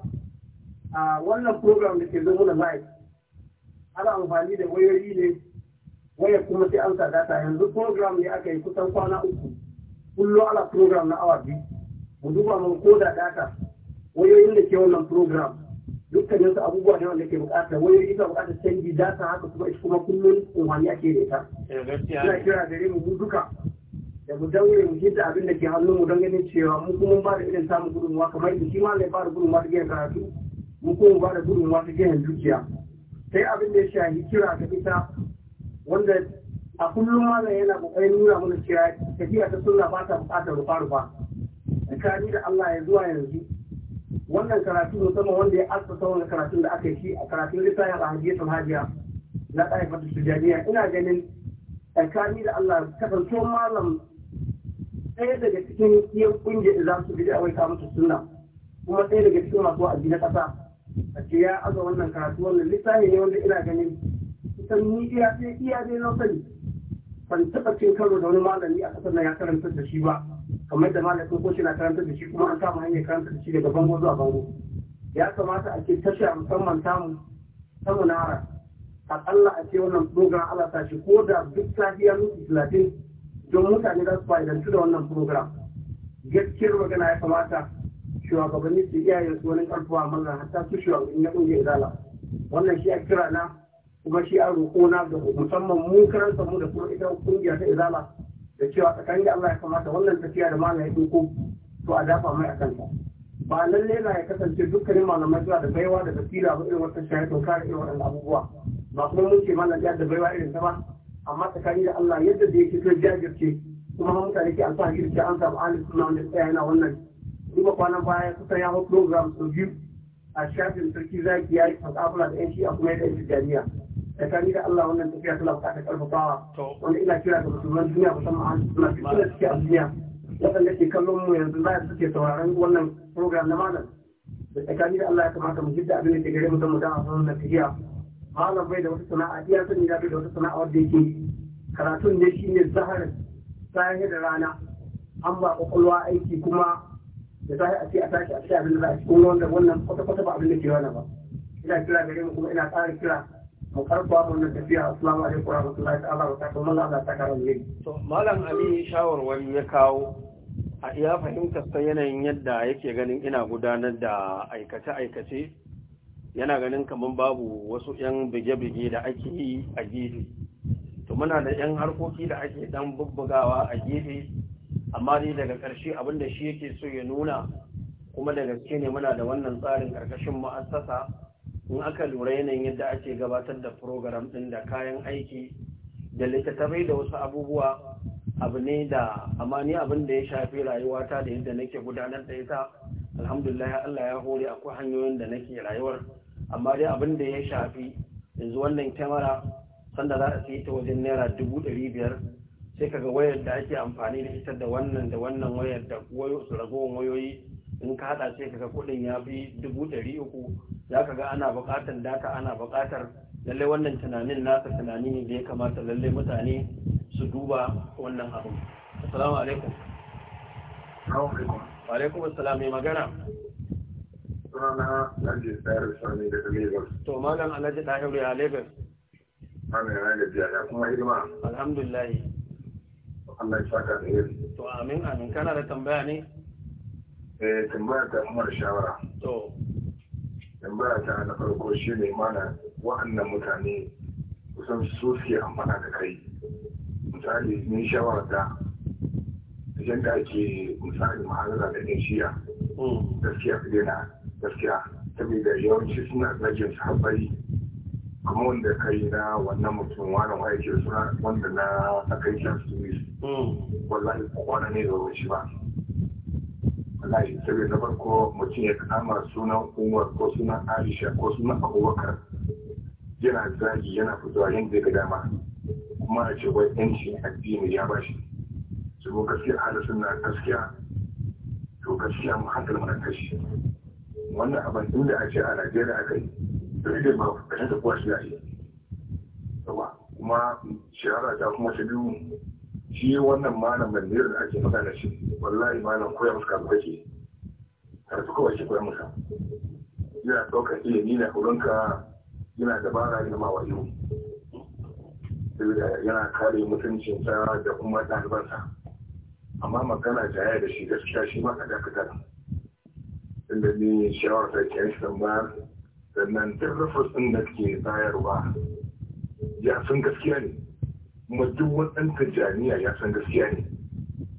a wannan program da ke zama muna live ana amfani da wayoyi ne wayar kuma sai an sa data yanzu program ne aka yi kusan kwana uku kullum ana program na awa biyu mu duba mun koda data wayoyin da ke wannan program dukkan su abubuwa da wanda ke bukata wani ita bukata canji za ta haka kuma ita kuma kullum umarni ake da ita eh, ina kira gare mu duka da mu daure mu hidda abin da ke hannun mu don ganin cewa mu kuma ba da irin samun gudunmuwa kamar yadda shi ma zai ba da gudunmuwa ta gina karatu mu kuma ba da gudunmuwa ta gina dukiya sai abin da ya shahi kira ga ita wanda a kullum ma yana kokarin nuna mana cewa tafiya ta suna ba ta bukatar rufa-rufa tsakani da Allah ya zuwa yanzu wannan karatu musamman wanda ya asa wannan karatun da aka yi shi a karatun littafin ahadiyatul hajiya na su sujaniya ina ganin tsakani da Allah kasance malam ɗaya daga cikin iya ƙungiyar da za su bi a waita musu sunna kuma ɗaya daga cikin masu wa'azi na ƙasa a ce ya aza wannan karatu wannan lissafi ne wanda ina ganin kusan ni iya iya dai na sani ban taɓa cin karo da wani malami a ƙasar na ya karanta da shi ba kamar da malamin ko na karanta da shi kuma an samu hanyar karanta da shi daga bango zuwa bango ya kamata a ce tashar musamman samu samu munara aƙalla a ce wannan program Allah ta shi ko da duk safiya minti talatin don mutane za su fa'idantu da wannan program gaskiyar magana ya kamata shugabanni su iyayen su wani karfawa mana hatta su shugabanni na ƙungiyar izala wannan shi a kira na kuma shi a roƙo na da musamman mu karanta mu da kuma ita ƙungiya ta izala da cewa tsakanin da Allah ya kamata wannan tafiya da ma'ana ya ko to a dafa mai a kanta ba lalle na ya kasance dukkanin malamai suna da baiwa da basira ba irin wata shari'a to kare irin wannan abubuwa ba kuma mun ce malam ya da baiwa irin ta ba amma tsakanin da Allah yadda da yake so jajirce kuma ma mutane ke alfahari da ke an samu alif suna wanda tsaya yana wannan duba kwanan baya kusan ya hau program sau biyu a shafin sarki zaki ya yi fasafula da yanki a kuma yadda yanci jami'a tsakani da Allah wannan tafiya tana bukatar karfafawa wanda ina kira da musulman duniya musamman suna suna suke a duniya waɗanda ke kallon mu yanzu za suke sauraron wannan program na malam da tsakani da Allah ya kamata mu jidda abin da ke gare mu don mu dama sanar da tafiya malam bai da wata sana'a iya sani da bai da wata sana'a wadda yake karatun ne shi shine zaharin sahi da rana an ba ƙwaƙwalwa aiki kuma da zahi a ce a tashi a ce abin da za a cikin wanda wannan kwata-kwata ba abin da ke wani ba ina kira gare mu kuma ina ƙara kira mu karfa mun tafiya ta to mallam shawarwari ya kawo a iya fahimtar sa yanayin yadda yake ganin ina gudanar da aikace aikace yana ganin kamar babu wasu yan bige-bige da ake yi a gefe to muna da yan harkoki da ake dan bubbugawa a gefe amma dai daga ƙarshe abinda shi yake so ya nuna kuma da gaske ne muna da wannan tsarin ƙarƙashin ma'asasa in aka lura yanayin yadda ake gabatar da program ɗin da kayan aiki da littattafai da wasu abubuwa abu ne da amma ni abin da ya shafi rayuwata da yadda nake gudanar da ita alhamdulillah Allah ya hore akwai hanyoyin da nake rayuwar amma dai abin da ya shafi yanzu wannan kyamara sanda za a sayi ta wajen naira dubu ɗari biyar sai kaga wayar da ake amfani da ita da wannan da wannan wayar da wayo su ragowar wayoyi in ka hada sai kaga kuɗin ya fi dubu ɗari uku za ka ga ana buƙatar daka ana buƙatar lallai wannan tunanin nasa tunani ne da ya kamata lallai mutane su duba wannan abu assalamu alaikum wa alaikum assalam mai magana sunana Alhaji Tahir Sani daga Lagos. To malam Alhaji Tahir ya Lagos. Amin na gajiya ya kuma hidima. Alhamdulillah. Allah ya saka da yau. To amin amin kana da tambaya ne? eh tambaya ta kuma da shawara to tambaya ta na farko ne mana wa'annan mutane kusan su suke amfana da kai misali ne shawara ta idan da ake misali mahalara da ɗan shiya hmm. gaskiya su daina gaskiya saboda yawanci suna zagin sahabbai kuma wanda kai na wannan mutum wani waye ke suna wanda na aka yi kyan su wallahi kwana ne da shi ba layi saboda na farko mutum ya kama sunan umar ko sunan aisha ko sunan abubakar yana zagi yana fitowa yadda ga dama kuma a ce wai yancin addini ya bashi su ko gaskiya hada suna gaskiya to gaskiya mu hankali mana kashi wannan abin inda a ce a najeriya aka yi. da ita ba ka ta kuwa shi da shi kuma shahara ta kuma ta biyu shi wannan malam bandiyar da ake magana shi wallahi malam koya musu kan kake karfi kawai shi koya musu yana ɗaukar ilimi na kurinka yana dabara yana ma wayo yana kare mutuncinsa da kuma ɗalibansa amma magana jaya da shi gaskiya shi ma ka dakatar inda ni shawar ta ke ba sannan duk rufus da ke bayarwa ya sun gaskiya ne kuma duk waɗanda jami'a ya san gaskiya ne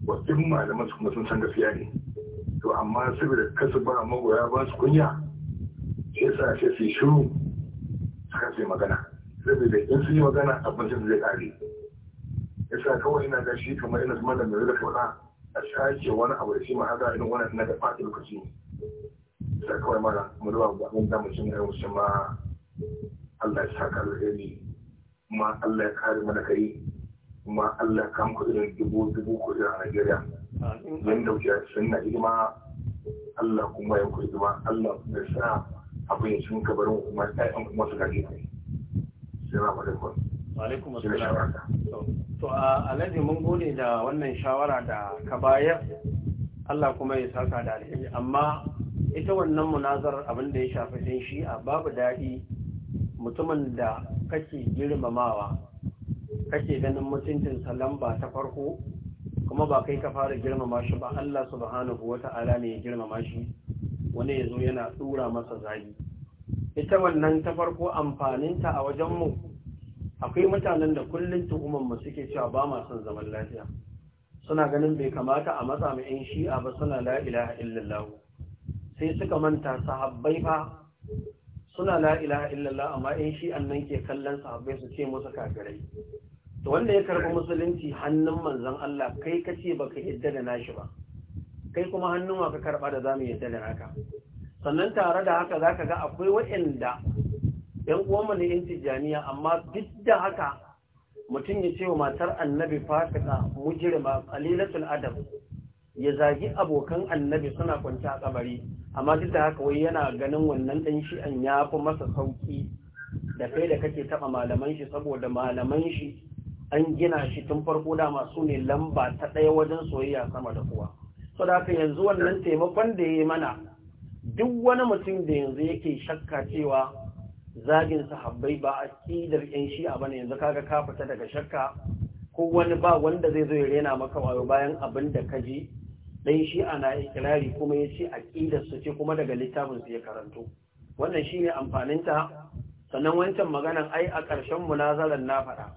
wajen malaman su kuma sun san gaskiya ne to amma saboda kasu ba magoya ba su kunya sai sa sai su shiru suka sai magana saboda in su yi magana abincin zai kare yasa kawai ina ga shi kamar ina zama da mai rika faɗa a sake wani abu da shi ma haka irin wani na da faɗi lokaci sai kawai mara mu zuwa ga mu da mutum ya wuce ma Allah ya saka alheri kuma Allah ya kare mana kai kuma Allah ya kama da dubu dubu kudi a Najeriya yan da wuce sun na hidima Allah kuma ya ku hidima Allah ya sa abin sun mu kuma an kuma su gaji ne salamu alaikum alaikum assalam to a alaji mun gode da wannan shawara da ka bayar Allah kuma ya saka da alheri amma ita wannan munazar abin da ya shafi din shi a babu daɗi mutumin da kake girmamawa kake ganin mutuncinsa lamba ta farko kuma ba kai ka fara girmama shi ba Allah subhanahu wata'ala ne ya girmama shi wani ya zo yana tsura masa zagi ita wannan ta farko amfaninta a wajenmu akwai mutanen da kullum mu suke cewa ba ma son zaman lafiya suna ganin bai kamata a matsa mai yan shi'a ba suna la ilaha illallah sai suka manta sahabbai fa suna la ilaha illallah amma in shi annan ke kallon sahabbai su ce musu kafirai to wanda ya karɓi musulunci hannun manzon Allah kai kace baka yadda da nashi ba kai kuma hannun wa ka karɓa da zamu yadda da naka sannan tare da haka zaka ga akwai waɗanda ‘yan uwanmu ne ‘yan tijjaniya amma duk da haka mutum ya ce wa matar annabi fasika mujirma ƙalilatul adam ya zagi abokan annabi suna kwanci a kabari amma duk da haka wai yana ganin wannan ɗan shi'an ya fi masa sauƙi da kai da kake taɓa malaman shi saboda malaman shi an gina shi tun farko da masu ne lamba ta ɗaya wajen soyayya sama da kowa so da haka yanzu wannan taimakon da ya mana duk wani mutum da yanzu yake shakka cewa zagin sahabbai ba a ƙidar 'yan shi'a bane yanzu kaga ka fita daga shakka ko wani ba wanda zai zo ya rena maka wayo bayan abin da ka ji dan shi ana ikirari kuma ya ce aqidar su ce kuma daga littafin su ya karanto wannan shine amfanin ta sannan wancan maganan ai a ƙarshen munazaran na faɗa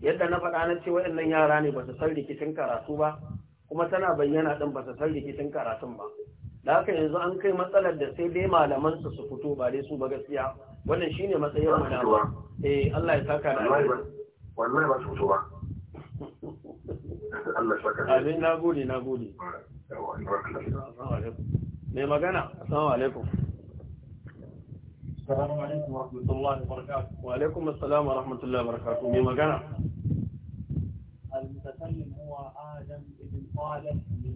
yadda na faɗa na ce waɗannan yara ne ba su san rikicin karatu ba kuma tana bayyana din ba su san rikicin karatun ba da haka yanzu an kai matsalar da sai dai malaman su su fito ba dai su ba gaskiya wannan shine matsayin mu na eh Allah ya saka da wannan ba su fito ba Allah ya saka amin nagode nagode mai magana assalamu alaikum assalamu alaikum wa rahmatullahi wa barakatuh wa alaikum assalam wa rahmatullahi wa المتكلم هو آدم بن صالح من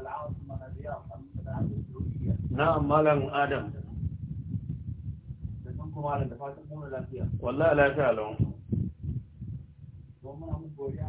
العاصمة الرياض المتعلم السعودية نعم مالا آدم لكنكم على دفاتر مو لا والله لا تعلم ومن أمو بوريا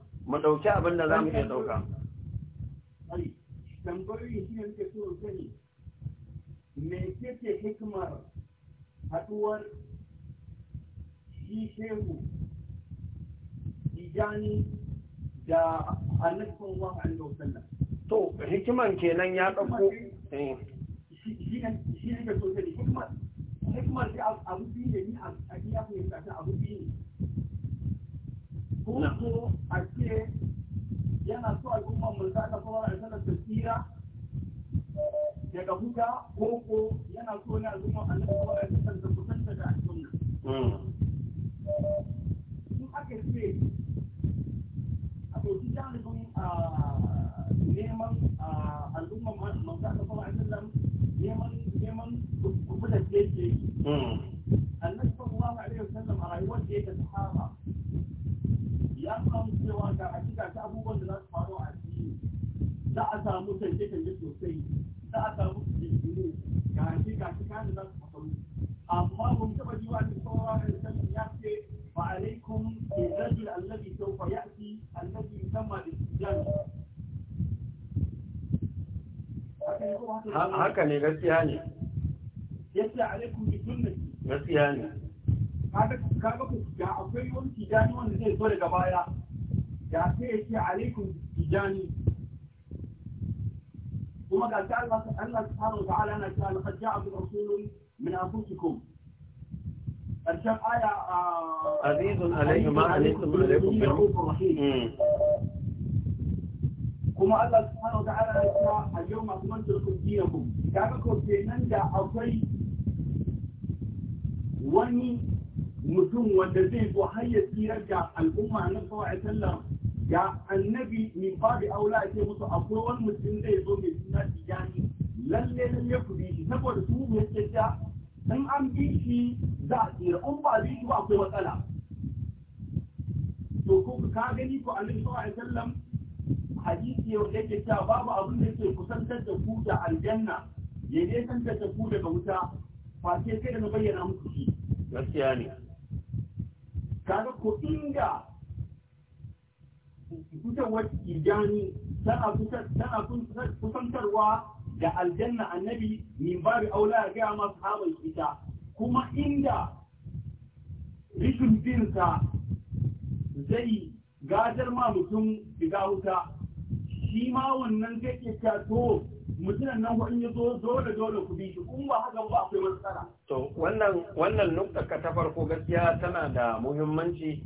mu ɗauki abin da za mu iya ɗauka tambayoyi shi ne muke so sani me ce hikimar haɗuwar shi shehu tijani da annabi sallallahu alaihi wasallam to hikiman kenan ya ɗauko eh. shi ne shi ne ke so sani hikimar hikimar da abu biyu ne ni a iya fahimta abu biyu ne ko a ce yana so al'umman mun zaka kowa a sanar da tsira daga huda ko ko yana so ne al'umman annabi kowa a sanar da kusan daga al'umma in ake ce a ɗauki janibin neman al'umman mun zaka kowa a sanar neman neman kubutar da yake yi hmm. annabi sallallahu alaihi wasallam a rayuwar da yake sahaba ya samu cewa ga hakika ta abubuwan da za su faru a ciki za a samu canje canje sosai za a samu jinjini ga hakika shi kan da za su faru amma mun taba ji wani kowa da sanin ya ce fa alaikum bi rajul allazi sawfa ya'ti allazi yusamma bi tijan haka ne gaskiya ne Ya yace alaikum bi sunnati gaskiya ne kaga kaga ku da akwai wani tijani wanda zai zo daga baya da sai ya ce alaikum tijani kuma ga ta Allah Allah subhanahu wa ta'ala na cewa laqad ja'akum rasulun min anfusikum أرشام آية عزيز عليه ما عليكم عليكم بالرحيم كما الله سبحانه وتعالى يقول اليوم أكملت لكم دينكم كما كنت ننجا أو شيء wani mutum wanda zai zo har ya tsirar da al'umma na kawai sallam ya annabi min babi aula ce musu akwai wani mutum zai zo mai suna tijani lalle lalle ya kudi shi saboda su mai ke in an bi shi za a tsira in ba bi shi ba akwai matsala to ko ka gani ko annabi sallallahu sallam hadisi yau yake cewa babu abin da yake kusantar da ku da aljanna ya ne da ku daga wuta fa sai kai da bayyana muku shi gaskiya ne kaga ko inda fitowar kirjani tana kusantarwa da aljanna annabi min babu aula ya gaya masu haɓar ita kuma inda rikin binsa zai gajar ma mutum shiga wuta shi ma wannan zai ke to mutumin nan in ya zo dole dole ku bi shi kuma haka ba akwai matsala to wannan wannan nukta ka ta farko gaskiya tana da muhimmanci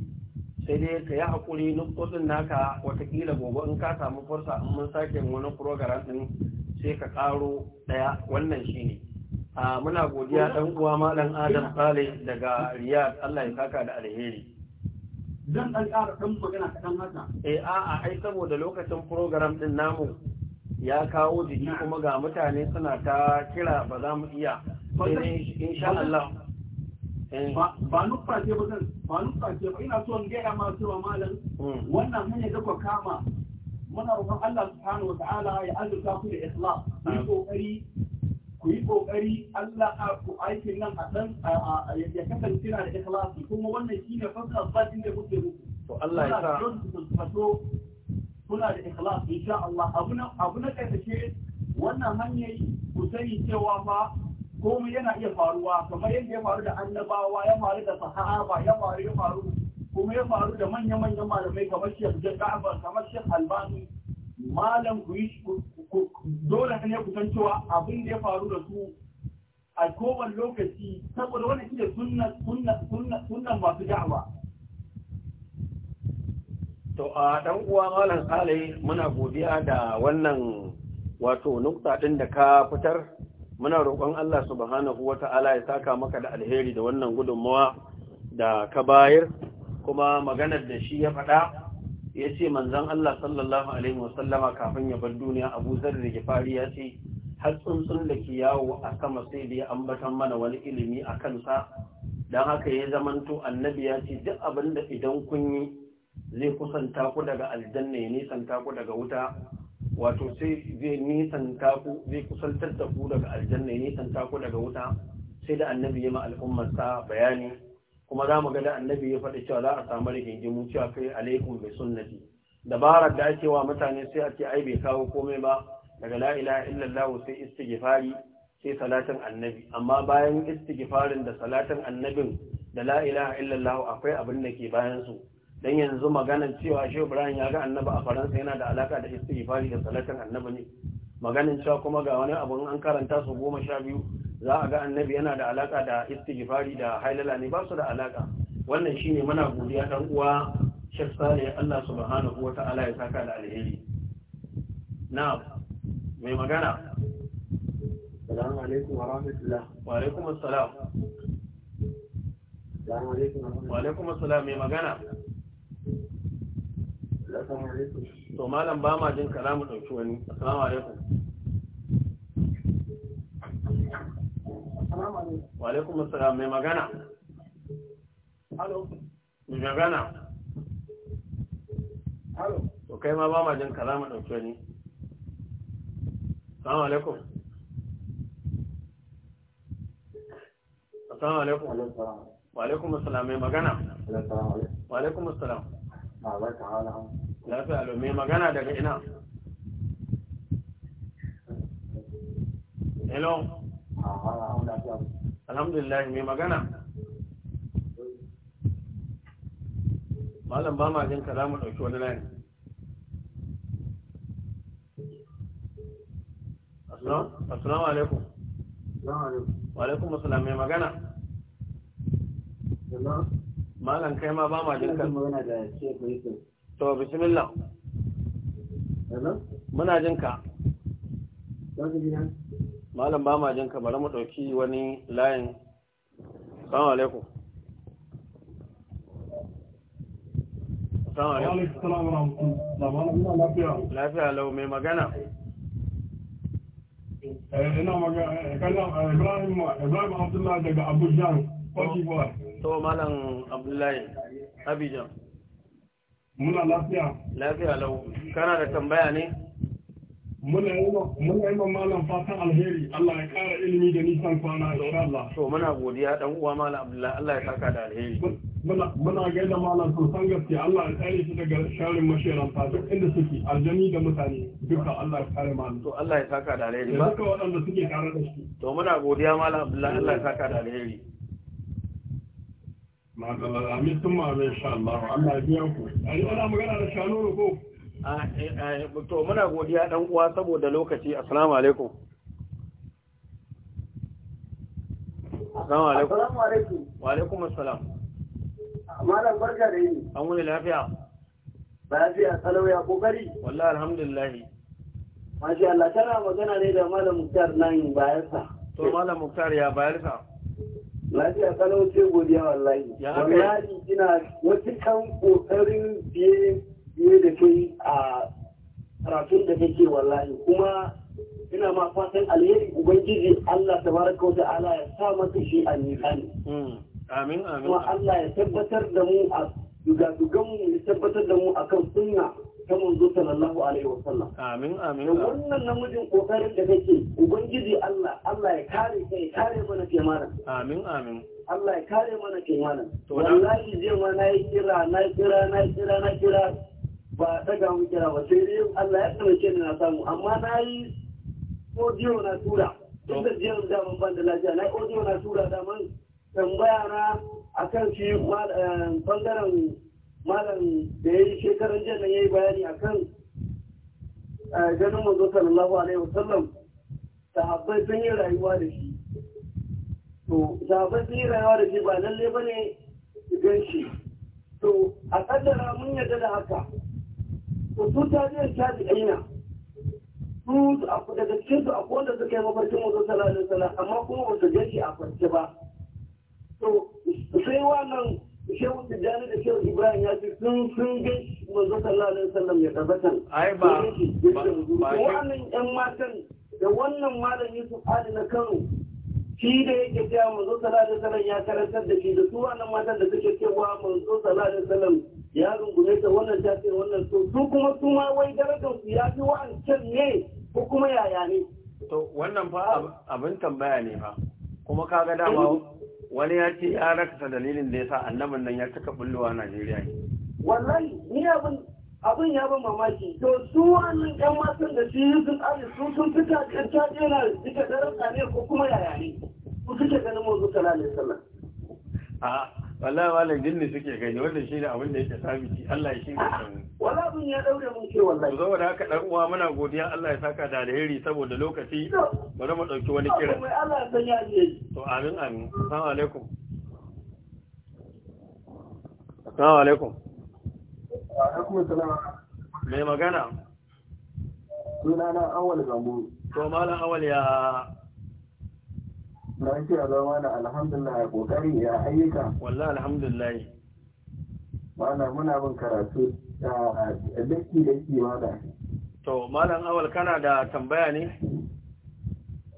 sai dai ka yi haƙuri, nuktocin naka watakila gobe in ka samu fursa in mun sake wani program din sai ka ƙaro daya wannan ne. a muna godiya dan uwa malam Adam Sale daga Riyadh Allah ya kaka da alheri dan ɗan ƙara ɗan magana kaɗan haka eh a'a ai saboda lokacin program din namu ya kawo jiki kuma ga mutane suna ta kira ba za mu iya insha Allah eh. ba nufa ce ba zan ba nufa ce ba ina son gaya ma cewa malam hmm. wannan mun ne da kama muna roƙon Allah subhanahu wataala ya azurta ku da ikhlas ku yi kokari hmm. ku yi kokari Allah ku aiki nan a dan ya kasance na da ikhlasi kuma wannan shine fasara fatin da kuke muku to Allah ya sa kuna da ikhlas insha Allah abu na abu na karshe wannan hanyar ku sani cewa fa komai yana iya faruwa kamar yadda ya faru da annabawa ya faru da sahaba ya faru ya faru kuma ya faru da manya-manyan malamai kamar Sheikh Jaba, kamar Sheikh Albani malam ku yi dole ne ku san cewa abin da ya faru da su a kowane lokaci saboda wani shi sunna sunna sunna sunna masu da'awa to a dan uwa malam sale muna godiya da wannan wato nukta din da ka fitar muna roƙon Allah subhanahu wata'ala ya saka maka da alheri da wannan gudunmawa da ka bayar kuma maganar da shi ya faɗa ya ce manzan Allah sallallahu alaihi wasallama kafin ya bar duniya Abu Zar da Gifari ya ce har tsuntsun da ke yawo a sama sai da ya ambatan mana wani ilimi a kansa don haka ya zamanto annabi ya ce duk abin da idan kun yi zai kusanta ku daga aljanna ya nisanta ku daga wuta wato sai zai nisanta ku zai kusantar da ku daga aljanna ya nisanta ku daga wuta sai da annabi ya ma al'ummarsa bayani kuma za mu ga da annabi ya faɗi cewa za a samu rigingimu cewa kai alaikum bai sunnati dabarar da ake wa mutane sai ake ai bai kawo komai ba daga la ilaha illallah sai istighfari sai salatin annabi amma bayan istighfarin da salatin annabin da la ilaha illallah akwai abin da ke bayan su dan yanzu maganar cewa shi Ibrahim ya ga annabi a Faransa yana da alaka da istighfari da salatan annabi ne maganin cewa kuma ga wani abu an karanta su goma sha biyu za a ga annabi yana da alaka da istighfari da hailala ne ba su da alaka wannan shine muna godiya dan uwa Sheikh Saleh Allah subhanahu wa ta'ala ya saka da alheri na'am mai magana assalamu alaikum wa rahmatullah wa alaikum assalam assalamu alaikum wa alaikum assalam mai magana to malam ba ma jin kalamu ɗauki wani assalamu alaikum wa alaikum assalam mai magana mai magana to kai ma ba ma jin kalamu ɗauki wani assalamu alaikum assalamu alaikum wa alaikum assalam mai magana wa alaikum assalam lafiya lo mai magana daga ina hello alhamdulillah mai magana malam ba ma ka za mu ɗauki wani layin assalamu alaikum wa alaikum assalam mai magana malam kai ma ba ma jin Muna da Sheikh to bismillah hello muna jinka. malam ba ma jinka, bari mu dauki wani layin assalamu alaikum assalamu alaikum lafiya lau mai magana eh, ina magana eh, eh, Ibrahim Abdullahi daga Abuja to malam abdullahi Abidjan. muna lafiya lafiya lau kana da tambaya ne muna yi ma malam fatan alheri Allah ya kara ilimi da nisan kwana insha Allah to muna godiya dan uwa malam abdullahi Allah ya saka da alheri muna gaida malam sosan gaske Allah ya tsare shi daga sharin mashiranta duk inda suke aljani da mutane duka Allah ya kare malam to Allah ya saka da alheri ba duka waɗanda suke tare da shi to muna godiya malam abdullahi Allah ya saka da alheri Madalla amin ma zai sha Allah Allah ya biya ku. Ai ana magana da shanu ko? To muna godiya dan uwa saboda lokaci. Assalamu alaikum. Assalamu alaikum. Assalamu alaikum. Wa alaikum assalam. Malam barka da yini. An wuni lafiya. Lafiya salau ya kokari. Wallahi alhamdulillah. Masha Allah tana magana ne da Malam Muktar nan bayansa. To Malam Muktar ya bayansa. lafiya kalau ce godiya wallahi wallahi ina wata kan kokarin biye biye da kai ah, a karatun da kake wallahi kuma ina ma fatan alheri ubangiji Allah tabaraka wa ta'ala ya sa maka shi a nisan hmm. amin amin kuma Allah ya tabbatar da mu a dugadugan mu ya tabbatar da mu akan sunna ta manzo sallallahu alaihi wasallam amin amin wannan namijin kokarin da kake ubangiji Allah Allah ya kare ka ya kare mana ke amin amin Allah ya kare mana ke wallahi je ma na yi kira na kira na kira na kira ba daga mu kira ba sai dai Allah ya tsawace ni na samu amma na yi audio na tura tun da jiyar da ban ban da lafiya na yi audio na tura da man tambaya na akan shi eh, bangaren malam da ya yi shekarar jiya nan ya yi bayani a kan ganin manzo sallallahu alaihi wasallam sahabbai sun yi rayuwa da shi to sahabbai sun yi rayuwa da shi ba lalle ba ne gan shi to a kaddara mun yarda da haka to su ta zai ta ji aina su daga cikin su akwai wanda suka yi mafarkin manzo sallallahu alaihi wasallam amma kuma ba su gan shi a farce ba to sai wannan shehu tijjani da shehu ibrahim ya ce sun sun ga manzo sallallahu alaihi wasallam ya tabbatan ai ba wannan yan matan da wannan malami su fadi na Kano shi da yake cewa manzo sallallahu alaihi wasallam ya karantar da shi da su wannan matan da suke cewa manzo sallallahu alaihi wasallam ya rungume ta wannan ta ce wannan to su kuma su ma wai darajar su ya fi wa'ancan ne ko kuma yaya ne to wannan fa abin tambaya ne fa kuma kaga dama eh, wani ya ce ya rakasa dalilin da ya sa annaban nan ya taka bullowa Najeriya ne. Wallahi ni abin abin ya ban mamaki to su wannan ƴan matan da su yi sun ali su sun fita kan ta jera suka daren ne ko kuma yaya ne su suke ganin mazu zuka lalai sallah. wallahi malam ne suke gani wannan shi ne abin da yake sabiti Allah ya shirya ta Wala wallahi abin ya daure mun ke wallahi da haka dan uwa muna godiya Allah ya saka da alheri saboda lokaci bari mu dauki wani kira Allah ya sanya ji to amin amin assalamu alaikum assalamu alaikum wa alaikum assalam mai magana sunana awal gambo to malam awal ya don a zama na alhamdulillah ya kokari ya ayyuka wallahi alhamdulillah mana muna bin karatu da daki daki ma da to malam awal kana da tambaya ne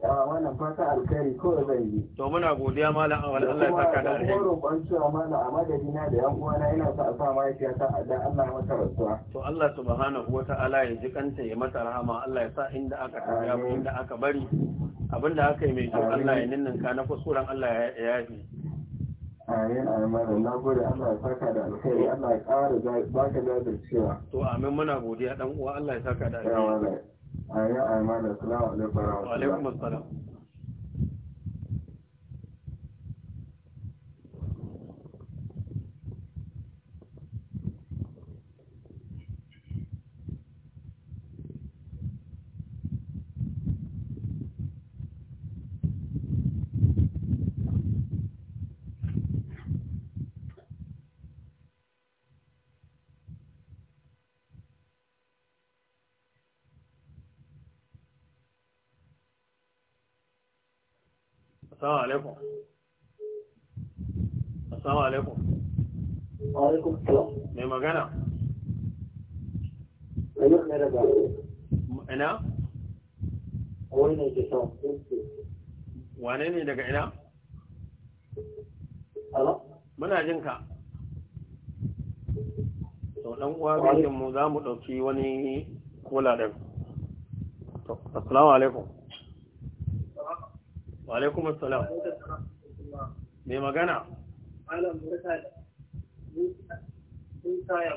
wannan fata alkhairi kawai zai yi to muna godiya malam awal Allah ya saka da alheri kuma roƙon cewa malam a madadina da yan uwana yana sa a sa mahaifiyata a da Allah ya mata rasuwa to Allah subhanahu wata'ala ya ji kanta ya mata rahama Allah ya sa inda aka tafiya inda aka bari abinda aka yi mai kyau Allah ya ninninka na kusuran Allah ya yafi amin amin na gode Allah ya saka da alkhairi Allah ya ƙara baka cewa. to amin muna godiya dan uwa Allah ya saka da alkhairi ayi ayi da salamu alaikum wa rahmatullahi Assalamu alaikum. Assalamu alaikum. Wa alaikum salam. Me magana? Ina ne daga. Ina? Wani ne ke sa. Wane ne daga ina? Hello? Muna jin ka. Sau dan uwa bikin mu za mu ɗauki wani kula da. Assalamu alaikum. wa alaikum assalam me magana malam Musa. Musa ya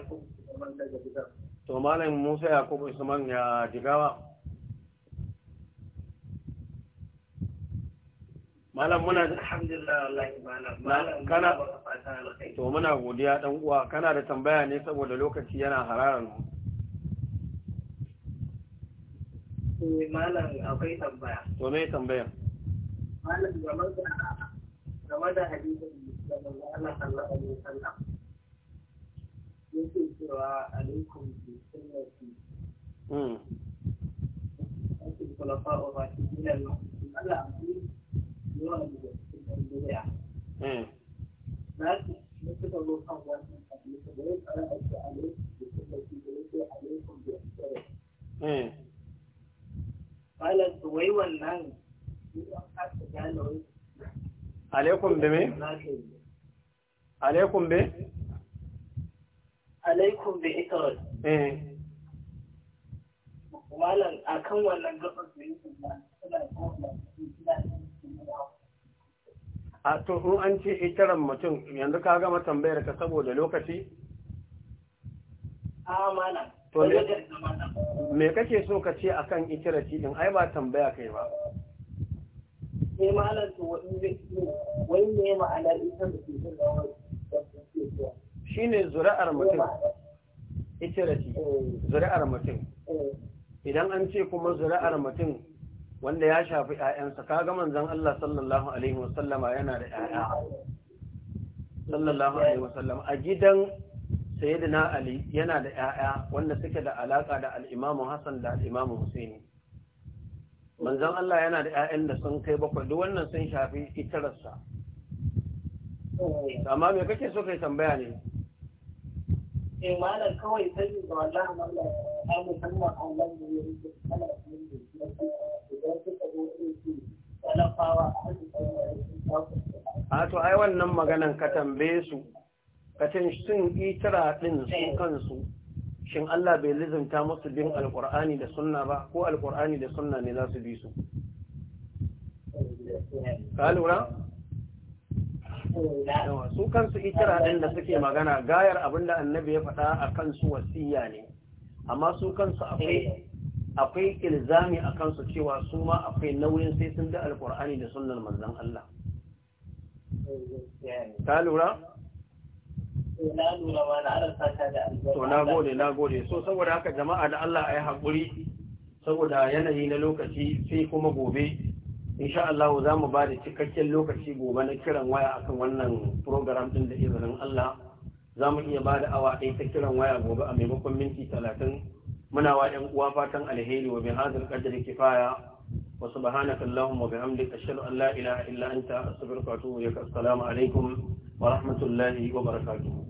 Usman daga Jigawa to malam Musa Yakubu Usman ya Jigawa malam muna alhamdulillah wallahi malam malam kana to muna godiya dan uwa kana da tambaya ne saboda lokaci yana hararan mu eh, malam akwai tambaya to me tambayar game da hadisin da Allah sallallahu alaihi wasallam yake cewa alaikum bi sunnati mm ake kula fa o ba shi ne Allah ne yawan da cikin duniya mm na ki ne suka zo kan wannan hadisi da ya tsara a ce alaikum bi sunnati da yake alaikum bi sunnati mm Malam, wai wannan alaikum bi me alaikum bi alaikum bi ikarar eh malam akan wannan gabar su yi suna a to in an ce ikaran mutum yanzu ka gama tambayar ka saboda lokaci a malam to me kake so ka ce akan ikirati din ai ba tambaya kai ba sai malam to wani zai ce wai ne ma'anar ita da ke jin da shi ne zuri'ar mutum ita da shi eh. zuri'ar mutum eh. idan an ce kuma zuri'ar mutum wanda ya shafi ‘ya'yansa kaga manzan Allah sallallahu Alaihi wasallama yana da ƴaƴa sallallahu Alaihi wasallama a gidan sayyidina Ali yana da ƴaƴa wanda suke da alaƙa da al'imamu hasan da al'imamu Husaini manzon Allah yana da ƴaƴan da sun kai bakwai duk wannan sun shafi itararsa amma me kake so kai tambaya ne eh kawai sai da wallahi malam ai musamman Allah ne ya rike kana idan suka zo su talafawa a a to ai wannan maganan ka tambaye su ka cin sun itara ɗin su eh. kansu shin Allah bai lizanta musu bin alkur'ani da sunna ba ko alkur'ani da sunna ne za su bi su ka lura su kansu ikira ɗin da suke magana gayar abinda annabi ya faɗa a kansu wasiya ne amma su kansu akwai ilzami a kansu cewa su ma akwai nauyin sai sun da alkur'ani da sunnar manzon Allah ka lura to na gode na gode so saboda haka jama'a da Allah a yi haƙuri saboda yanayi na lokaci sai kuma gobe insha Allah za mu ba da cikakken lokaci gobe na kiran waya akan wannan program ɗin da izinin Allah za mu iya ba da awa ɗaya ta kiran waya gobe a maimakon minti talatin muna wa ‘yan uwa fatan alheri wa bin hazin ƙaddar kifaya wa subhanaka Allahumma wa bihamdika ashhadu an la ilaha illa anta astaghfiruka wa atubu assalamu alaikum rahmatullahi wa وبركاته